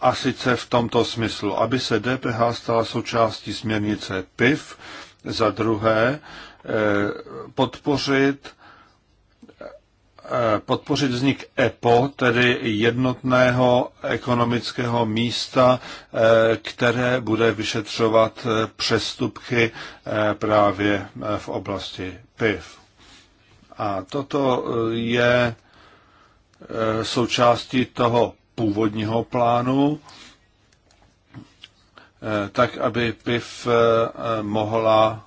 a sice v tomto smyslu, aby se DPH stala součástí směrnice PIV, za druhé podpořit podpořit vznik EPO, tedy jednotného ekonomického místa, které bude vyšetřovat přestupky právě v oblasti PIV. A toto eh, je eh, součástí toho původního plánu, eh, tak aby PIV mohla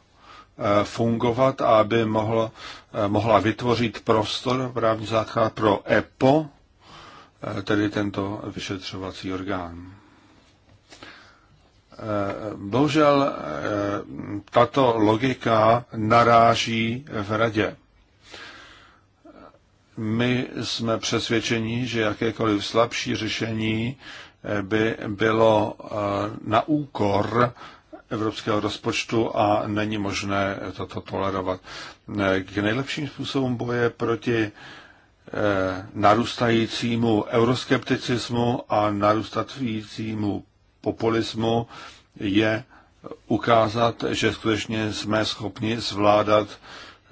fungovat a aby mohla, mohla vytvořit prostor právní základ pro EPO, tedy tento vyšetřovací orgán. Bohužel tato logika naráží v radě. My jsme přesvědčeni, že jakékoliv slabší řešení eh, by bylo eh, na úkor evropského rozpočtu a není možné toto tolerovat. Eh, k nejlepším způsobům boje proti narůstajícímu euroskepticismu a narůstajícímu populismu je ukázat, že skutečně jsme schopni zvládat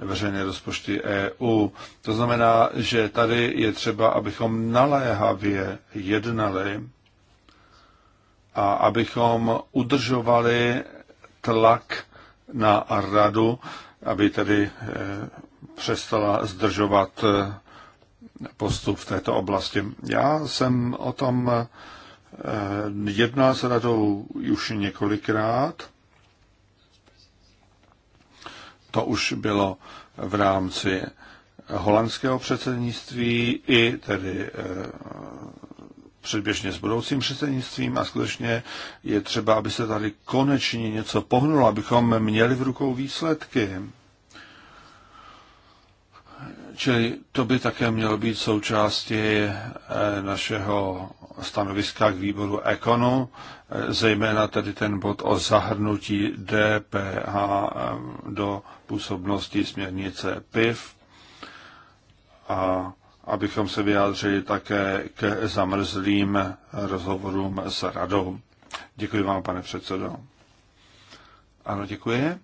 veřejné rozpočty EU. To znamená, že tady je třeba, abychom naléhavě jednali a abychom udržovali tlak na radu, aby tedy eh, přestala zdržovat eh, postup v této oblasti. Já jsem o tom eh, jednal s radou už několikrát to už bylo v rámci holandského předsednictví i tedy eh, předběžně s budoucím předsednictvím a skutečně je třeba, aby se tady konečně něco pohnulo, abychom měli v rukou výsledky. Čili to by také mělo být součástí eh, našeho stanoviska k výboru Ekonu, eh, zejména tedy ten bod o zahrnutí DPH eh, do působnosti směrnice PIV a abychom se vyjádřili také k zamrzlým rozhovorům s radou. Děkuji vám, pane předsedo. Ano, děkuji. Eh,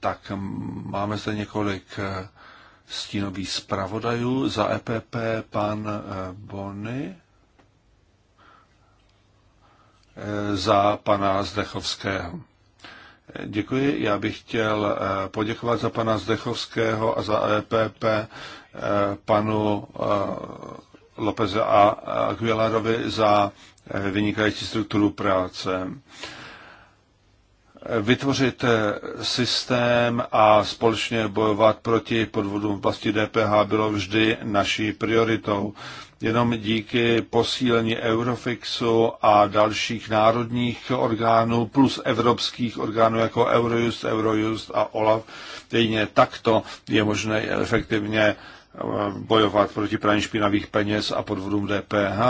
tak máme zde několik Stínový zpravodajů. Za EPP pan eh, Bony, eh, za pana Zdechovského. Děkuji. Já bych chtěl eh, poděkovat za pana Zdechovského a za EPP panu Lopeze a Aguilarovi za vynikající strukturu práce vytvořit eh, systém a společně bojovat proti podvodům v oblasti DPH bylo vždy naší prioritou. Jenom díky posílení Eurofixu a dalších národních orgánů plus evropských orgánů jako Eurojust, Eurojust a OLAF, stejně takto je možné efektivně eh, bojovat proti praní špinavých peněz a podvodům DPH.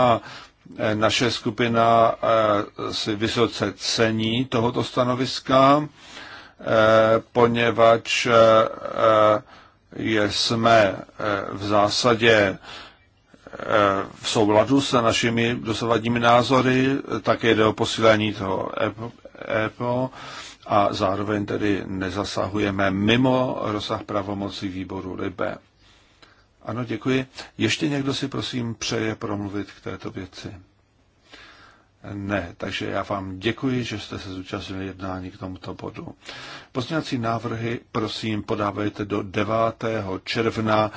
Eh, naše skupina eh, si vysoce cení tohoto stanoviska, eh, poněvadž jsme v zásadě v souladu se našimi dosavadními názory, také jde o posílení toho EPO e a zároveň tedy nezasahujeme mimo rozsah pravomocí výboru LIBE. Ano, děkuji. Ještě někdo si prosím přeje promluvit k této věci? Ne, takže já vám děkuji, že jste se zúčastnili jednání k tomuto bodu. Pozměňovací návrhy prosím podávejte do 9. června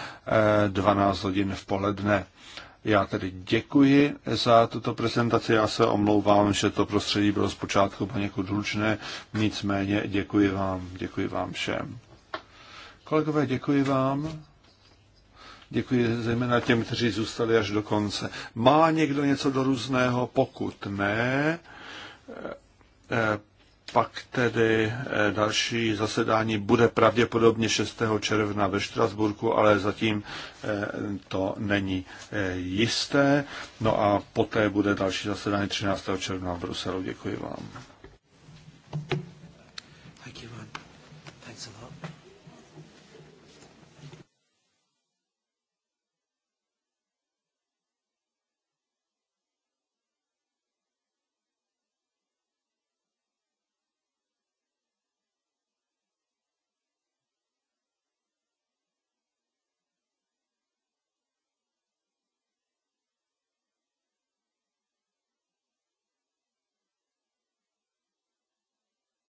12 eh, hodin v poledne. Já tedy děkuji za tuto prezentaci. Já se omlouvám, že to prostředí bylo zpočátku poněkud hlučné, nicméně děkuji vám, děkuji vám všem. Kolegové, děkuji vám. Děkuji zejména těm, kteří zůstali až do konce. Má někdo něco do různého? Pokud ne, eh, eh, pak tedy eh, další zasedání bude pravděpodobně 6. června ve Štrasburku, ale zatím to není jisté. No a poté bude další zasedání 13. června v Bruselu. Děkuji vám.